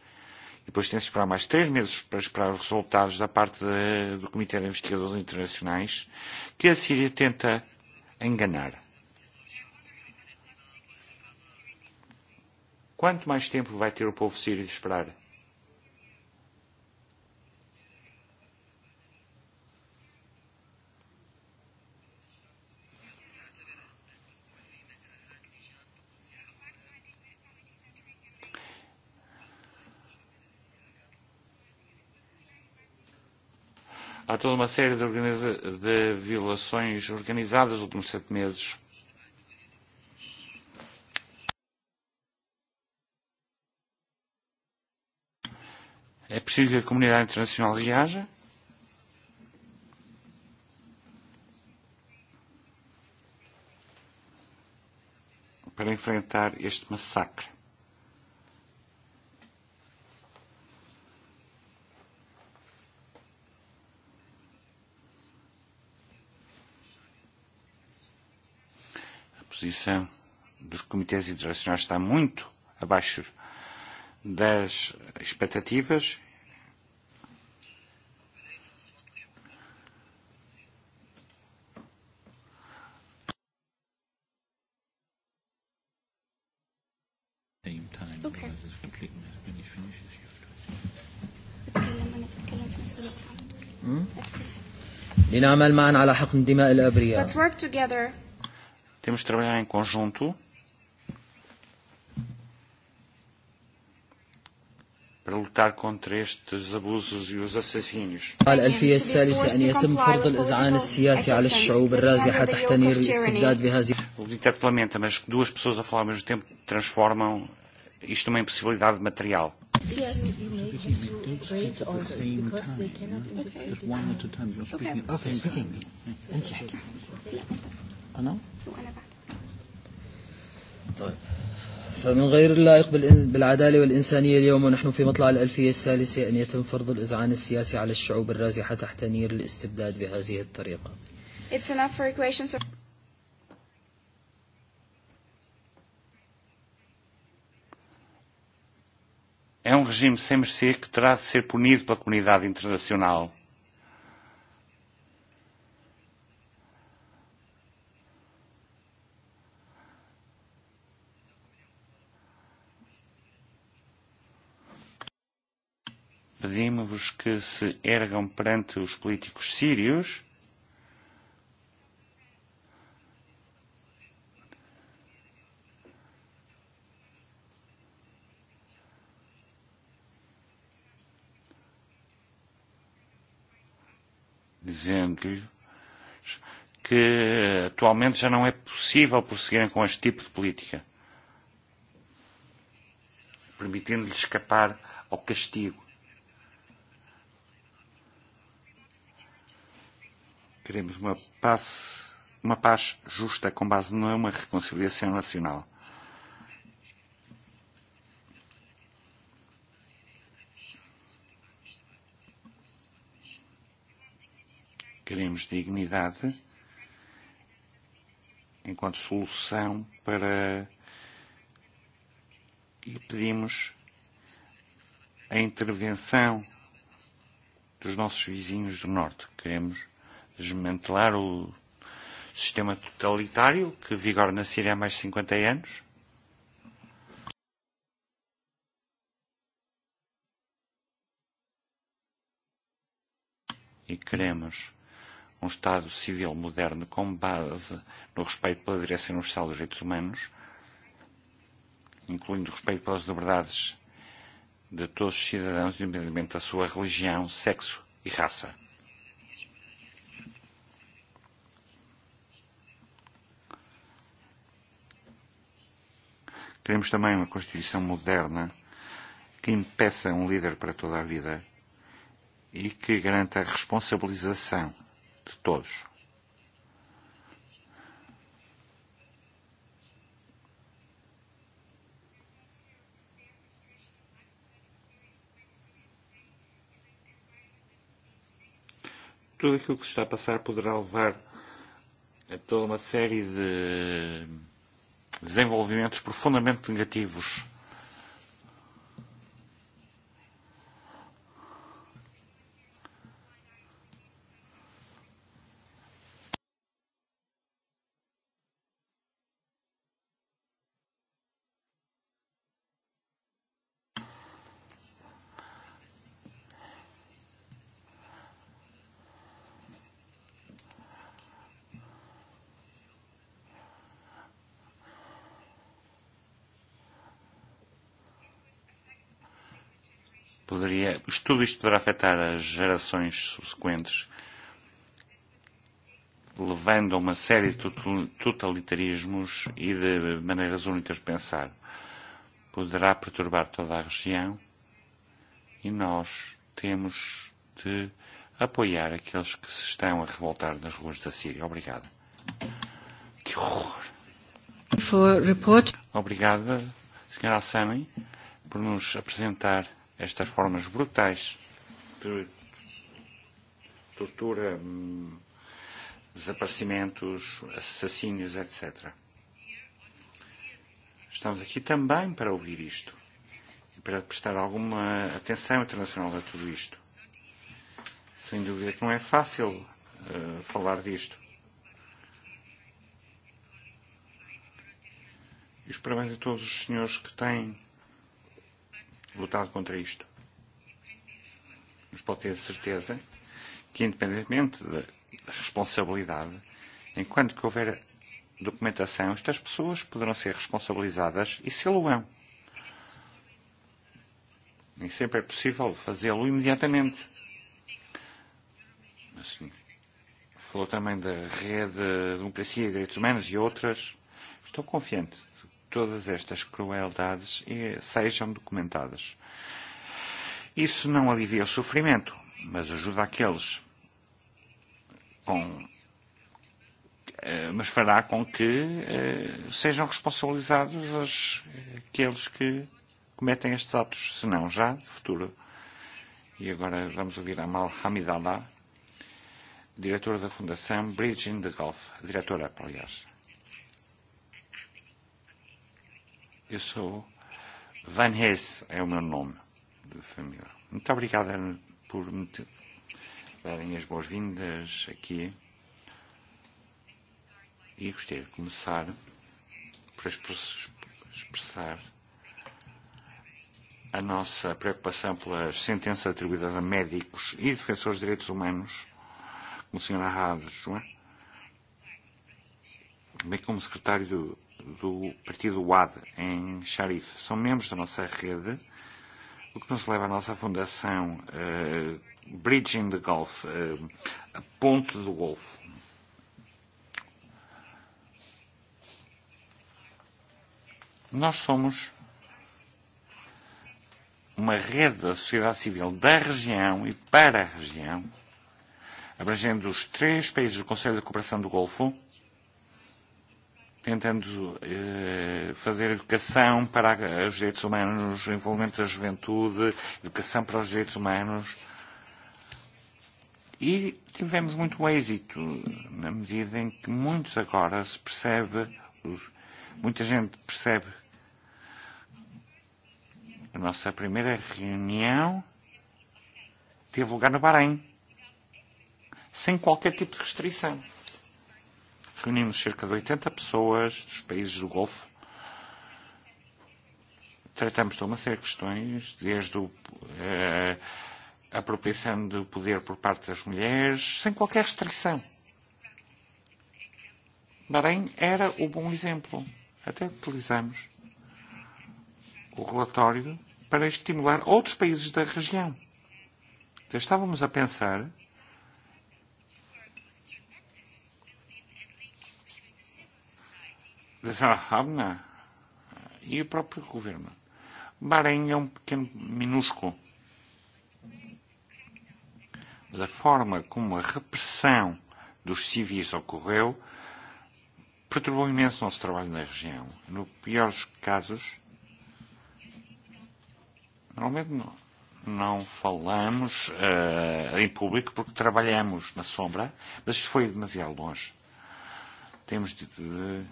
E depois tem-se de esperar mais três meses para esperar os resultados da parte de, do Comitê de Investigadores Internacionais que a Síria tenta enganar. Quanto mais tempo vai ter o povo sírio de esperar? Há toda uma série de, organiza... de violações organizadas nos últimos sete meses. É preciso que a comunidade internacional reaja. para enfrentar este massacre. por isso dos comitês internacionais está muito abaixo das expectativas. Okay. Hmm? لنعمل معا على حقن دماء الأبرياء. Let's work together Temos de trabalhar em conjunto para lutar contra estes abusos e os assassínios. قال الفية الثالثة أن يتم فرض الإذعان السياسي على الشعوب الرازحة تحت نير الاستبداد بهذه O interpelamenta, mas duas pessoas a falar ao mesmo tempo transformam isto numa impossibilidade material. Yes. Okay. أه نعم طيب فمن غير اللائق بالعدالة والإنسانية اليوم ونحن في مطلع الألفية الثالثة أن يتم فرض الإذعان السياسي على الشعوب الرازحة تحت نير الاستبداد بهذه الطريقة. It's enough for equations of É um regime sem mercê que terá de ser punido pela comunidade internacional. pedimos-vos que se ergam perante os políticos sírios dizendo-lhe que atualmente já não é possível prosseguirem com este tipo de política, permitindo-lhe escapar ao castigo. Queremos uma paz, uma paz justa com base numa reconciliação nacional. Queremos dignidade enquanto solução para e pedimos a intervenção dos nossos vizinhos do Norte. Queremos desmantelar o sistema totalitário que vigora na Síria há mais de 50 anos? E queremos um Estado civil moderno com base no respeito pela direção universal dos direitos humanos, incluindo o respeito pelas liberdades de todos os cidadãos, independentemente da sua religião, sexo e raça. Queremos também uma Constituição moderna que impeça um líder para toda a vida e que garanta a responsabilização de todos. Tudo aquilo que se está a passar poderá levar a toda uma série de desenvolvimentos profundamente negativos tudo isto poderá afetar as gerações subsequentes, levando a uma série de totalitarismos e de maneiras únicas de pensar. Poderá perturbar toda a região e nós temos de apoiar aqueles que se estão a revoltar nas ruas da Síria. Obrigada. Que horror! For report. Obrigada, Sra. Assami, por nos apresentar estas formas brutais de tortura, desaparecimentos, assassínios, etc. Estamos aqui também para ouvir isto e para prestar alguma atenção internacional a tudo isto. Sem dúvida que não é fácil uh, falar disto. E os parabéns a todos os senhores que têm lutar contra isto. Mas pode ter certeza que, independentemente da responsabilidade, enquanto que houver documentação, estas pessoas poderão ser responsabilizadas e sê-lo-ão. Nem sempre é possível fazê-lo imediatamente. Mas, sim. falou também da rede de democracia e direitos humanos e outras. Estou confiante todas estas crueldades e sejam documentadas. Isso não alivia o sofrimento, mas ajuda aqueles com eh, mas fará com que eh, sejam responsabilizados as, aqueles que cometem estes atos, se não já, de futuro. E agora vamos ouvir Amal Hamidallah, diretora da Fundação Bridging the Gulf, diretora, aliás. Eu sou Van Hesse, é o meu nome de família. Muito obrigada por me darem as boas-vindas aqui. E gostaria de começar por expressar a nossa preocupação pelas sentenças atribuídas a médicos e defensores de direitos humanos, como o Sr. Arrados, não é? Bem como secretário do do partido UAD, em Sharif. São membros da nossa rede, o que nos leva à nossa fundação uh, eh, Bridging the Gulf, uh, a ponte do Golfo. Nós somos uma rede da sociedade civil da região e para a região, abrangendo os três países do Conselho de Cooperação do Golfo, tentando eh, fazer educação para os direitos humanos, envolvimento da juventude, educação para os direitos humanos. E tivemos muito êxito, na medida em que muitos agora se percebe, muita gente percebe. A nossa primeira reunião teve lugar no Bahrein, sem qualquer tipo de restrição reunimos cerca de 80 pessoas dos países do Golfo. Tratamos de uma série de questões, desde o, eh, a apropriação do poder por parte das mulheres, sem qualquer restrição. Bahrein era o bom exemplo. Até utilizamos o relatório para estimular outros países da região. Já estávamos a pensar δεν θα ah, haben ihr e proprio governo. Bahrein é um pequeno minúsculo. Da forma como a repressão dos civis ocorreu, perturbou imenso o nosso trabalho na região. No pior dos casos, normalmente não, não falamos uh, em público porque trabalhamos na sombra, mas foi demasiado longe. Temos de, de, de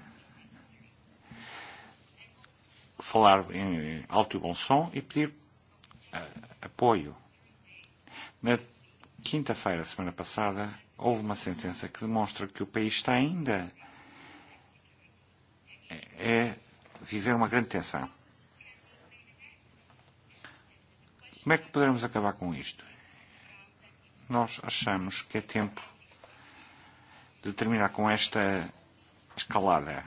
falar em alto e bom som e pedir uh, apoio. Na quinta-feira, semana passada, houve uma sentença que demonstra que o país está ainda eh, a viver uma grande tensão. Como é que poderemos acabar com isto? Nós achamos que é tempo de terminar com esta escalada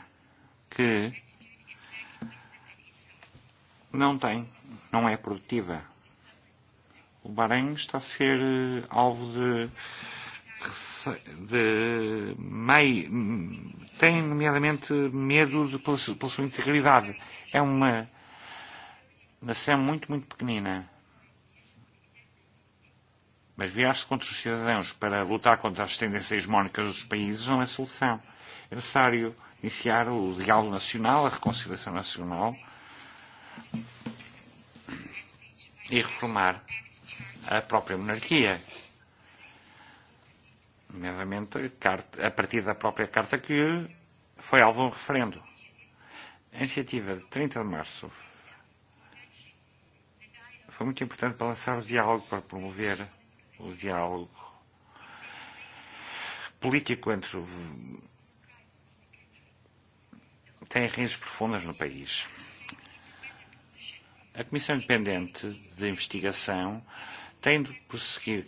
que não tem, não é produtiva. O Bahrein está a ser eh, alvo de, de meio, tem nomeadamente medo de, pela, pela sua integridade. É uma nação muito, muito pequenina. Mas virar-se contra os cidadãos para lutar contra as tendências hegemónicas dos países não é solução. É necessário iniciar o diálogo nacional, a reconciliação nacional, e reformar a própria monarquia. Nomeadamente a partir da própria carta que foi alvo de um referendo. A iniciativa de 30 de março foi muito importante para lançar o diálogo, para promover o diálogo político entre. tem raízes profundas no país. A Comissão Independente de Investigação tem de prosseguir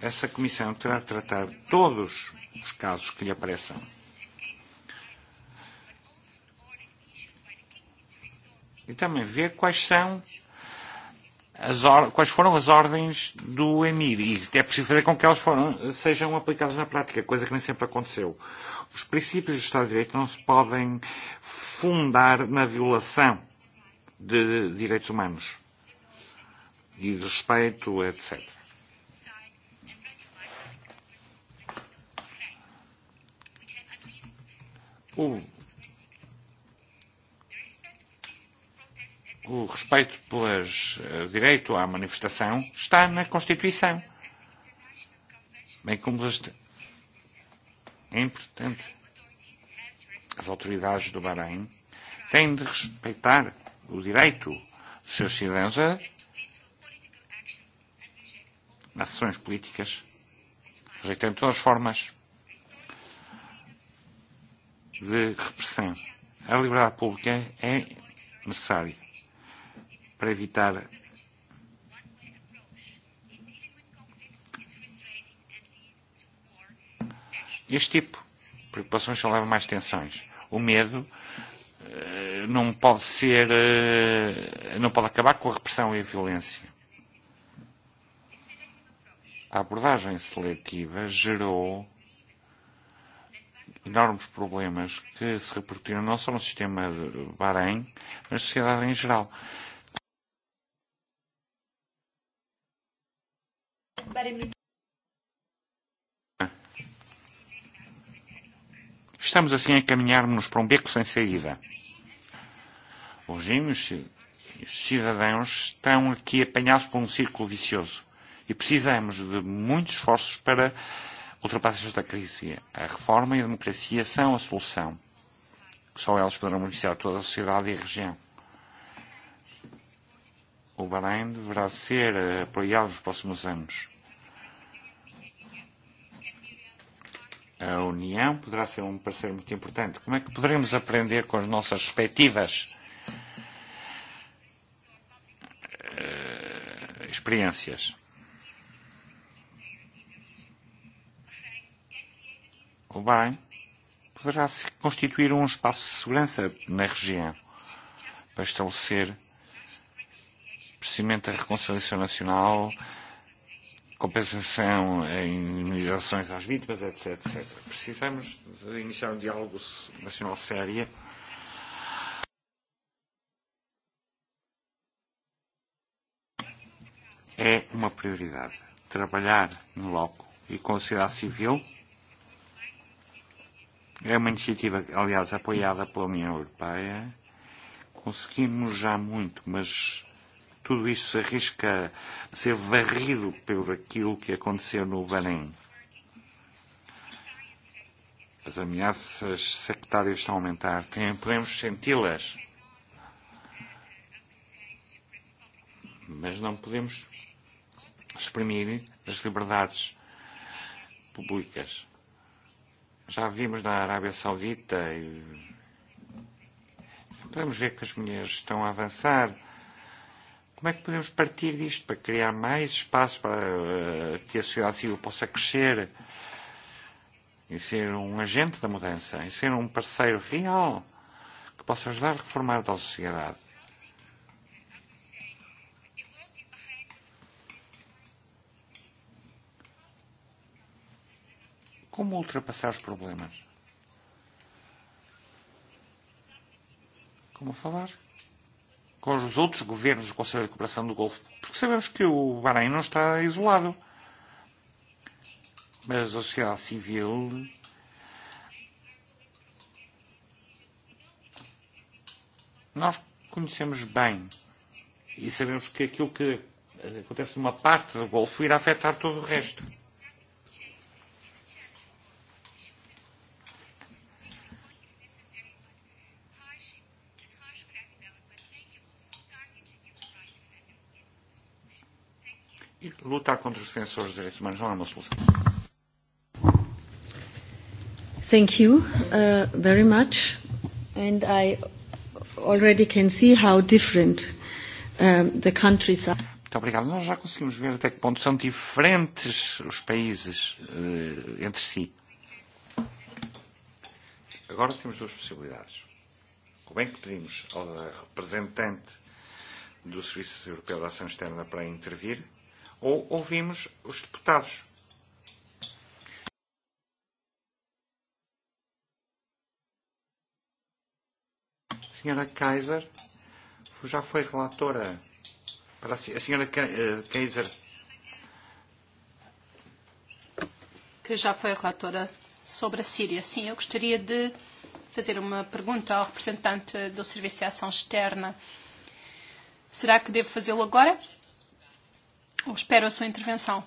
Essa comissão terá de tratar todos os casos que lhe apareçam. E também ver quais são as or, quais foram as ordens do EMIR e é preciso fazer com que elas foram, sejam aplicadas na prática, coisa que nem sempre aconteceu. Os princípios do Estado de Direito não se podem fundar na violação de direitos humanos e de respeito, etc. O o respeito pelos eh, direito à manifestação está na Constituição. Bem como as... É importante. As autoridades do Bahrein têm de respeitar o direito dos seus cidadãos a ações políticas, rejeitando todas as formas de repressão. A liberdade pública é necessária previtar. Este tipo de preocupações só leva mais tensões. O medo eh, não pode ser, eh, não pode acabar com a repressão e a violência. A abordagem seletiva gerou enormes problemas que se repercutiram não só no sistema de Bahrein, mas na sociedade em geral. apärimisi. Estamos assim a caminharmos para um beco sem saída. Os gêmeos e os cidadãos estão aqui apanhados por um círculo vicioso e precisamos de muitos esforços para ultrapassar esta crise. A reforma e a democracia são a solução. Só elas poderão beneficiar toda a sociedade e a região. O Bahrein deverá ser apoiado nos próximos anos. a União poderá ser um parceiro muito importante. Como é que poderemos aprender com as nossas respectivas uh, experiências? O Bahrein poderá -se constituir um espaço de segurança na região para estabelecer precisamente a reconciliação nacional, uh, compensação eh, em indenizações às vítimas, etc, etc. Precisamos de iniciar um diálogo nacional sério é uma prioridade. Trabalhar no loco e com a sociedade civil é uma iniciativa, aliás, apoiada pela União Europeia. Conseguimos já muito, mas tudo isto se arrisca a ser varrido por aquilo que aconteceu no Bahrein. As ameaças sectárias estão a aumentar. Quem podemos senti-las? Mas não podemos exprimir as liberdades públicas. Já vimos na Arábia Saudita e podemos ver que as mulheres estão a avançar Como é que podemos partir disto para criar mais espaço para uh, que a sociedade civil possa crescer e ser um agente da mudança e ser um parceiro real que possa ajudar a reformar a nossa sociedade? Como ultrapassar os problemas? Como falar? com os outros governos do Conselho de Cooperação do Golfo, porque sabemos que o Bahrein não está isolado. Mas a sociedade civil nós conhecemos bem e sabemos que aquilo que acontece numa parte do Golfo irá afetar todo o resto. e lutar contra os defensores dos direitos humanos não é uma solução. Thank you uh, very much. And I already can see how different um, uh, the countries are. Muito obrigado. Nós já conseguimos ver até que ponto são diferentes os países uh, entre si. Agora temos duas possibilidades. Ou bem que pedimos ao representante do Serviço Europeu de Ação Externa para intervir, ou ouvimos os deputados. A senhora Kaiser já foi relatora para a senhora eh, Kaiser que já foi relatora sobre a Síria. Sim, eu gostaria de fazer uma pergunta ao representante do Serviço de Ação Externa. Será que devo fazê-lo agora? Ou espero a sua intervenção.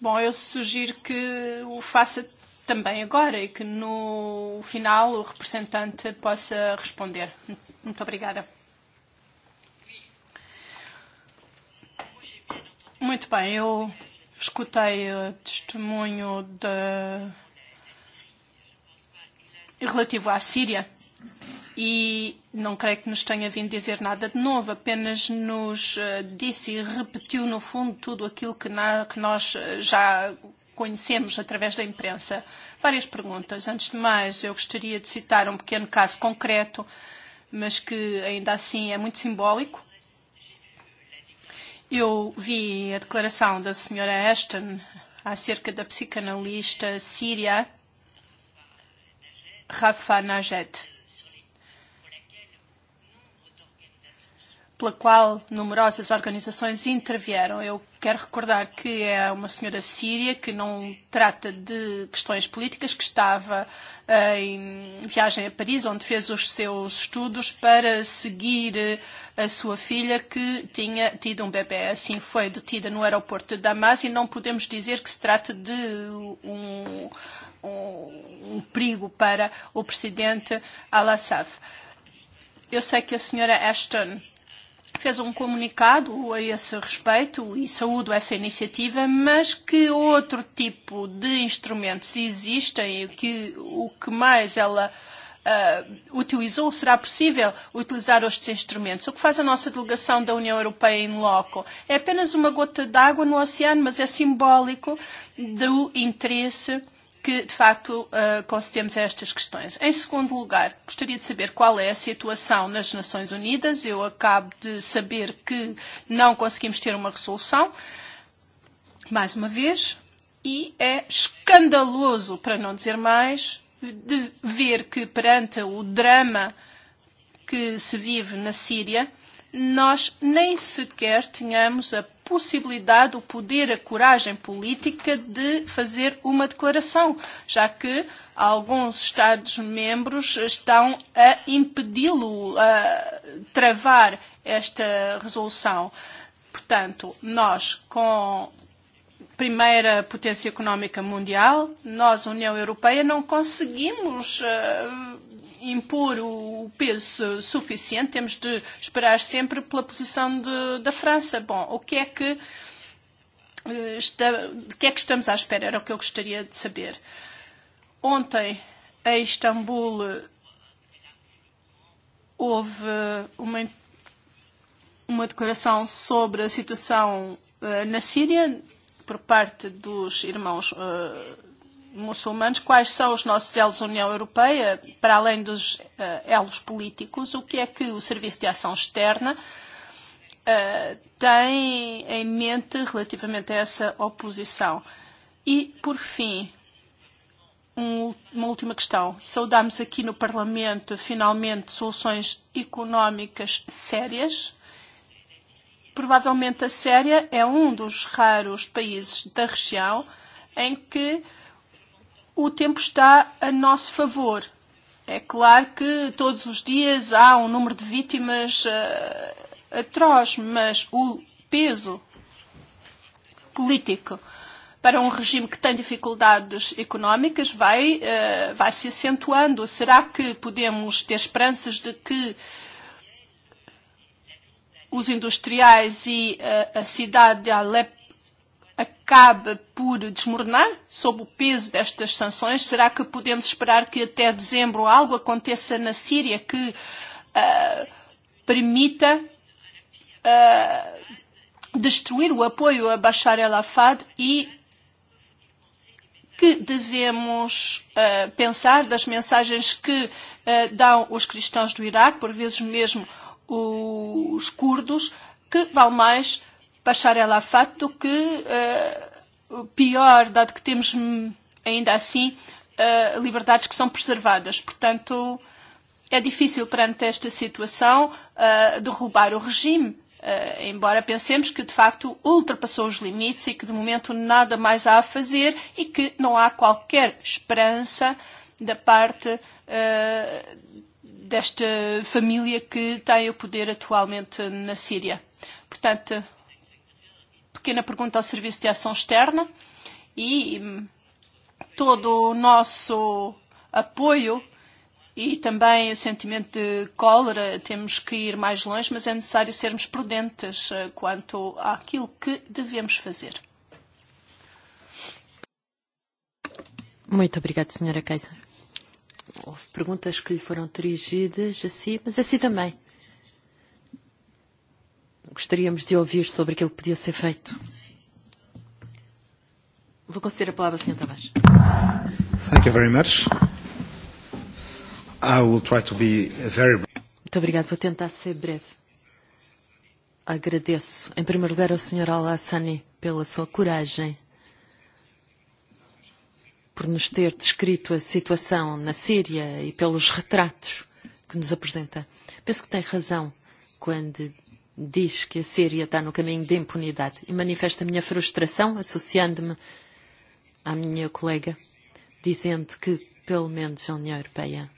Bom, eu sugiro que o faça também agora e que no final o representante possa responder. Muito obrigada. Muito bem, eu escutei o testemunho de... relativo à Síria e não creio que nos tenha vindo dizer nada de novo, apenas nos eh, disse e repetiu, no fundo, tudo aquilo que, na, que nós eh, já conhecemos através da imprensa. Várias perguntas. Antes de mais, eu gostaria de citar um pequeno caso concreto, mas que ainda assim é muito simbólico. Eu vi a declaração da senhora Ashton acerca da psicanalista síria Rafa Najed pela qual numerosas organizações intervieram. Eu quero recordar que é uma senhora síria que não trata de questões políticas, que estava uh, em viagem a Paris, onde fez os seus estudos para seguir eh, a sua filha que tinha tido um bebê. Assim foi detida no aeroporto de Damas e não podemos dizer que se trata de um, um, um perigo para o presidente Al-Assad. Eu sei que a senhora Ashton fez um comunicado a esse respeito e saúdo essa iniciativa, mas que outro tipo de instrumentos existem e que o que mais ela uh, utilizou será possível utilizar estes instrumentos. O que faz a nossa delegação da União Europeia em loco é apenas uma gota d'água no oceano, mas é simbólico do interesse uh, que, de facto, uh, eh, consideremos estas questões. Em segundo lugar, gostaria de saber qual é a situação nas Nações Unidas. Eu acabo de saber que não conseguimos ter uma resolução, mais uma vez, e é escandaloso, para não dizer mais, de ver que perante o drama que se vive na Síria, nós nem sequer tínhamos a possibilidade, o poder, a coragem política de fazer uma declaração, já que alguns Estados-membros estão a impedi-lo a travar esta resolução. Portanto, nós, com primeira potência económica mundial, nós, União Europeia, não conseguimos uh, impor o peso suficiente, temos de esperar sempre pela posição de, da França. Bom, o que é que, eh, está, de que é que estamos à espera? Era o que eu gostaria de saber. Ontem, em Istambul, houve uma, uma declaração sobre a situação uh, na Síria por parte dos irmãos. Uh, muçulmanos, quais são os nossos elos União Europeia, para além dos uh, elos políticos, o que é que o Serviço de Ação Externa uh, tem em mente relativamente a essa oposição? E, por fim, um, uma última questão. Saudamos aqui no Parlamento, finalmente, soluções económicas sérias provavelmente a Séria é um dos raros países da região em que o tempo está a nosso favor. É claro que todos os dias há um número de vítimas uh, atroz, mas o peso político para um regime que tem dificuldades económicas vai, uh, vai se acentuando. Será que podemos ter esperanças de que os industriais e uh, a cidade de Alepo acaba por desmoronar sob o peso destas sanções? Será que podemos esperar que até dezembro algo aconteça na Síria que uh, permita uh, destruir o apoio a Bashar al-Assad e que devemos uh, pensar das mensagens que uh, dão os cristãos do Iraque, por vezes mesmo os curdos, que vão mais Bashar al-Assad do que uh, o pior, dado que temos ainda assim uh, liberdades que são preservadas. Portanto, é difícil perante esta situação uh, derrubar o regime. Uh, embora pensemos que de facto ultrapassou os limites e que de momento nada mais há a fazer e que não há qualquer esperança da parte uh, desta família que tem o poder atualmente na Síria. Portanto, pequena pergunta ao Serviço de Ação Externa e todo o nosso apoio e também o sentimento de cólera, temos que ir mais longe, mas é necessário sermos prudentes eh, quanto àquilo que devemos fazer. Muito obrigada, Sra. Kaiser. Houve perguntas que lhe foram dirigidas a si, mas a si também gostaríamos de ouvir sobre aquilo que podia ser feito. Vou conceder a palavra ao Sr. Tavares. Thank you very much. I will try to be very Muito obrigado, vou tentar ser breve. Agradeço, em primeiro lugar, ao Sr. Al-Hassani pela sua coragem, por nos ter descrito a situação na Síria e pelos retratos que nos apresenta. Penso que tem razão quando diz que a Síria está no caminho de impunidade e manifesta a minha frustração associando-me à minha colega, dizendo que, pelo menos, a União Europeia,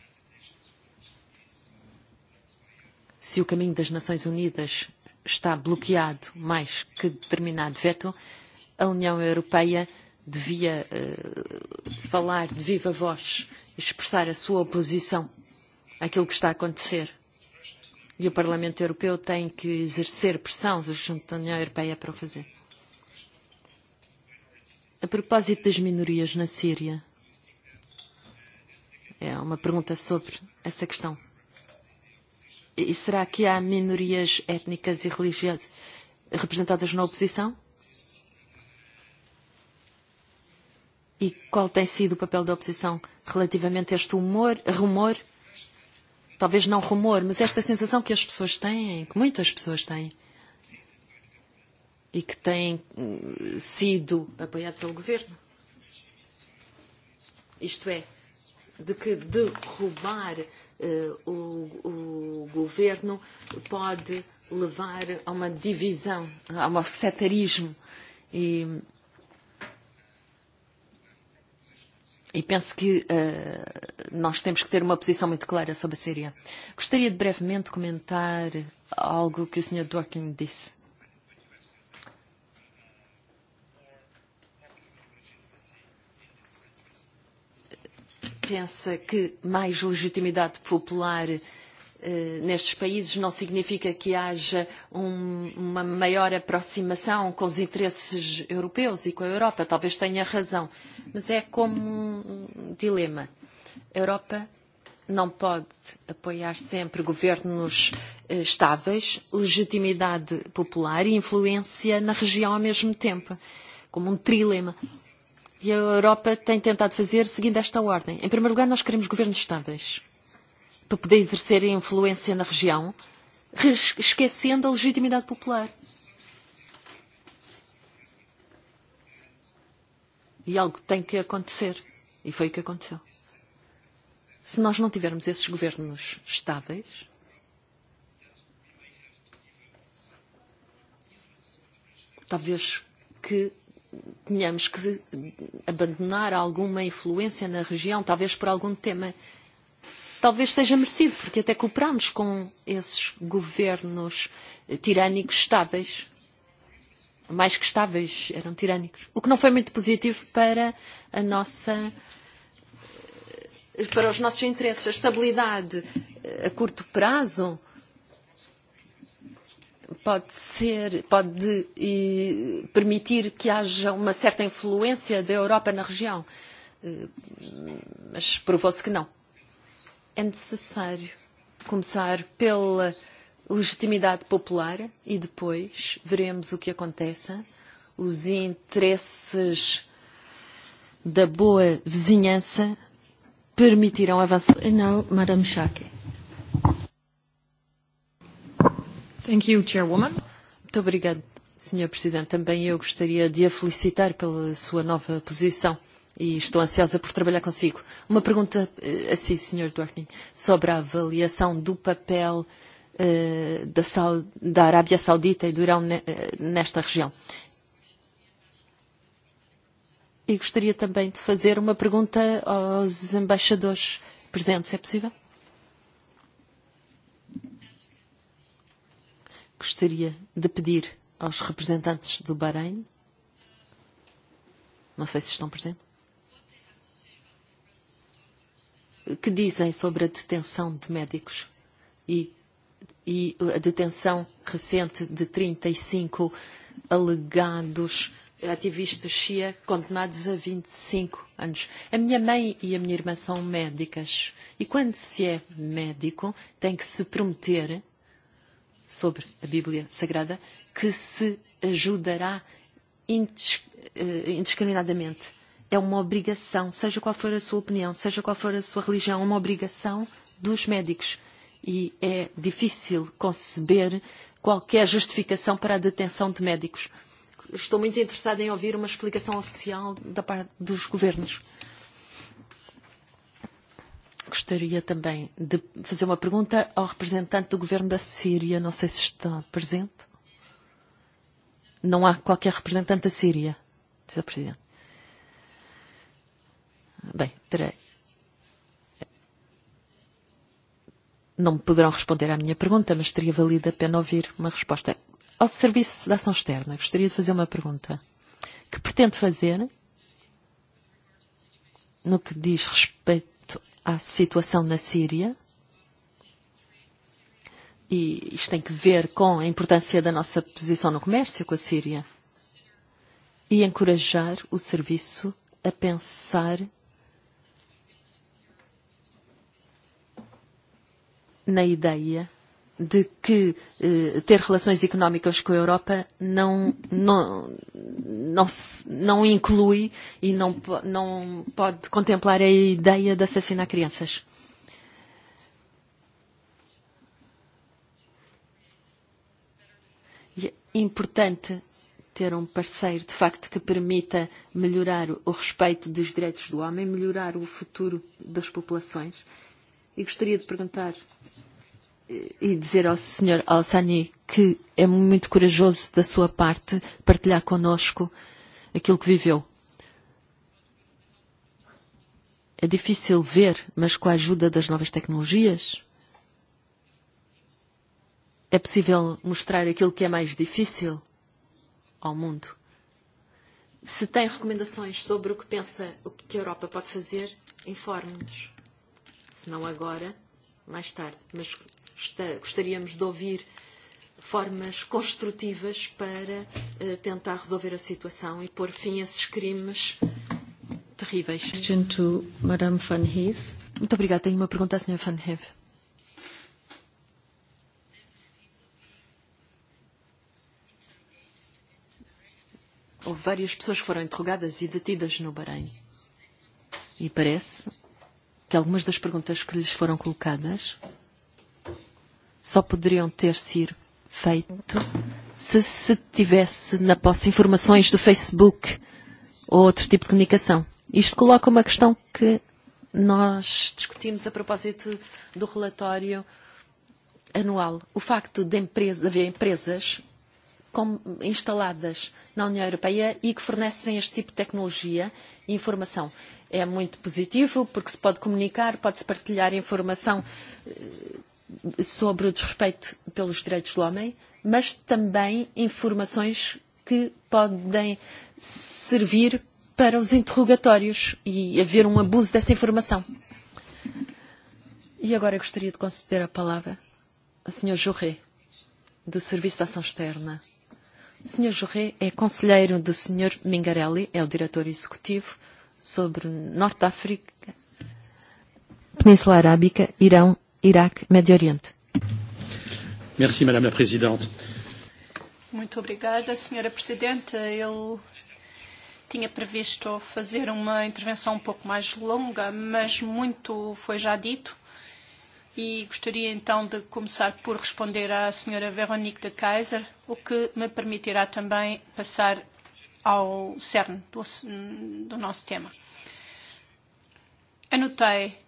se o caminho das Nações Unidas está bloqueado mais que determinado veto, a União Europeia devia uh, falar de viva voz, expressar a sua oposição àquilo que está a acontecer E o Parlamento Europeu tem que exercer pressão junto da União Europeia para o fazer. A propósito das minorias na Síria, é uma pergunta sobre essa questão. E, e será que há minorias étnicas e religiosas representadas na oposição? E qual tem sido o papel da oposição relativamente a este humor, rumor talvez não rumor, mas esta sensação que as pessoas têm, que muitas pessoas têm, e que tem eh, sido apoiado pelo governo. Isto é, de que derrubar uh, o, o governo pode levar a uma divisão, a um setarismo. E E penso que uh, nós temos que ter uma posição muito clara sobre a Síria. Gostaria de brevemente comentar algo que o Sr. Dworkin disse. Pensa que mais legitimidade popular uh, Eh, nestes países não significa que haja um, uma maior aproximação com os interesses europeus e com a Europa. Talvez tenha razão, mas é como um dilema. A Europa não pode apoiar sempre governos eh, estáveis, legitimidade popular e influência na região ao mesmo tempo, como um trilema. E a Europa tem tentado fazer seguindo esta ordem. Em primeiro lugar, nós queremos governos estáveis para poder exercer influência na região, esquecendo a legitimidade popular. E algo tem que acontecer. E foi o que aconteceu. Se nós não tivermos esses governos estáveis, talvez que tenhamos que abandonar alguma influência na região, talvez por algum tema talvez seja merecido, porque até cooperamos com esses governos tirânicos estáveis. Mais que estáveis, eram tirânicos. O que não foi muito positivo para a nossa eh, para os nossos interesses. A estabilidade eh, a curto prazo pode ser, pode e, permitir que haja uma certa influência da Europa na região, eh, mas provou-se que não é necessário começar pela legitimidade popular e depois veremos o que acontece. Os interesses da boa vizinhança permitirão avançar. E Now, Madame Schake. Thank you, Chairwoman. Muito obrigada, Sr. Presidente. Também eu gostaria de a felicitar pela sua nova posição e estou ansiosa por trabalhar consigo. Uma pergunta eh, a si, Sr. Dworkin, sobre a avaliação do papel eh, da, Saud da Arábia Saudita e do Irão ne eh, nesta região. E gostaria também de fazer uma pergunta aos embaixadores presentes, é possível? Gostaria de pedir aos representantes do Bahrein, não sei se estão presentes, que dizem sobre a detenção de médicos e, e a detenção recente de 35 e alegados ativistas Xia condenados a 25 e anos. A minha mãe e a minha irmã são médicas e quando se é médico tem que se prometer sobre a Bíblia Sagrada que se ajudará eh, indiscriminadamente é uma obrigação, seja qual for a sua opinião, seja qual for a sua religião, é uma obrigação dos médicos. E é difícil conceber qualquer justificação para a detenção de médicos. Estou muito interessada em ouvir uma explicação oficial da parte dos governos. Gostaria também de fazer uma pergunta ao representante do governo da Síria. Não sei se está presente. Não há qualquer representante da Síria, diz a Presidente. Bem, Não me poderão responder à minha pergunta, mas teria valido a pena ouvir uma resposta. Ao Serviço de Ação Externa, gostaria de fazer uma pergunta. Que pretende fazer no que diz respeito à situação na Síria? E isto tem que ver com a importância da nossa posição no comércio com a Síria. E encorajar o serviço a pensar na ideia de que eh, ter relações económicas com a Europa não, não, não, se, não inclui e não, não pode contemplar a ideia de assassinar crianças. E é importante ter um parceiro, de facto, que permita melhorar o respeito dos direitos do homem, melhorar o futuro das populações. E gostaria de perguntar e dizer ao Sr. Alsani que é muito corajoso da sua parte partilhar connosco aquilo que viveu. É difícil ver, mas com a ajuda das novas tecnologias é possível mostrar aquilo que é mais difícil ao mundo. Se tem recomendações sobre o que pensa o que a Europa pode fazer, informe-nos. Se não agora, mais tarde. Mas está, gostaríamos de ouvir formas construtivas para uh, tentar resolver a situação e pôr fim a esses crimes terríveis. To Madame Van Heath. Muito obrigada. Tenho uma pergunta à Sra. Van Heath. Houve várias pessoas que foram interrogadas e detidas no Bahrein. E parece que algumas das perguntas que lhes foram colocadas só poderiam ter sido feito se se tivesse na posse informações do Facebook ou outro tipo de comunicação. Isto coloca uma questão que nós discutimos a propósito do relatório anual. O facto de, empresa, de haver empresas com, instaladas na União Europeia e que fornecem este tipo de tecnologia e informação. É muito positivo porque se pode comunicar, pode-se partilhar informação eh, sobre o desrespeito pelos direitos do homem, mas também informações que podem servir para os interrogatórios e haver um abuso dessa informação. E agora eu gostaria de conceder a palavra ao Sr. Jorré, do Serviço de Ação Externa. O Sr. Jorré é conselheiro do Sr. Mingarelli, é o diretor executivo sobre Norte África, Península Arábica, Irão Iraque, Médio Oriente. Merci, Madame a Presidente. Muito obrigada, Senhora Presidente. Eu tinha previsto fazer uma intervenção um pouco mais longa, mas muito foi já dito. E gostaria então de começar por responder à Senhora Veronique de Kaiser, o que me permitirá também passar ao cerne do, do nosso tema. Anotei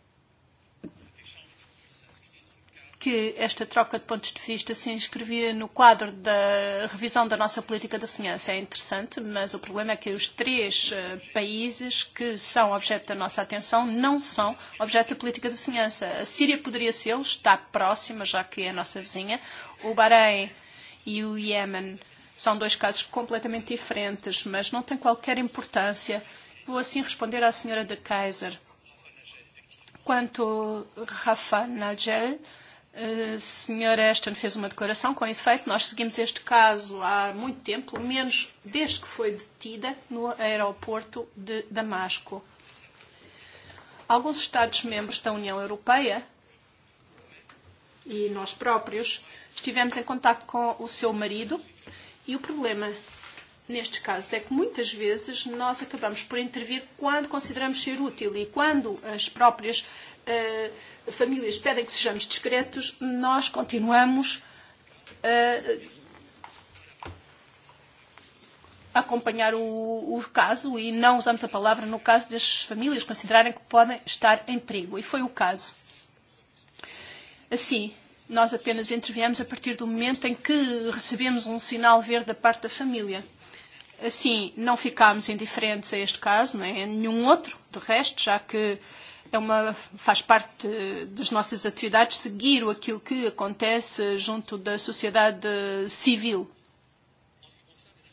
que esta troca de pontos de vista se inscrevia no quadro da revisão da nossa política de vizinhança. É interessante, mas o problema é que os três uh, países que são objeto da nossa atenção não são objeto da política de vizinhança. A Síria poderia ser, está próxima, já que é a nossa vizinha. O Bahrein e o Iémen são dois casos completamente diferentes, mas não tem qualquer importância. Vou assim responder à senhora de Kaiser. Quanto Rafa Nagel, uh, A eh, senhora Ashton fez uma declaração com efeito. Nós seguimos este caso há muito tempo, pelo menos desde que foi detida no aeroporto de Damasco. Alguns Estados-membros da União Europeia e nós próprios estivemos em contato com o seu marido e o problema nestes casos é que muitas vezes nós acabamos por intervir quando consideramos ser útil e quando as próprias uh, famílias pedem que sejamos discretos, nós continuamos eh, a acompanhar o, o caso e não usamos a palavra no caso destas famílias considerarem que podem estar em perigo. E foi o caso. Assim, nós apenas interviemos a partir do momento em que recebemos um sinal verde da parte da família. Assim, não ficámos indiferentes a este caso, nem a nenhum outro, de resto, já que uh, é uma, faz parte das nossas atividades seguir aquilo que acontece junto da sociedade civil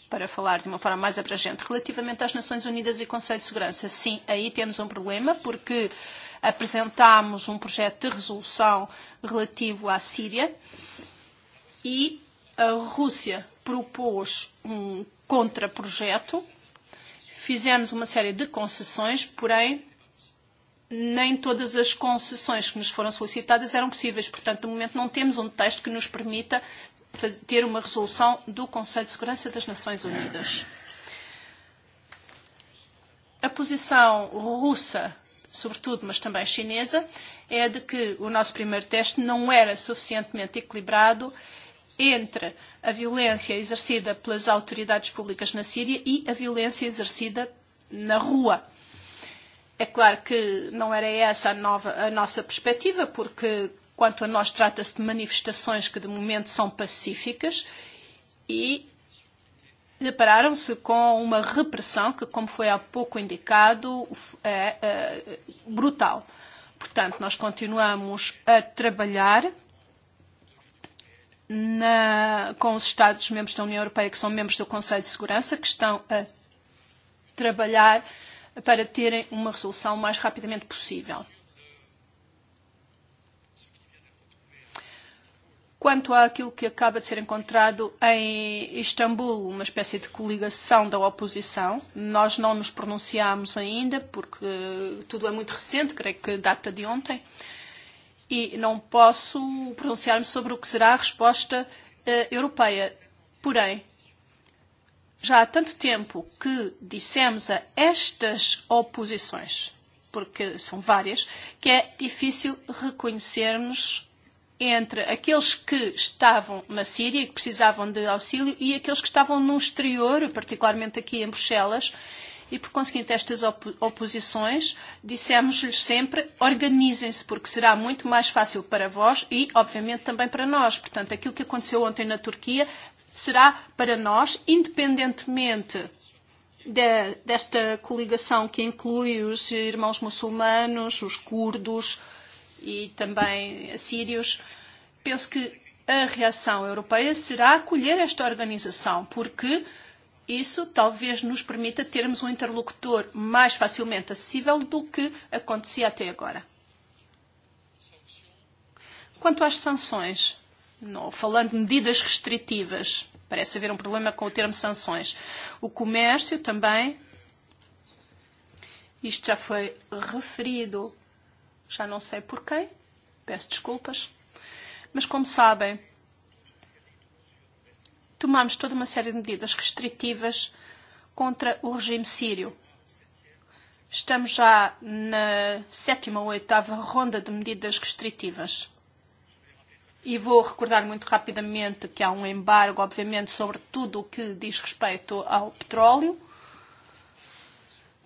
para falar de uma forma mais abrangente. Relativamente às Nações Unidas e Conselho de Segurança, sim, aí temos um problema, porque apresentámos um projeto de resolução relativo à Síria e a Rússia propôs um contraprojeto. Fizemos uma série de concessões, porém nem todas as concessões que nos foram solicitadas eram possíveis. Portanto, no momento não temos um texto que nos permita ter uma resolução do Conselho de Segurança das Nações Unidas. A posição russa, sobretudo, mas também chinesa, é de que o nosso primeiro teste não era suficientemente equilibrado entre a violência exercida pelas autoridades públicas na Síria e a violência exercida na rua. É claro que não era essa a, nova, a nossa perspectiva, porque quanto a nós trata-se de manifestações que de momento são pacíficas e depararam-se com uma repressão que, como foi há pouco indicado, é, é brutal. Portanto, nós continuamos a trabalhar na, com os Estados-membros da União Europeia, que são membros do Conselho de Segurança, que estão a trabalhar uh, para terem uma resolução o mais rapidamente possível. Quanto àquilo que acaba de ser encontrado em Istambul, uma espécie de coligação da oposição, nós não nos pronunciámos ainda, porque tudo é muito recente, creio que data de ontem, e não posso pronunciar-me sobre o que será a resposta eh, europeia. Porém, já há tanto tempo que dissemos a estas oposições, porque são várias, que é difícil reconhecermos entre aqueles que estavam na Síria e que precisavam de auxílio e aqueles que estavam no exterior, particularmente aqui em Bruxelas, e por conseguinte estas op oposições dissemos-lhes sempre organizem-se porque será muito mais fácil para vós e obviamente também para nós. Portanto, aquilo que aconteceu ontem na Turquia será para nós, independentemente de, desta coligação que inclui os irmãos muçulmanos, os curdos e também assírios, penso que a reação europeia será acolher esta organização, porque isso talvez nos permita termos um interlocutor mais facilmente acessível do que acontecia até agora. Quanto às sanções, Não, falando de medidas restritivas, parece haver um problema com o termo sanções. O comércio também, isto já foi referido, já não sei por quem, peço desculpas, mas como sabem, tomamos toda uma série de medidas restritivas contra o regime sírio. Estamos já na sétima ou oitava ronda de medidas restritivas. E vou recordar muito rapidamente que há um embargo, obviamente, sobre tudo o que diz respeito ao petróleo.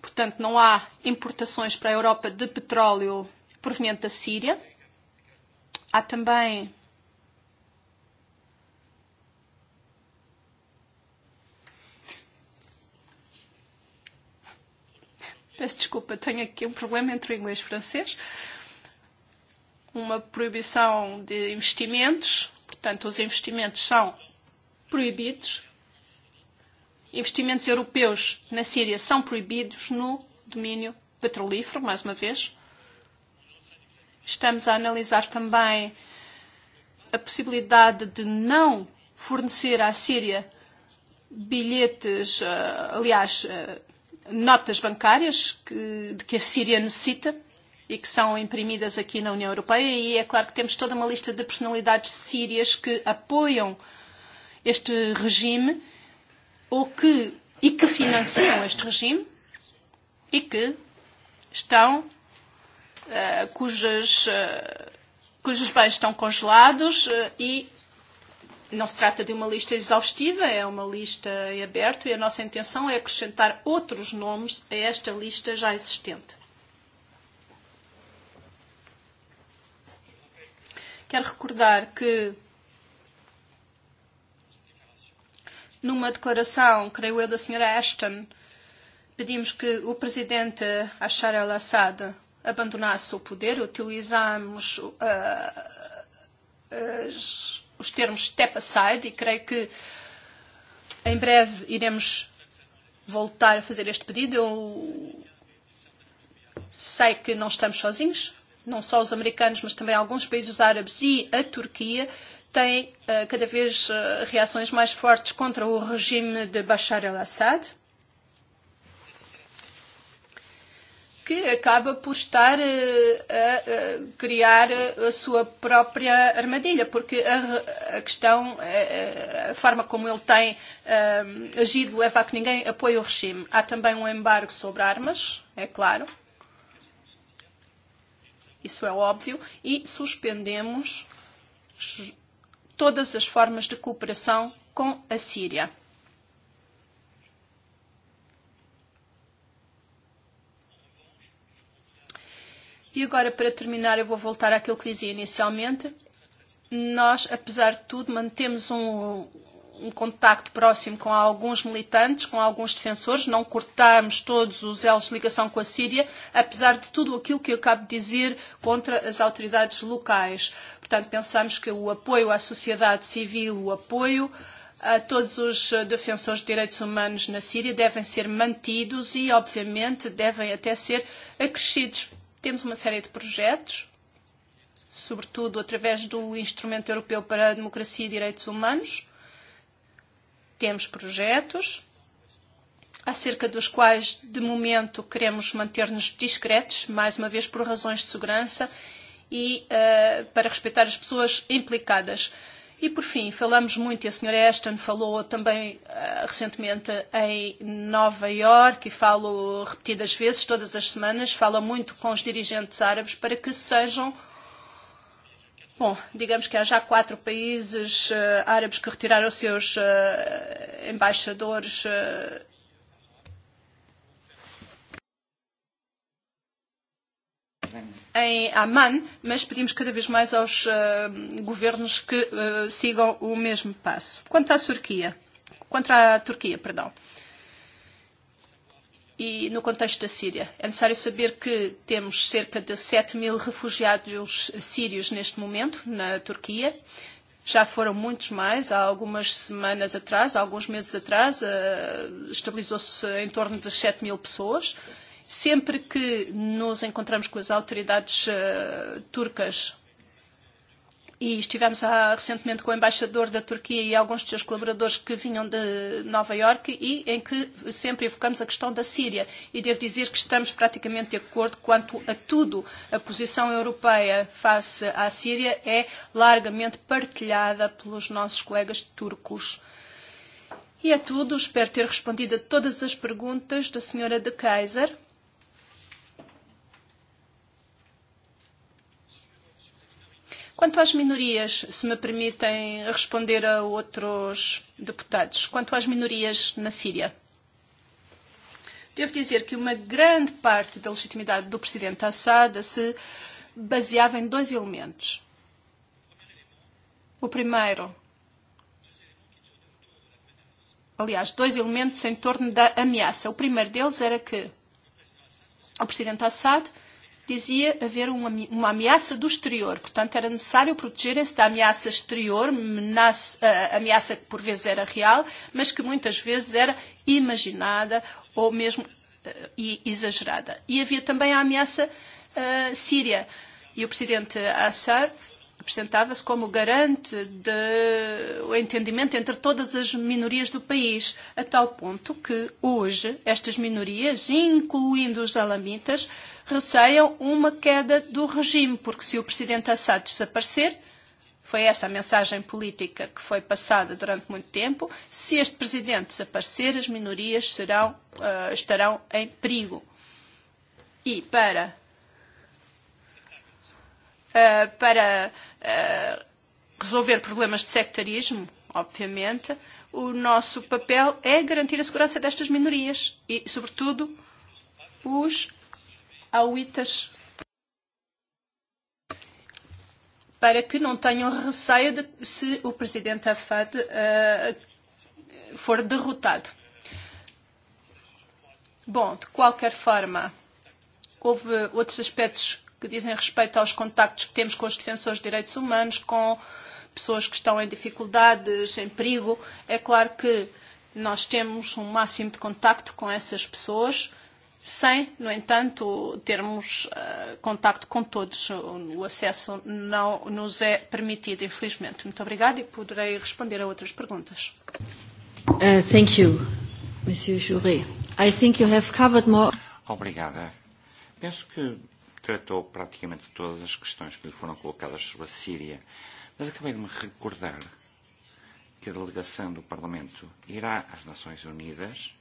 Portanto, não há importações para a Europa de petróleo proveniente da Síria. Há também Peço desculpa, tenho aqui um problema entre o inglês e o francês. Uh, uma proibição de investimentos, portanto, os investimentos são proibidos. Investimentos europeus na Síria são proibidos no domínio petrolífero, mais uma vez. Estamos a analisar também a possibilidade de não fornecer à Síria bilhetes, eh, aliás, eh, notas bancárias que, de que a Síria necessita e que são imprimidas aqui na União Europeia, e é claro que temos toda uma lista de personalidades sírias que apoiam este regime ou que, e que financiam este regime e que estão uh, cujas, uh, eh, cujos bens estão congelados uh, e não se trata de uma lista exaustiva, é uma lista aberta e a nossa intenção é acrescentar outros nomes a esta lista já existente. Quero recordar que numa declaração, creio eu, da senhora Ashton, pedimos que o presidente Bashar al-Assad abandonasse o poder, utilizamos uh, as, os termos step aside e creio que em breve iremos voltar a fazer este pedido. Eu sei que não estamos sozinhos, não só os americanos, mas também alguns países árabes e a Turquia têm uh, cada vez uh, reações mais fortes contra o regime de Bashar al-Assad, que acaba por estar uh, a uh, criar a sua própria armadilha, porque a, a questão, uh, a forma como ele tem uh, agido, leva a que ninguém apoie o regime. Há também um embargo sobre armas, é claro isso é óbvio, e suspendemos todas as formas de cooperação com a Síria. E agora, para terminar, eu vou voltar àquilo que dizia inicialmente. Nós, apesar de tudo, mantemos um, um contacto próximo com alguns militantes, com alguns defensores. Não cortamos todos os elos de ligação com a Síria, apesar de tudo aquilo que eu acabo de dizer contra as autoridades locais. Portanto, pensamos que o apoio à sociedade civil, o apoio a todos os defensores de direitos humanos na Síria devem ser mantidos e, obviamente, devem até ser acrescidos. Temos uma série de projetos, sobretudo através do Instrumento Europeu para a Democracia e Direitos Humanos, Temos projetos, acerca dos quais, de momento, queremos manter-nos discretos, mais uma vez por razões de segurança e uh, para respeitar as pessoas implicadas. E, por fim, falamos muito, e a senhora Ashton falou também uh, recentemente em Nova Iorque, e falo repetidas vezes, todas as semanas, fala muito com os dirigentes árabes para que sejam Bom, digamos que há já quatro países uh, árabes que retiraram seus uh, embaixadores. Uh, em Amman, mas pedimos cada vez mais aos uh, governos que uh, sigam o mesmo passo. Quanto à Turquia, contra a Turquia, perdão. Uh, e no contexto da Síria. É necessário saber que temos cerca de 7 mil refugiados sírios neste momento na Turquia. Já foram muitos mais, há algumas semanas atrás, há alguns meses atrás, eh, estabilizou-se em torno de 7 mil pessoas. Sempre que nos encontramos com as autoridades uh, turcas E estivemos há, recentemente com o embaixador da Turquia e alguns dos seus colaboradores que vinham de Nova Iorque e em que sempre evocamos a questão da Síria. E devo dizer que estamos praticamente de acordo quanto a tudo. A posição europeia face à Síria é largamente partilhada pelos nossos colegas turcos. E é tudo. Espero ter respondido a todas as perguntas da senhora de Kaiser. Quanto às minorias, se me permitem responder a outros deputados, quanto às minorias na Síria, devo dizer que uma grande parte da legitimidade do presidente Assad se baseava em dois elementos. O primeiro, aliás, dois elementos em torno da ameaça. O primeiro deles era que o presidente Assad dizia haver uma, uma ameaça do exterior. Portanto, era necessário protegerem-se da ameaça exterior, menace, a ameaça que por vezes era real, mas que muitas vezes era imaginada ou mesmo uh, exagerada. E havia também a ameaça uh, síria. E o presidente Assad apresentadas como garante do entendimento entre todas as minorias do país, a tal ponto que hoje estas minorias, incluindo os alamitas, receiam uma queda do regime, porque se o presidente Assad desaparecer, foi essa a mensagem política que foi passada durante muito tempo, se este presidente desaparecer, as minorias serão, uh, estarão em perigo. E para uh, para uh, resolver problemas de sectarismo, obviamente, o nosso papel é garantir a segurança destas minorias e, sobretudo, os auitas para que não tenham receio de se o presidente Afad uh, for derrotado. Bom, de qualquer forma, houve outros aspectos que dizem respeito aos contactos que temos com os defensores de direitos humanos, com pessoas que estão em dificuldades, em perigo. É claro que nós temos um máximo de contacto com essas pessoas, sem, no entanto, termos uh, contacto com todos. O acesso não nos é permitido, infelizmente. Muito obrigada e poderei responder a outras perguntas. Uh, thank you, Monsieur Juré. I think you have covered more. Obrigada. Penso que tratou praticamente todas as questões que lhe foram colocadas sobre a Síria. Mas acabei de me recordar que a delegação do Parlamento irá às Nações Unidas,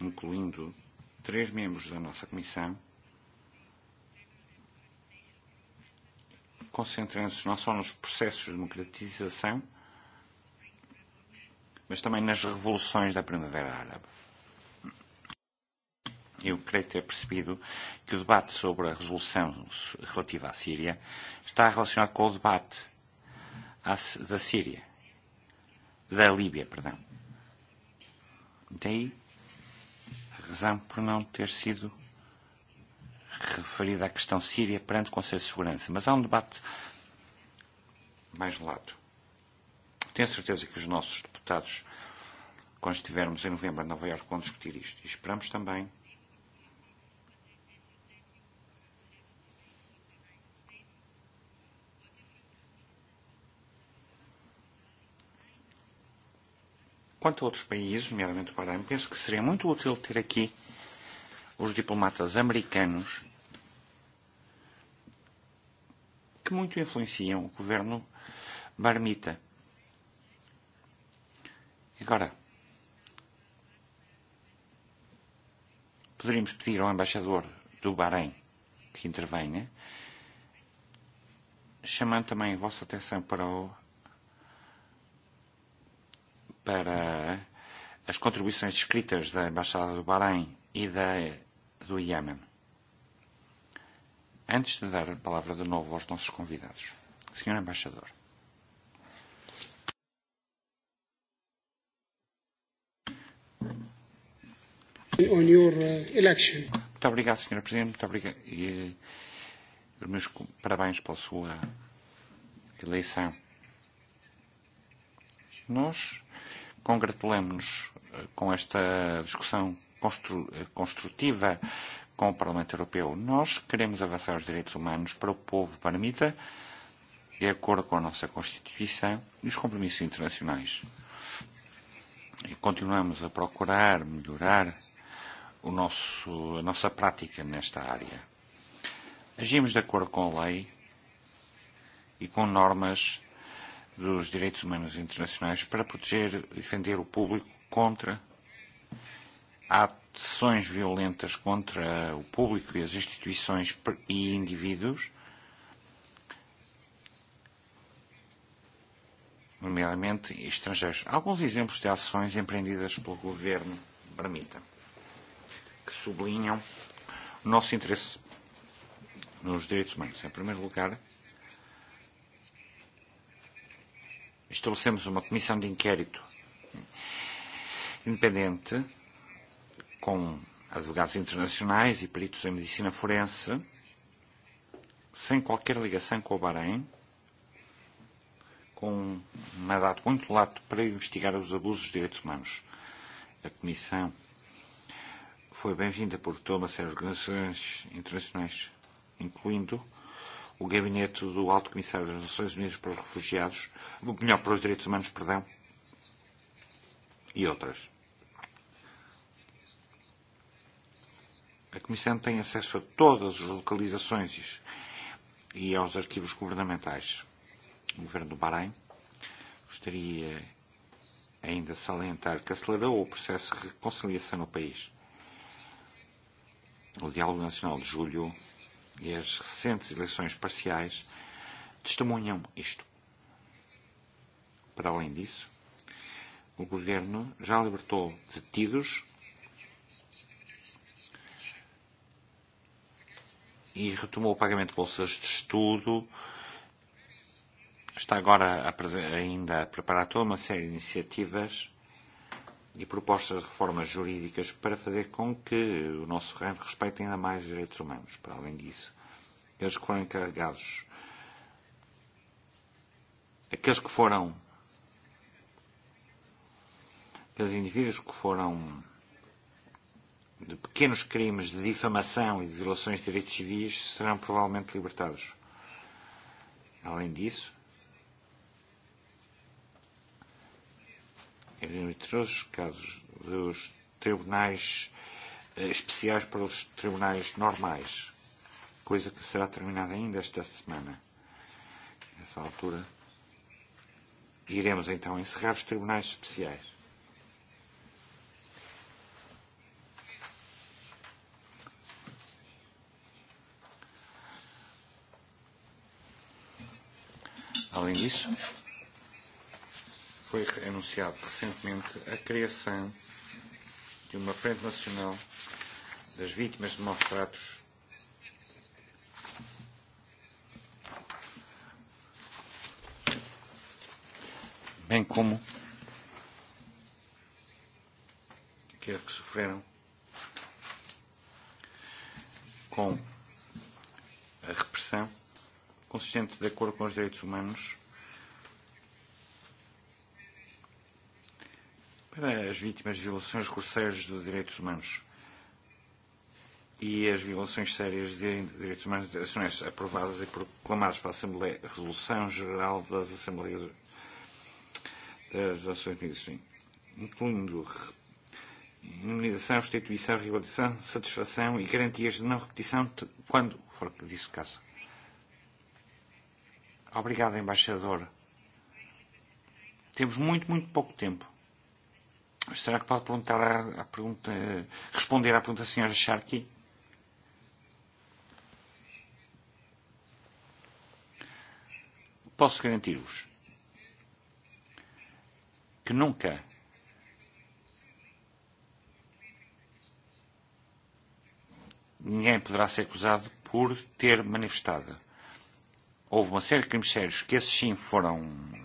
incluindo três membros da nossa comissão, concentrando-se não só nos processos de democratização, mas também nas revoluções da Primavera Árabe eu creio ter percebido que o debate sobre a resolução relativa à Síria está relacionado com o debate à, da Síria, da Líbia, perdão. Daí a razão por não ter sido referida à questão síria perante o Conselho de Segurança. Mas há um debate mais lado. Tenho certeza que os nossos deputados, quando estivermos em novembro em Nova Iorque, vão discutir isto. E esperamos também quanto a outros países, nomeadamente o Bahrein, penso que seria muito útil ter aqui os diplomatas americanos que muito influenciam o governo barmita. Agora, poderíamos pedir ao embaixador do Bahrein que intervenha, chamando também a vossa atenção para o para as contribuições escritas da Embaixada do Bahrein e da, do Iémen. Antes de dar a palavra de novo aos nossos convidados, Sr. Embaixador. On your uh, election. Muito obrigado, Sr. Presidente. Muito obrigado. E eh, os meus parabéns pela sua eleição. Nós Congratulamos-nos eh, com esta discussão constru, eh, construtiva com o Parlamento Europeu. Nós queremos avançar os direitos humanos para o povo panamita, de acordo com a nossa Constituição e os compromissos internacionais. E continuamos a procurar melhorar o nosso, a nossa prática nesta área. Agimos de acordo com a lei e com normas dos direitos humanos internacionais para proteger e defender o público contra ações violentas contra o público e as instituições e indivíduos, nomeadamente estrangeiros. Alguns exemplos de ações empreendidas pelo governo Bramita, que sublinham o nosso interesse nos direitos humanos. Em primeiro lugar, Mas estabelecemos uma comissão de inquérito independente com advogados internacionais e peritos em medicina forense, sem qualquer ligação com o Bahrein, com um mandato muito lato para investigar os abusos de direitos humanos. A Comissão foi bem-vinda por todas as organizações internacionais, incluindo o gabinete do Alto Comissário das Nações Unidas para os Refugiados, melhor, para os Direitos Humanos, perdão, e outras. A Comissão tem acesso a todas as localizações e aos arquivos governamentais. O Governo do Bahrein gostaria ainda de salientar que acelerou o processo de reconciliação no país. O Diálogo Nacional de Julho e as recentes eleições parciais testemunham isto. Para além disso, o governo já libertou detidos e retomou o pagamento de bolsas de estudo. Está agora a, ainda a preparar toda uma série de iniciativas e propostas de reformas jurídicas para fazer com que o nosso reino respeite ainda mais direitos humanos. Para além disso, aqueles que foram encarregados, aqueles que foram, aqueles indivíduos que foram de pequenos crimes de difamação e de violações de direitos civis serão provavelmente libertados. Além disso, em outros casos, dos tribunais eh, especiais para os tribunais normais, coisa que será terminada ainda esta semana. Nessa altura, iremos então encerrar os tribunais especiais. Além disso, foi anunciado recentemente a criação de uma Frente Nacional das Vítimas de Maus-Tratos bem como aqueles que sofreram com a repressão consistente de acordo com os direitos humanos para as vítimas de violações grosseiras de direitos humanos e as violações sérias de direitos humanos internacionais aprovadas e proclamadas pela Assembleia, Resolução Geral das Assembleias das Nações Unidas, sim, incluindo imunização, restituição, reabilitação, satisfação e garantias de não repetição quando for disso o caso. Obrigado, embaixador. Temos muito, muito pouco tempo. Será que pode perguntar à, à pergunta, responder à pergunta da senhora Sharkey? Posso garantir-vos que nunca ninguém poderá ser acusado por ter manifestado. Houve uma série de crimes sérios que esses sim foram uh,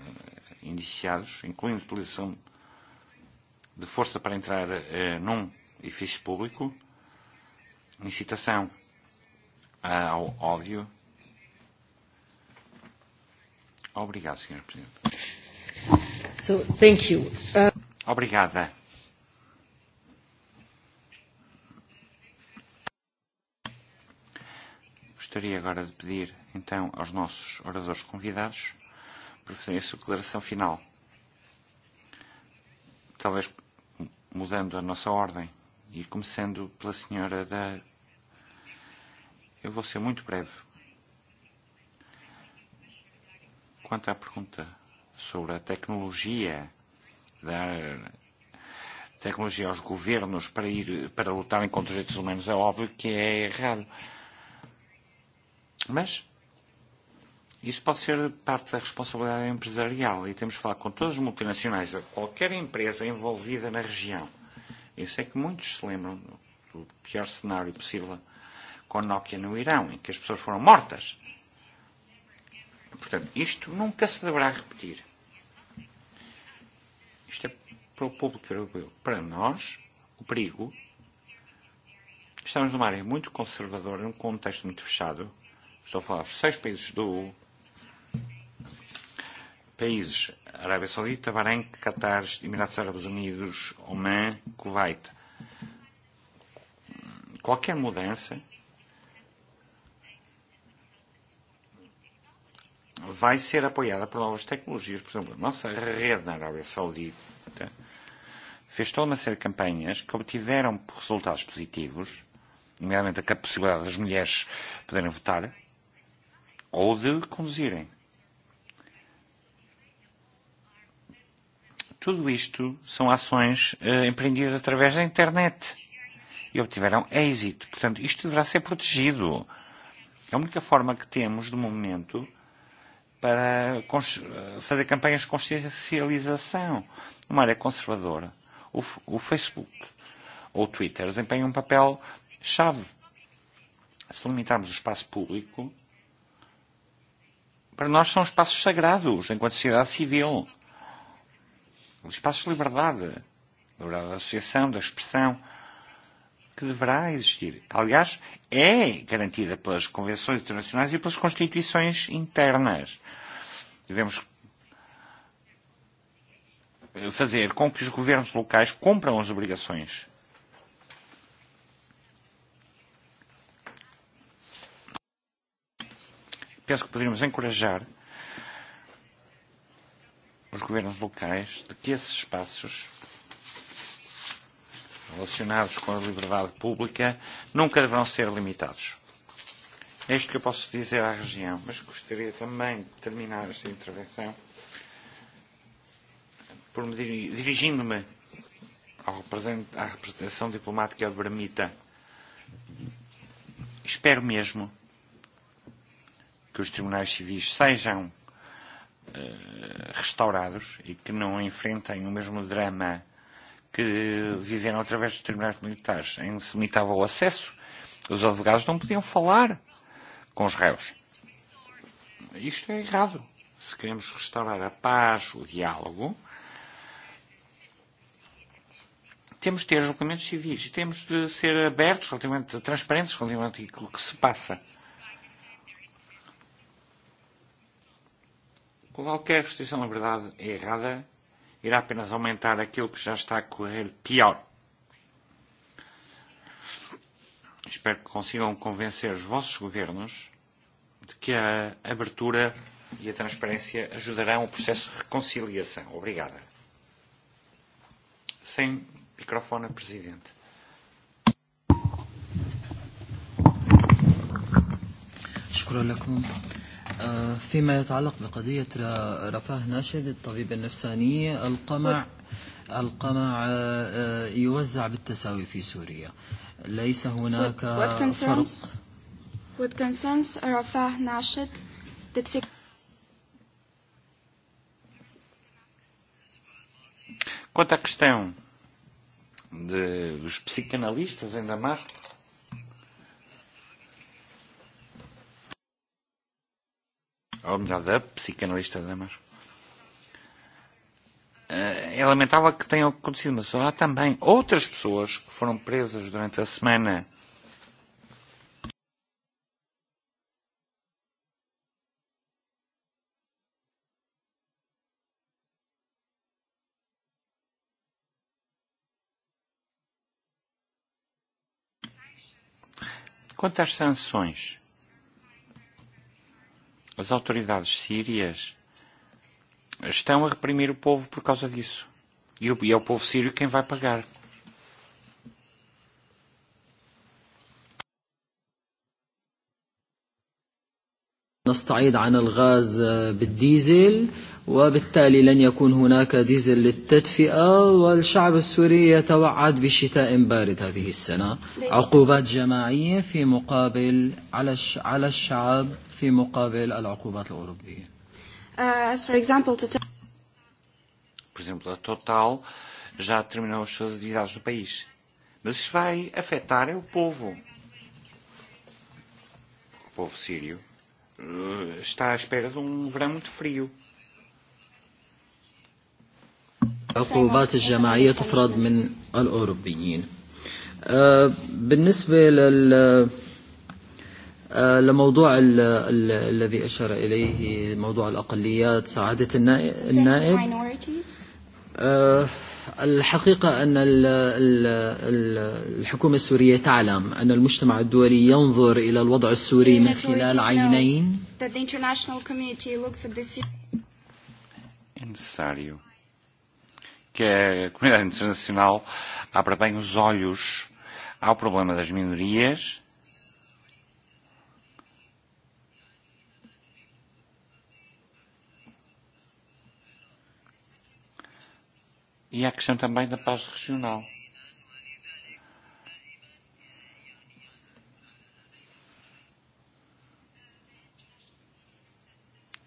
indiciados, incluindo a utilização de força para entrar eh, num edifício público, incitação ao ódio. Obrigado, Sr. Presidente. So, thank you. Uh... Obrigada. Gostaria agora de pedir, então, aos nossos oradores convidados para fazerem a sua declaração final. Talvez mudando a nossa ordem e começando pela senhora da. Eu vou ser muito breve. Quanto à pergunta sobre a tecnologia, dar tecnologia aos governos para ir para lutarem contra os direitos humanos, é óbvio que é errado. Mas Isso pode ser parte da responsabilidade empresarial e temos de falar com todas as multinacionais, qualquer empresa envolvida na região. Eu sei que muitos se lembram do pior cenário possível com a Nokia no Irão, em que as pessoas foram mortas. Portanto, isto nunca se deverá repetir. Isto é para o público europeu. Para nós, o perigo. Estamos numa área muito conservadora, num contexto muito fechado. Estou a falar de seis países do países, Arábia Saudita, Bahrein, Qatar, Emirados Árabes Unidos, Oman, Kuwait. Qualquer mudança vai ser apoiada por novas tecnologias. Por exemplo, a nossa rede na Arábia Saudita fez toda uma série de campanhas que obtiveram resultados positivos, nomeadamente a possibilidade das mulheres poderem votar ou de conduzirem. Tudo isto são ações eh, empreendidas através da internet e obtiveram êxito. Portanto, isto deverá ser protegido. É a única forma que temos, de momento, para eh, fazer campanhas de consciencialização numa área conservadora. O, o Facebook ou o Twitter desempenham um papel chave. Se limitarmos o espaço público, para nós são espaços sagrados, enquanto sociedade civil o um espaço de liberdade, da associação, da expressão, que deverá existir. Aliás, é garantida pelas convenções internacionais e pelas constituições internas. Devemos fazer com que os governos locais cumpram as obrigações. Penso que poderíamos encorajar os governos locais de que esses espaços relacionados com a liberdade pública nunca deverão ser limitados. É isto que eu posso dizer à região, mas gostaria também de terminar esta intervenção por me dir, dirigindo-me à representação diplomática bermita. Espero mesmo que os tribunais civis sejam Eh, restaurados e que não enfrentem o mesmo drama que viveram através dos tribunais militares, em que se limitava o acesso, os advogados não podiam falar com os réus. Isto é errado. Se queremos restaurar a paz, o diálogo, temos de ter julgamentos civis e temos de ser abertos, relativamente transparentes, relativamente àquilo que se passa. Qualquer restrição à liberdade errada irá apenas aumentar aquilo que já está a correr pior. Espero que consigam convencer os vossos governos de que a abertura e a transparência ajudarão o processo de reconciliação. Obrigada. Sem microfone, Presidente. شكرا لكم فيما يتعلق بقضية رفاه ناشد الطبيبة النفسانية القمع القمع يوزع بالتساوي في سوريا ليس هناك what, what concerns, فرق What concerns Rafah Nashid, the psych Quanto à questão de, dos psicanalistas em Damasco, Admiral Dup, psicanalista Damas. É eh, lamentável que tenha acontecido, mas há também outras pessoas que foram presas durante a semana. Quanto às sanções, as autoridades sírias estão a reprimir o povo por causa disso. E, o, e é o povo sírio quem vai pagar. نستعيد عن الغاز بالديزل وبالتالي لن يكون هناك ديزل للتدفئة والشعب السوري يتوعد بشتاء بارد هذه السنة عقوبات جماعية في مقابل على الشعب في مقابل العقوبات الأوروبية. Uh, as for example, to... Por exemplo, a Total já terminou as suas atividades no país. Mas isso vai afetar é o povo. O povo sírio uh, está à espera de um verão muito frio. العقوبات الجماعية تفرض من الأوروبيين uh, بالنسبة لل لموضوع ال ال الذي أشار إليه موضوع الأقليات سعادة النائب الحقيقة أن الحكومة السورية تعلم أن المجتمع الدولي ينظر إلى الوضع السوري من خلال عينين que a comunidade internacional abra bem os olhos ao problema das minorias e a questão também da paz regional.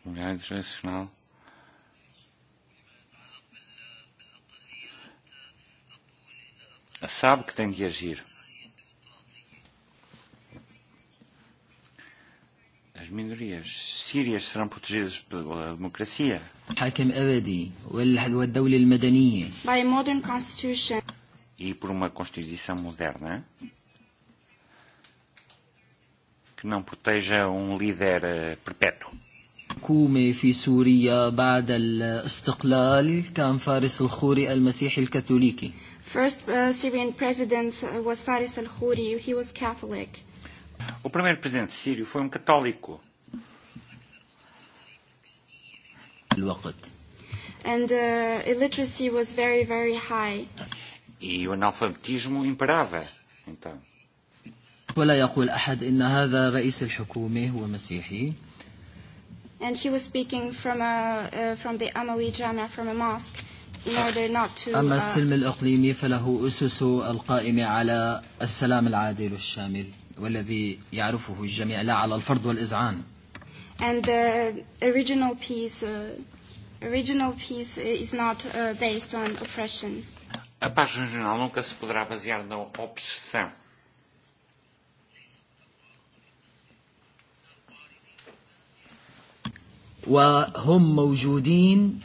Mulheres regional. Sabe que tem de agir. as minorias sírias serão protegidas pela democracia. حاكم أبدي والدولة المدنية. By a modern constitution. E por uma constituição moderna que não proteja um líder eh, perpétuo. حكومة في سوريا بعد الاستقلال كان فارس الخوري المسيحي الكاثوليكي. First uh, Syrian president was Faris al-Khoury. He was Catholic. O primeiro presidente sírio foi um católico. الوقت. And uh, illiteracy was very, very high. E o analfabetismo imperava, então. ولا يقول أحد إن هذا رئيس الحكومة هو مسيحي. And he was speaking from a uh, from the Amawi Jama, from a mosque, in order not to. أما uh, السلم الإقليمي فله أسسه القائمة على السلام العادل الشامل. والذي يعرفه الجميع لا على الفرض والإذعان and the original piece uh, original piece is not uh, based on oppression a paz regional nunca se poderá basear na obsessão وهم موجودين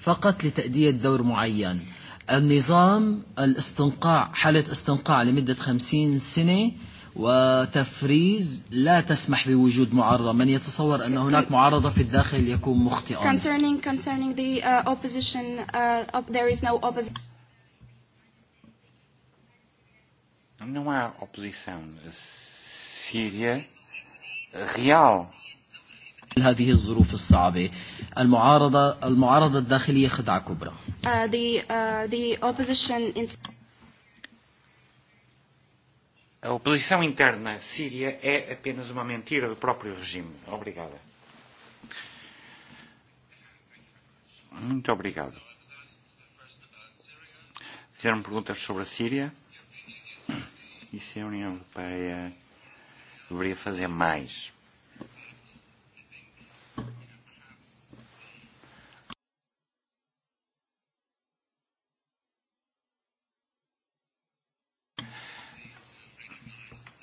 فقط لتأدية دور معين النظام الاستنقاع حالة استنقاع لمدة خمسين سنة آه وتفريز لا تسمح بوجود معارضة من يتصور أن هناك معارضة في الداخل يكون مخطئا concerning, concerning the uh, opposition uh, op there is no opposition Não há oposição síria real هذه الظروف الصعبة المعارضة المعارضة الداخلية خدعة كبرى uh, the, uh, the opposition in... A oposição interna síria é apenas uma mentira do próprio regime. Obrigada. Muito obrigado. Fizeram perguntas sobre a Síria e se a União Europeia deveria fazer mais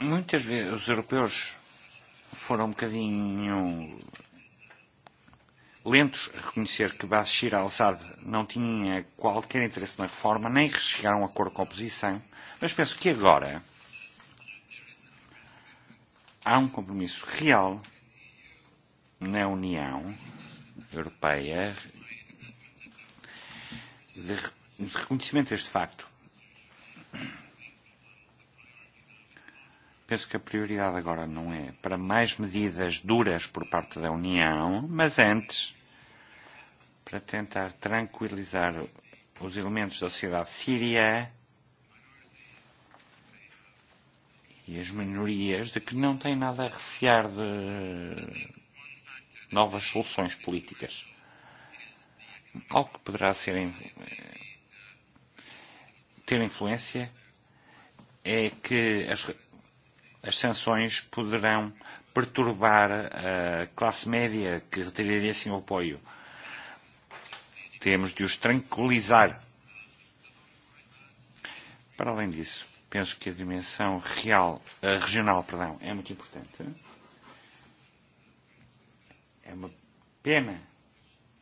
Muitas vezes os europeus foram um bocadinho lentos a reconhecer que Bashir al-Assad não tinha qualquer interesse na reforma, nem chegaram a um acordo com a oposição, mas penso que agora há um compromisso real na União Europeia de reconhecimento deste facto. Penso que a prioridade agora não é para mais medidas duras por parte da União, mas antes para tentar tranquilizar os elementos da sociedade síria e as minorias de que não têm nada a recear de novas soluções políticas. Algo que poderá ser, ter influência é que as, as sanções poderão perturbar a classe média que retiraria sem o apoio. Temos de os tranquilizar. Para além disso, penso que a dimensão real, uh, regional perdão, é muito importante. É uma pena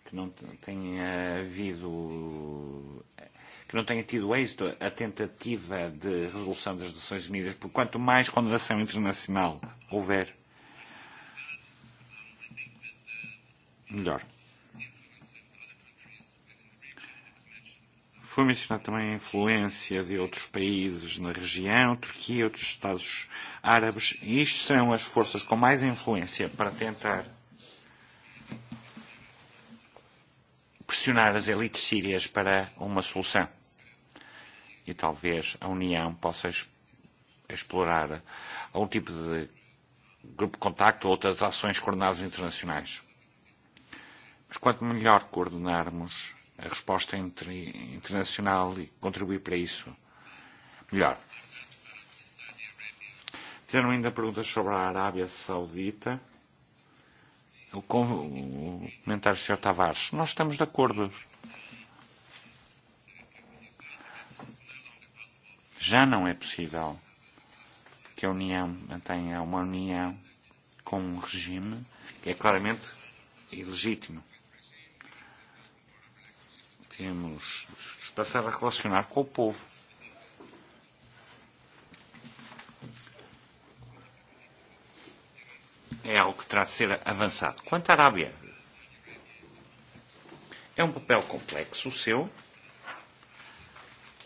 que não tenha havido que não tenha tido êxito a tentativa de resolução das Nações Unidas, porque quanto mais condenação internacional houver, melhor. Foi mencionada também a influência de outros países na região, Turquia, e outros Estados árabes. E isto são as forças com mais influência para tentar pressionar as elites sírias para uma solução e talvez a União possa es explorar algum tipo de grupo de contacto ou outras ações coordenadas internacionais. Mas quanto melhor coordenarmos a resposta entre, internacional e contribuir para isso, melhor. Fizeram ainda perguntas sobre a Arábia Saudita. O comentário do Sr. Tavares. Nós estamos de acordo. já não é possível que a União mantenha uma União com um regime que é claramente ilegítimo. Temos de passar a relacionar com o povo. É algo que terá de ser avançado. Quanto à Arábia, é um papel complexo o seu.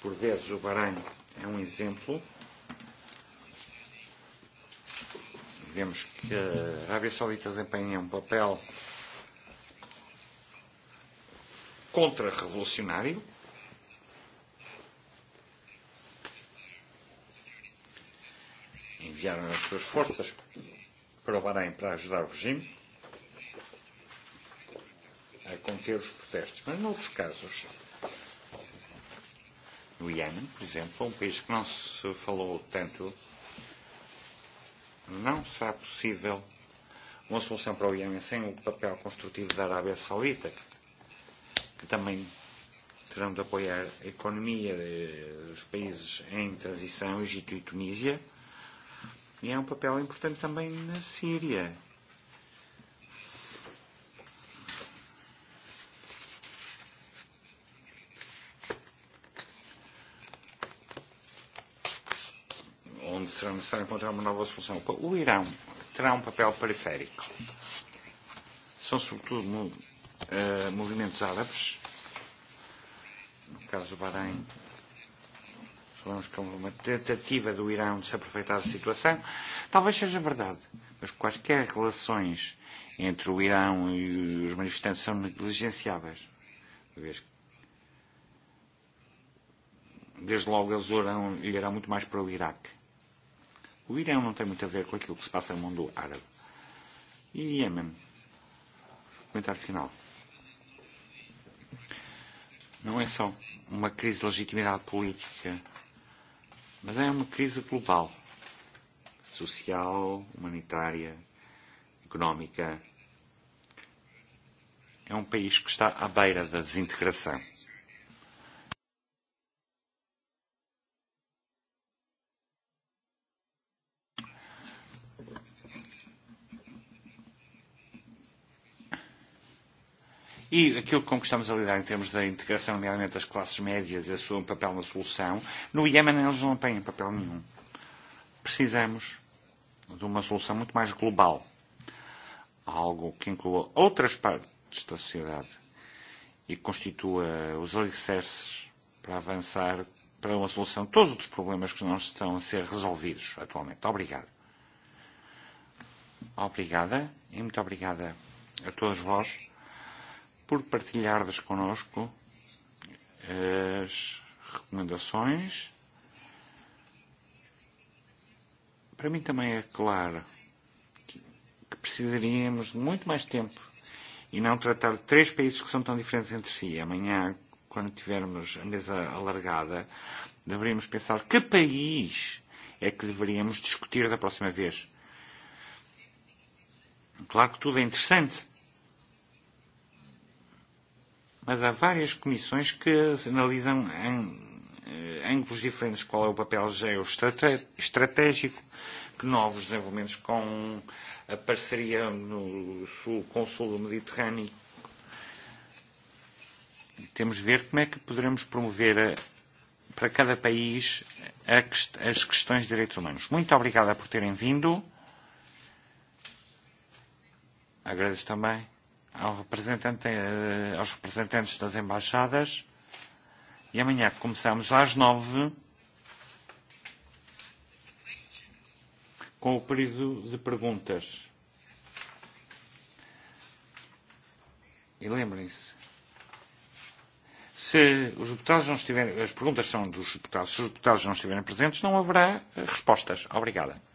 Por vezes o Bahrein é um exemplo. Vemos que a Arábia Saudita desempenha um papel contra-revolucionário. Enviaram as suas forças para o Bahrein para ajudar o regime a conter os protestos. Mas, noutros casos, no Iémen, por exemplo, é um país que não se falou tanto, não será possível uma solução para o Iémen sem o papel construtivo da Arábia Saudita, que também terão de apoiar a economia dos países em transição, Egito e Tunísia, e é um papel importante também na Síria transição encontrar uma nova solução. O Irão um, terá um papel periférico. São sobretudo uh, movimentos árabes. No caso do Bahrein, falamos que é uma tentativa do Irão de se aproveitar da situação. Talvez seja verdade, mas quaisquer relações entre o Irão e os manifestantes são negligenciáveis. Uma vez que desde logo eles irão, irão muito mais para o Iraque. Hubiera não tem muito a ver com aquilo que se passa no mundo árabe. E Iêmen. Comentário final. Não é só uma crise de legitimidade política, mas é uma crise global, social, humanitária, económica. É um país que está à beira da desintegração E aquilo com que estamos a lidar em termos da integração, nomeadamente das classes médias e a sua papel na solução, no Iémen eles não têm papel nenhum. Precisamos de uma solução muito mais global. Algo que inclua outras partes da sociedade e constitua os alicerces para avançar para uma solução de todos os problemas que não estão a ser resolvidos atualmente. Obrigado. Obrigada e muito obrigada a todos vós por partilhar-das connosco as recomendações. Para mim também é claro que, que precisaríamos de muito mais tempo e não tratar de três países que são tão diferentes entre si. Amanhã, quando tivermos a mesa alargada, deveríamos pensar que país é que deveríamos discutir da próxima vez. Claro que tudo é interessante, mas há várias comissões que analisam em eh, ângulos diferentes qual é o papel geoestratégico que novos desenvolvimentos com a parceria no sul, com o sul do Mediterrâneo. E temos de ver como é que poderemos promover a, eh, para cada país a, as questões de direitos humanos. Muito obrigada por terem vindo. Agradeço também ao representante, eh, aos representantes das embaixadas e amanhã começamos às nove com o período de perguntas. E lembrem-se, se os deputados não estiverem, as perguntas são dos deputados, se os deputados não estiverem presentes, não haverá eh, respostas. Obrigada.